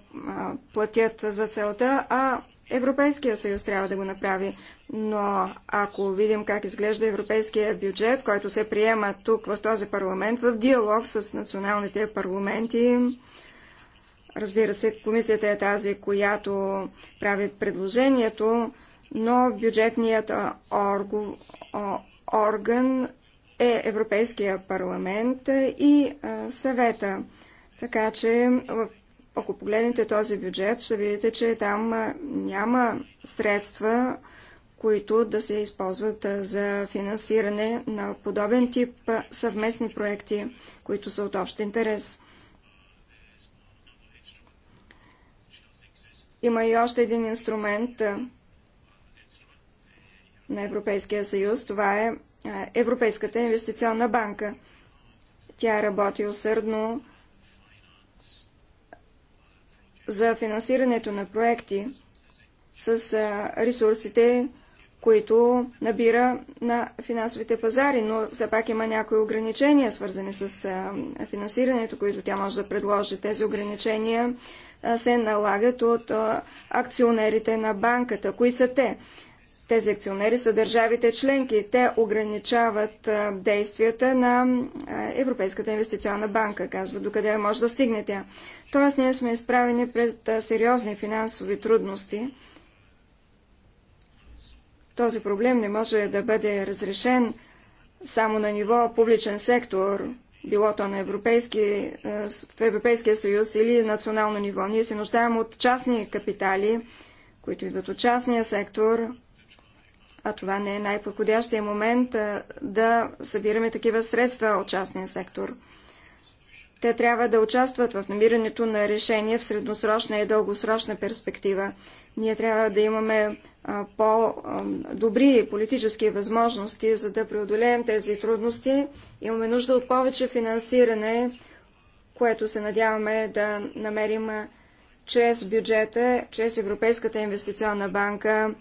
платят за целта, а Европейския съюз трябва да го направи. Но ако видим как изглежда европейския бюджет, който се приема тук в този парламент, в диалог с националните парламенти, разбира се, комисията е тази, която прави предложението, но бюджетният орго, орган е Европейския парламент и съвета. Така че в ако погледнете този бюджет, ще видите, че там няма средства, които да се използват за финансиране на подобен тип съвместни проекти, които са от общ интерес. Има и още един инструмент на Европейския съюз. Това е Европейската инвестиционна банка. Тя работи усърдно за финансирането на проекти с ресурсите, които набира на финансовите пазари, но все пак има някои ограничения, свързани с финансирането, които тя може да предложи. Тези ограничения се налагат от акционерите на банката. Кои са те? Тези акционери са държавите членки. Те ограничават действията на Европейската инвестиционна банка, казва докъде може да стигне тя. Тоест ние сме изправени пред сериозни финансови трудности. Този проблем не може да бъде разрешен само на ниво публичен сектор, било то на европейски, в Европейския съюз или национално ниво. Ние се нуждаем от частни капитали, които идват от частния сектор, а това не е най-подходящия момент да събираме такива средства от частния сектор. Те трябва да участват в намирането на решение в средносрочна и дългосрочна перспектива. Ние трябва да имаме по-добри политически възможности, за да преодолеем тези трудности. Имаме нужда от повече финансиране, което се надяваме да намерим чрез бюджета, чрез Европейската инвестиционна банка,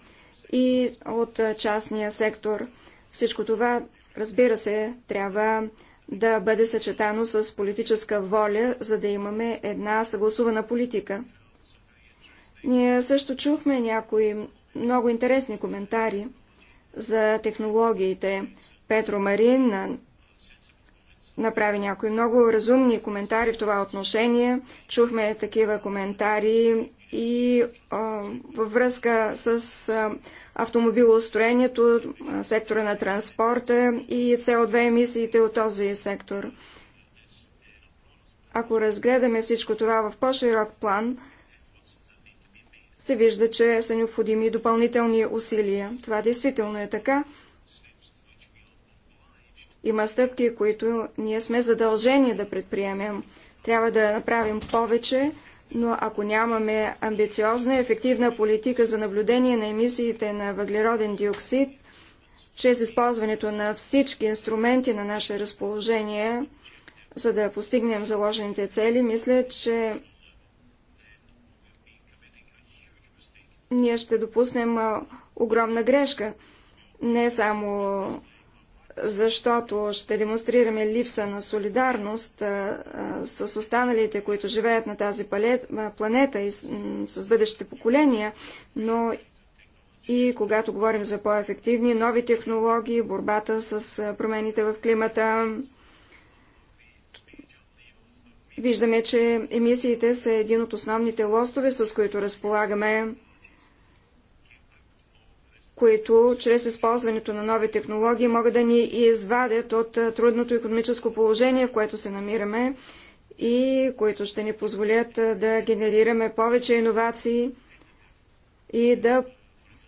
и от частния сектор. Всичко това, разбира се, трябва да бъде съчетано с политическа воля, за да имаме една съгласувана политика. Ние също чухме някои много интересни коментари за технологиите. Петро Марин направи някои много разумни коментари в това отношение. Чухме такива коментари и а, във връзка с а, автомобилостроението, а, сектора на транспорта и CO2 емисиите от този сектор. Ако разгледаме всичко това в по-широк план, се вижда, че са необходими допълнителни усилия. Това действително е така. Има стъпки, които ние сме задължени да предприемем. Трябва да направим повече, но ако нямаме амбициозна и ефективна политика за наблюдение на емисиите на въглероден диоксид, чрез използването на всички инструменти на наше разположение, за да постигнем заложените цели, мисля, че ние ще допуснем огромна грешка. Не само защото ще демонстрираме липса на солидарност а, с останалите, които живеят на тази планета и с, с бъдещите поколения, но и когато говорим за по-ефективни нови технологии, борбата с промените в климата, виждаме, че емисиите са един от основните лостове, с които разполагаме които чрез използването на нови технологии могат да ни извадят от трудното економическо положение, в което се намираме и които ще ни позволят да генерираме повече иновации и да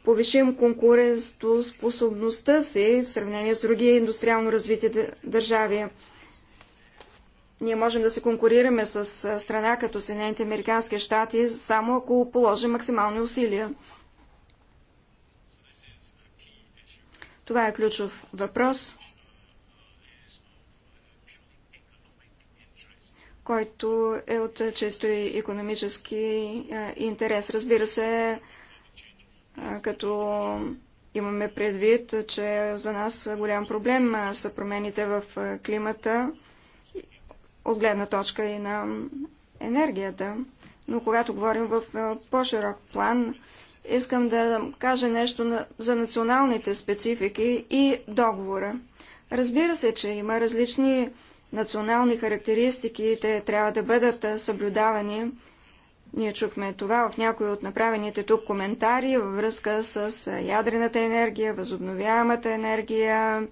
повишим конкурентоспособността си в сравнение с други индустриално развити държави. Ние можем да се конкурираме с страна като Съединените Американски щати, само ако положим максимални усилия. Това е ключов въпрос, който е от често и економически интерес. Разбира се, като имаме предвид, че за нас голям проблем са промените в климата от гледна точка и на енергията. Но когато говорим в по-широк план, Искам да кажа нещо за националните специфики и договора. Разбира се, че има различни национални характеристики, те трябва да бъдат съблюдавани. Ние чухме това в някои от направените тук коментари във връзка с ядрената енергия, възобновяемата енергия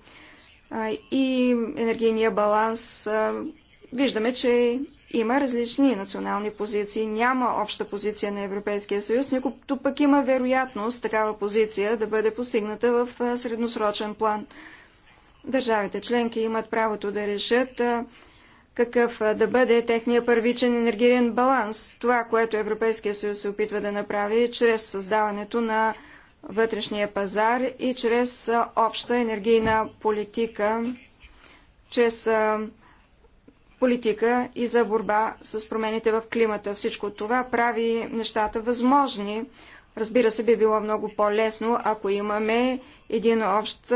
и енергийния баланс. Виждаме, че има различни национални позиции, няма обща позиция на Европейския съюз, никото пък има вероятност такава позиция да бъде постигната в средносрочен план. Държавите членки имат правото да решат какъв да бъде техния първичен енергиен баланс. Това, което Европейския съюз се опитва да направи е чрез създаването на вътрешния пазар и чрез обща енергийна политика, чрез политика и за борба с промените в климата. Всичко това прави нещата възможни. Разбира се, би било много по-лесно, ако имаме един общ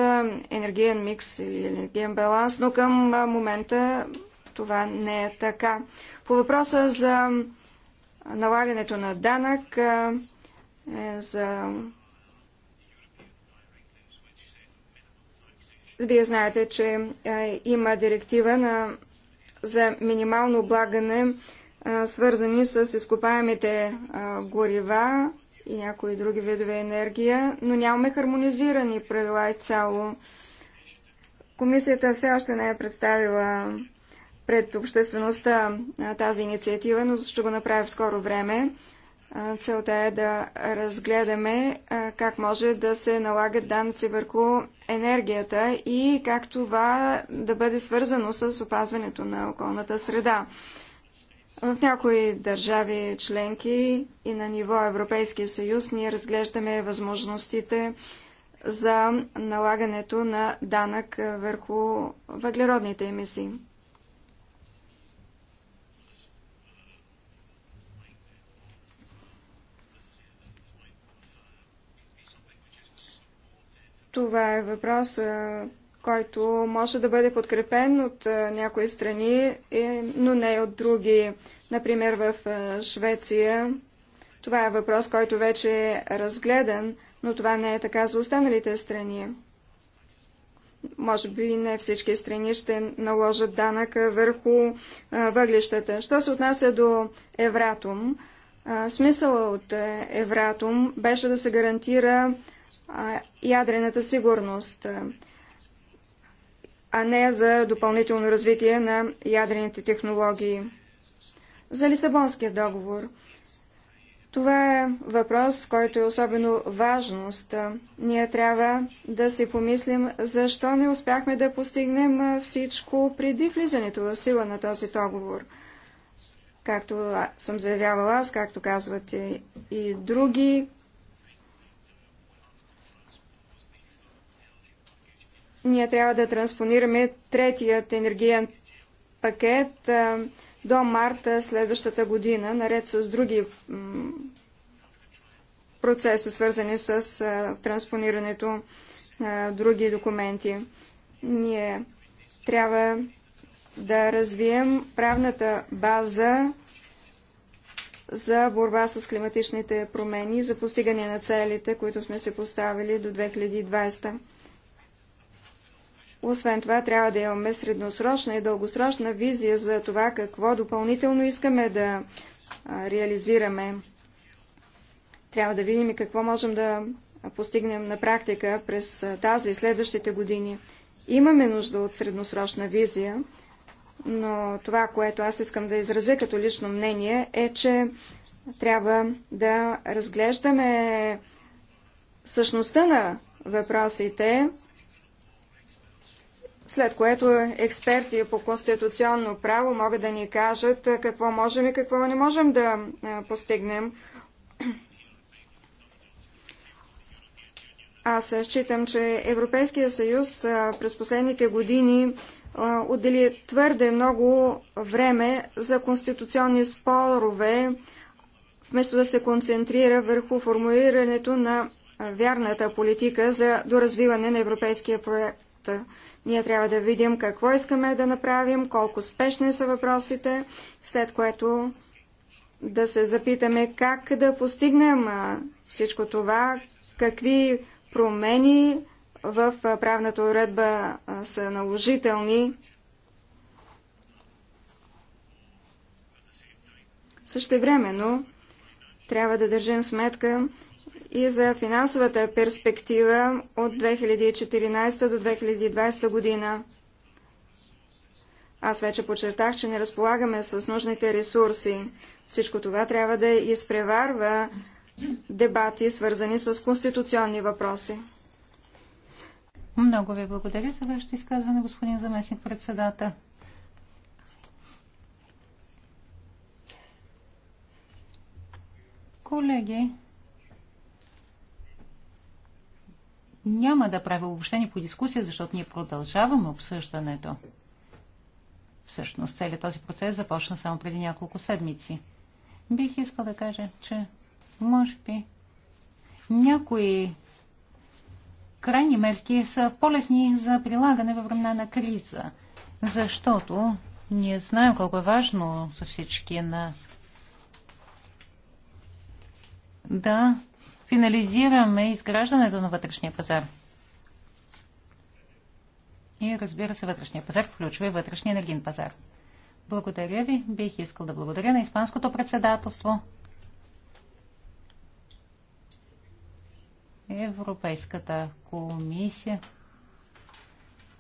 енергиен микс или енергиен баланс, но към момента това не е така. По въпроса за налагането на данък, е, за вие знаете, че е, има директива на за минимално облагане, свързани с изкопаемите горива и някои други видове енергия, но нямаме хармонизирани правила изцяло. Комисията все още не е представила пред обществеността тази инициатива, но ще го направя в скоро време. Целта е да разгледаме как може да се налагат данъци върху енергията и как това да бъде свързано с опазването на околната среда. В някои държави членки и на ниво Европейския съюз ние разглеждаме възможностите за налагането на данък върху въглеродните емисии. Това е въпрос, който може да бъде подкрепен от някои страни, но не от други. Например, в Швеция. Това е въпрос, който вече е разгледан, но това не е така за останалите страни. Може би не всички страни ще наложат данък върху въглищата. Що се отнася до Евратум, смисъл от Евратум беше да се гарантира ядрената сигурност, а не за допълнително развитие на ядрените технологии. За Лисабонския договор. Това е въпрос, който е особено важност. Ние трябва да си помислим, защо не успяхме да постигнем всичко преди влизането в сила на този договор. Както съм заявявала аз, както казват и, и други ние трябва да транспонираме третият енергиен пакет до марта следващата година, наред с други процеси, свързани с транспонирането на други документи. Ние трябва да развием правната база за борба с климатичните промени, за постигане на целите, които сме се поставили до 2020. Освен това, трябва да имаме средносрочна и дългосрочна визия за това какво допълнително искаме да реализираме. Трябва да видим и какво можем да постигнем на практика през тази и следващите години. Имаме нужда от средносрочна визия, но това, което аз искам да изразя като лично мнение, е, че трябва да разглеждаме същността на въпросите, след което експерти по конституционно право могат да ни кажат какво можем и какво не можем да постигнем. Аз считам, че Европейския съюз през последните години отдели твърде много време за конституционни спорове, вместо да се концентрира върху формулирането на вярната политика за доразвиване на европейския проект ние трябва да видим какво искаме да направим, колко спешни са въпросите, след което да се запитаме как да постигнем всичко това, какви промени в правната уредба са наложителни. Същевременно трябва да държим сметка, и за финансовата перспектива от 2014 до 2020 година. Аз вече подчертах, че не разполагаме с нужните ресурси. Всичко това трябва да изпреварва дебати, свързани с конституционни въпроси. Много ви благодаря за вашето изказване, господин заместник председател. Колеги, Няма да правя обобщение по дискусия, защото ние продължаваме обсъждането. Всъщност, целият този процес започна само преди няколко седмици. Бих искал да кажа, че може би някои крайни мерки са по-лесни за прилагане във времена на криза, защото ние знаем колко е важно за всички нас да финализираме изграждането на вътрешния пазар. И разбира се, вътрешния пазар включва и вътрешния енергиен пазар. Благодаря ви. Бих искал да благодаря на Испанското председателство. Европейската комисия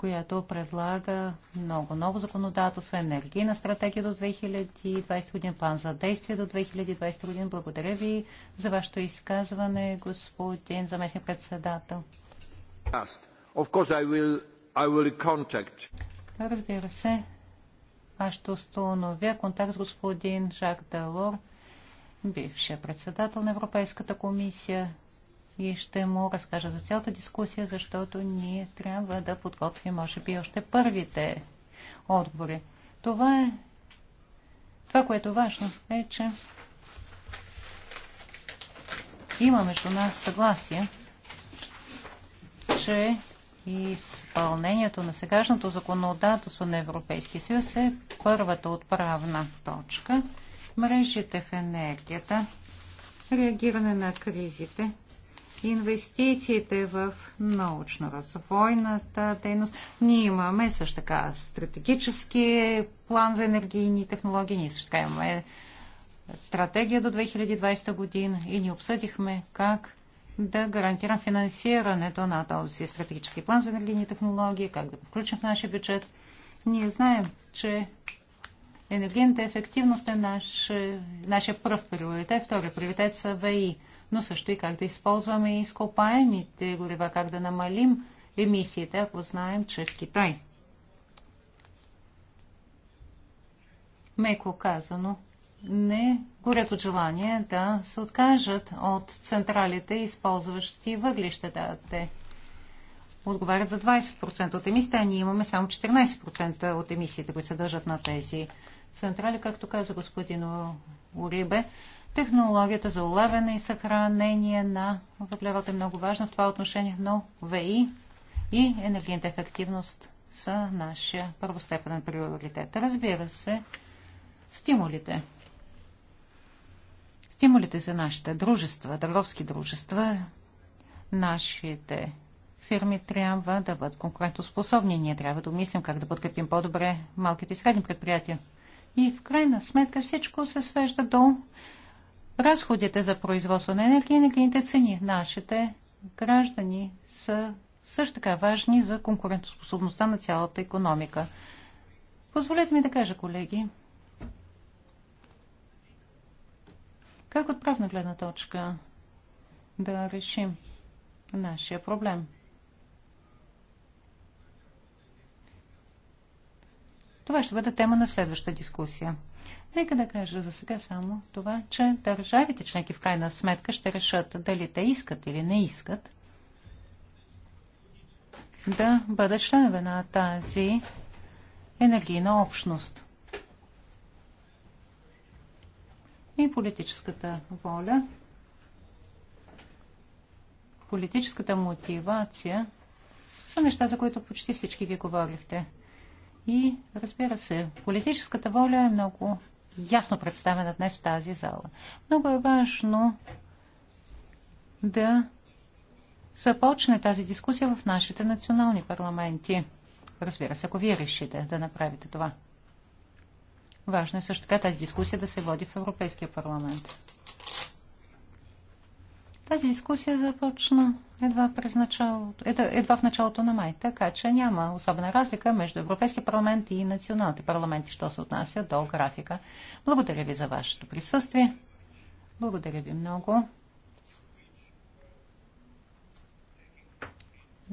която предлага много ново законодателство, енергийна стратегия до 2020 година, план за действие до 2020 година. Благодаря ви за вашето изказване, господин заместник председател. Разбира се, аз ще установя контакт с господин Жак Делор, бившия председател на Европейската комисия, и ще му разкажа за цялата дискусия, защото ние трябва да подготвим, може би, още първите отговори. Това е. Това, което е важно, е, че има между нас съгласие, че изпълнението на сегашното законодателство на Европейския съюз е първата отправна точка. Мрежите в енергията, реагиране на кризите, инвестициите в научно-развойната дейност. Ние имаме също така стратегически план за енергийни технологии, ние също така имаме стратегия до 2020 година и ни обсъдихме как да гарантирам финансирането на този стратегически план за енергийни технологии, как да включим в нашия бюджет. Ние знаем, че енергийната ефективност е наш, нашия първ приоритет, втори приоритет са ВИ но също и как да използваме изкопаемите горива, как да намалим емисиите, ако знаем, че в Китай. Меко казано, не горят от желание да се откажат от централите, използващи въглищата. Те отговарят за 20% от емисиите, а ние имаме само 14% от емисиите, които се държат на тези централи. Както каза господин Урибе, Технологията за улавяне и съхранение на въглерод е много важна в това отношение, но ВИ и енергийната ефективност са нашия първостепенен приоритет. Разбира се, стимулите. Стимулите за нашите дружества, търговски дружества, нашите фирми трябва да бъдат конкурентоспособни. Ние трябва да мислим как да подкрепим по-добре малките и средни предприятия. И в крайна сметка всичко се свежда до разходите за производство на енергия и енергийните цени. Нашите граждани са също така важни за конкурентоспособността на цялата економика. Позволете ми да кажа, колеги, как от правна гледна точка да решим нашия проблем. Това ще бъде тема на следваща дискусия. Нека да кажа за сега само това, че държавите членки в крайна сметка ще решат дали те искат или не искат да бъдат членове на тази енергийна общност. И политическата воля, политическата мотивация са неща, за които почти всички ви говорихте. И, разбира се, политическата воля е много ясно представена днес в тази зала. Много е важно да започне тази дискусия в нашите национални парламенти. Разбира се, ако вие решите да направите това. Важно е също така тази дискусия да се води в Европейския парламент. Тази дискусия започна едва, през началото, едва в началото на май, така че няма особена разлика между Европейския парламент и националните парламенти, що се отнася до графика. Благодаря ви за вашето присъствие. Благодаря ви много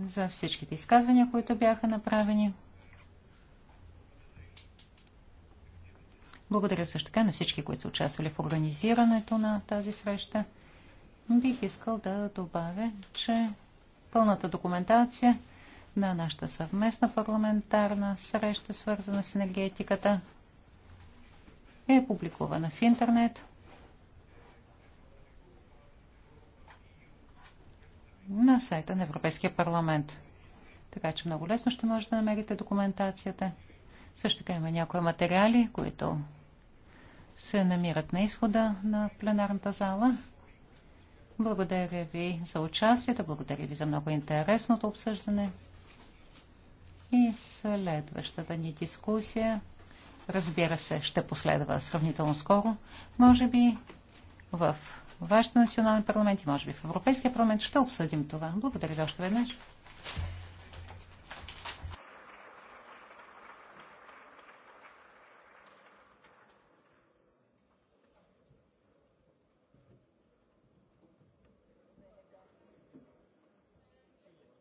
за всичките изказвания, които бяха направени. Благодаря също така на всички, които са участвали в организирането на тази среща бих искал да добавя, че пълната документация на нашата съвместна парламентарна среща, свързана с енергетиката, е публикувана в интернет. на сайта на Европейския парламент. Така че много лесно ще можете да намерите документацията. Също така има някои материали, които се намират на изхода на пленарната зала. Благодаря ви за участието, благодаря ви за много интересното обсъждане. И следващата ни дискусия, разбира се, ще последва сравнително скоро, може би в вашите национални парламенти, може би в Европейския парламент, ще обсъдим това. Благодаря ви още веднъж.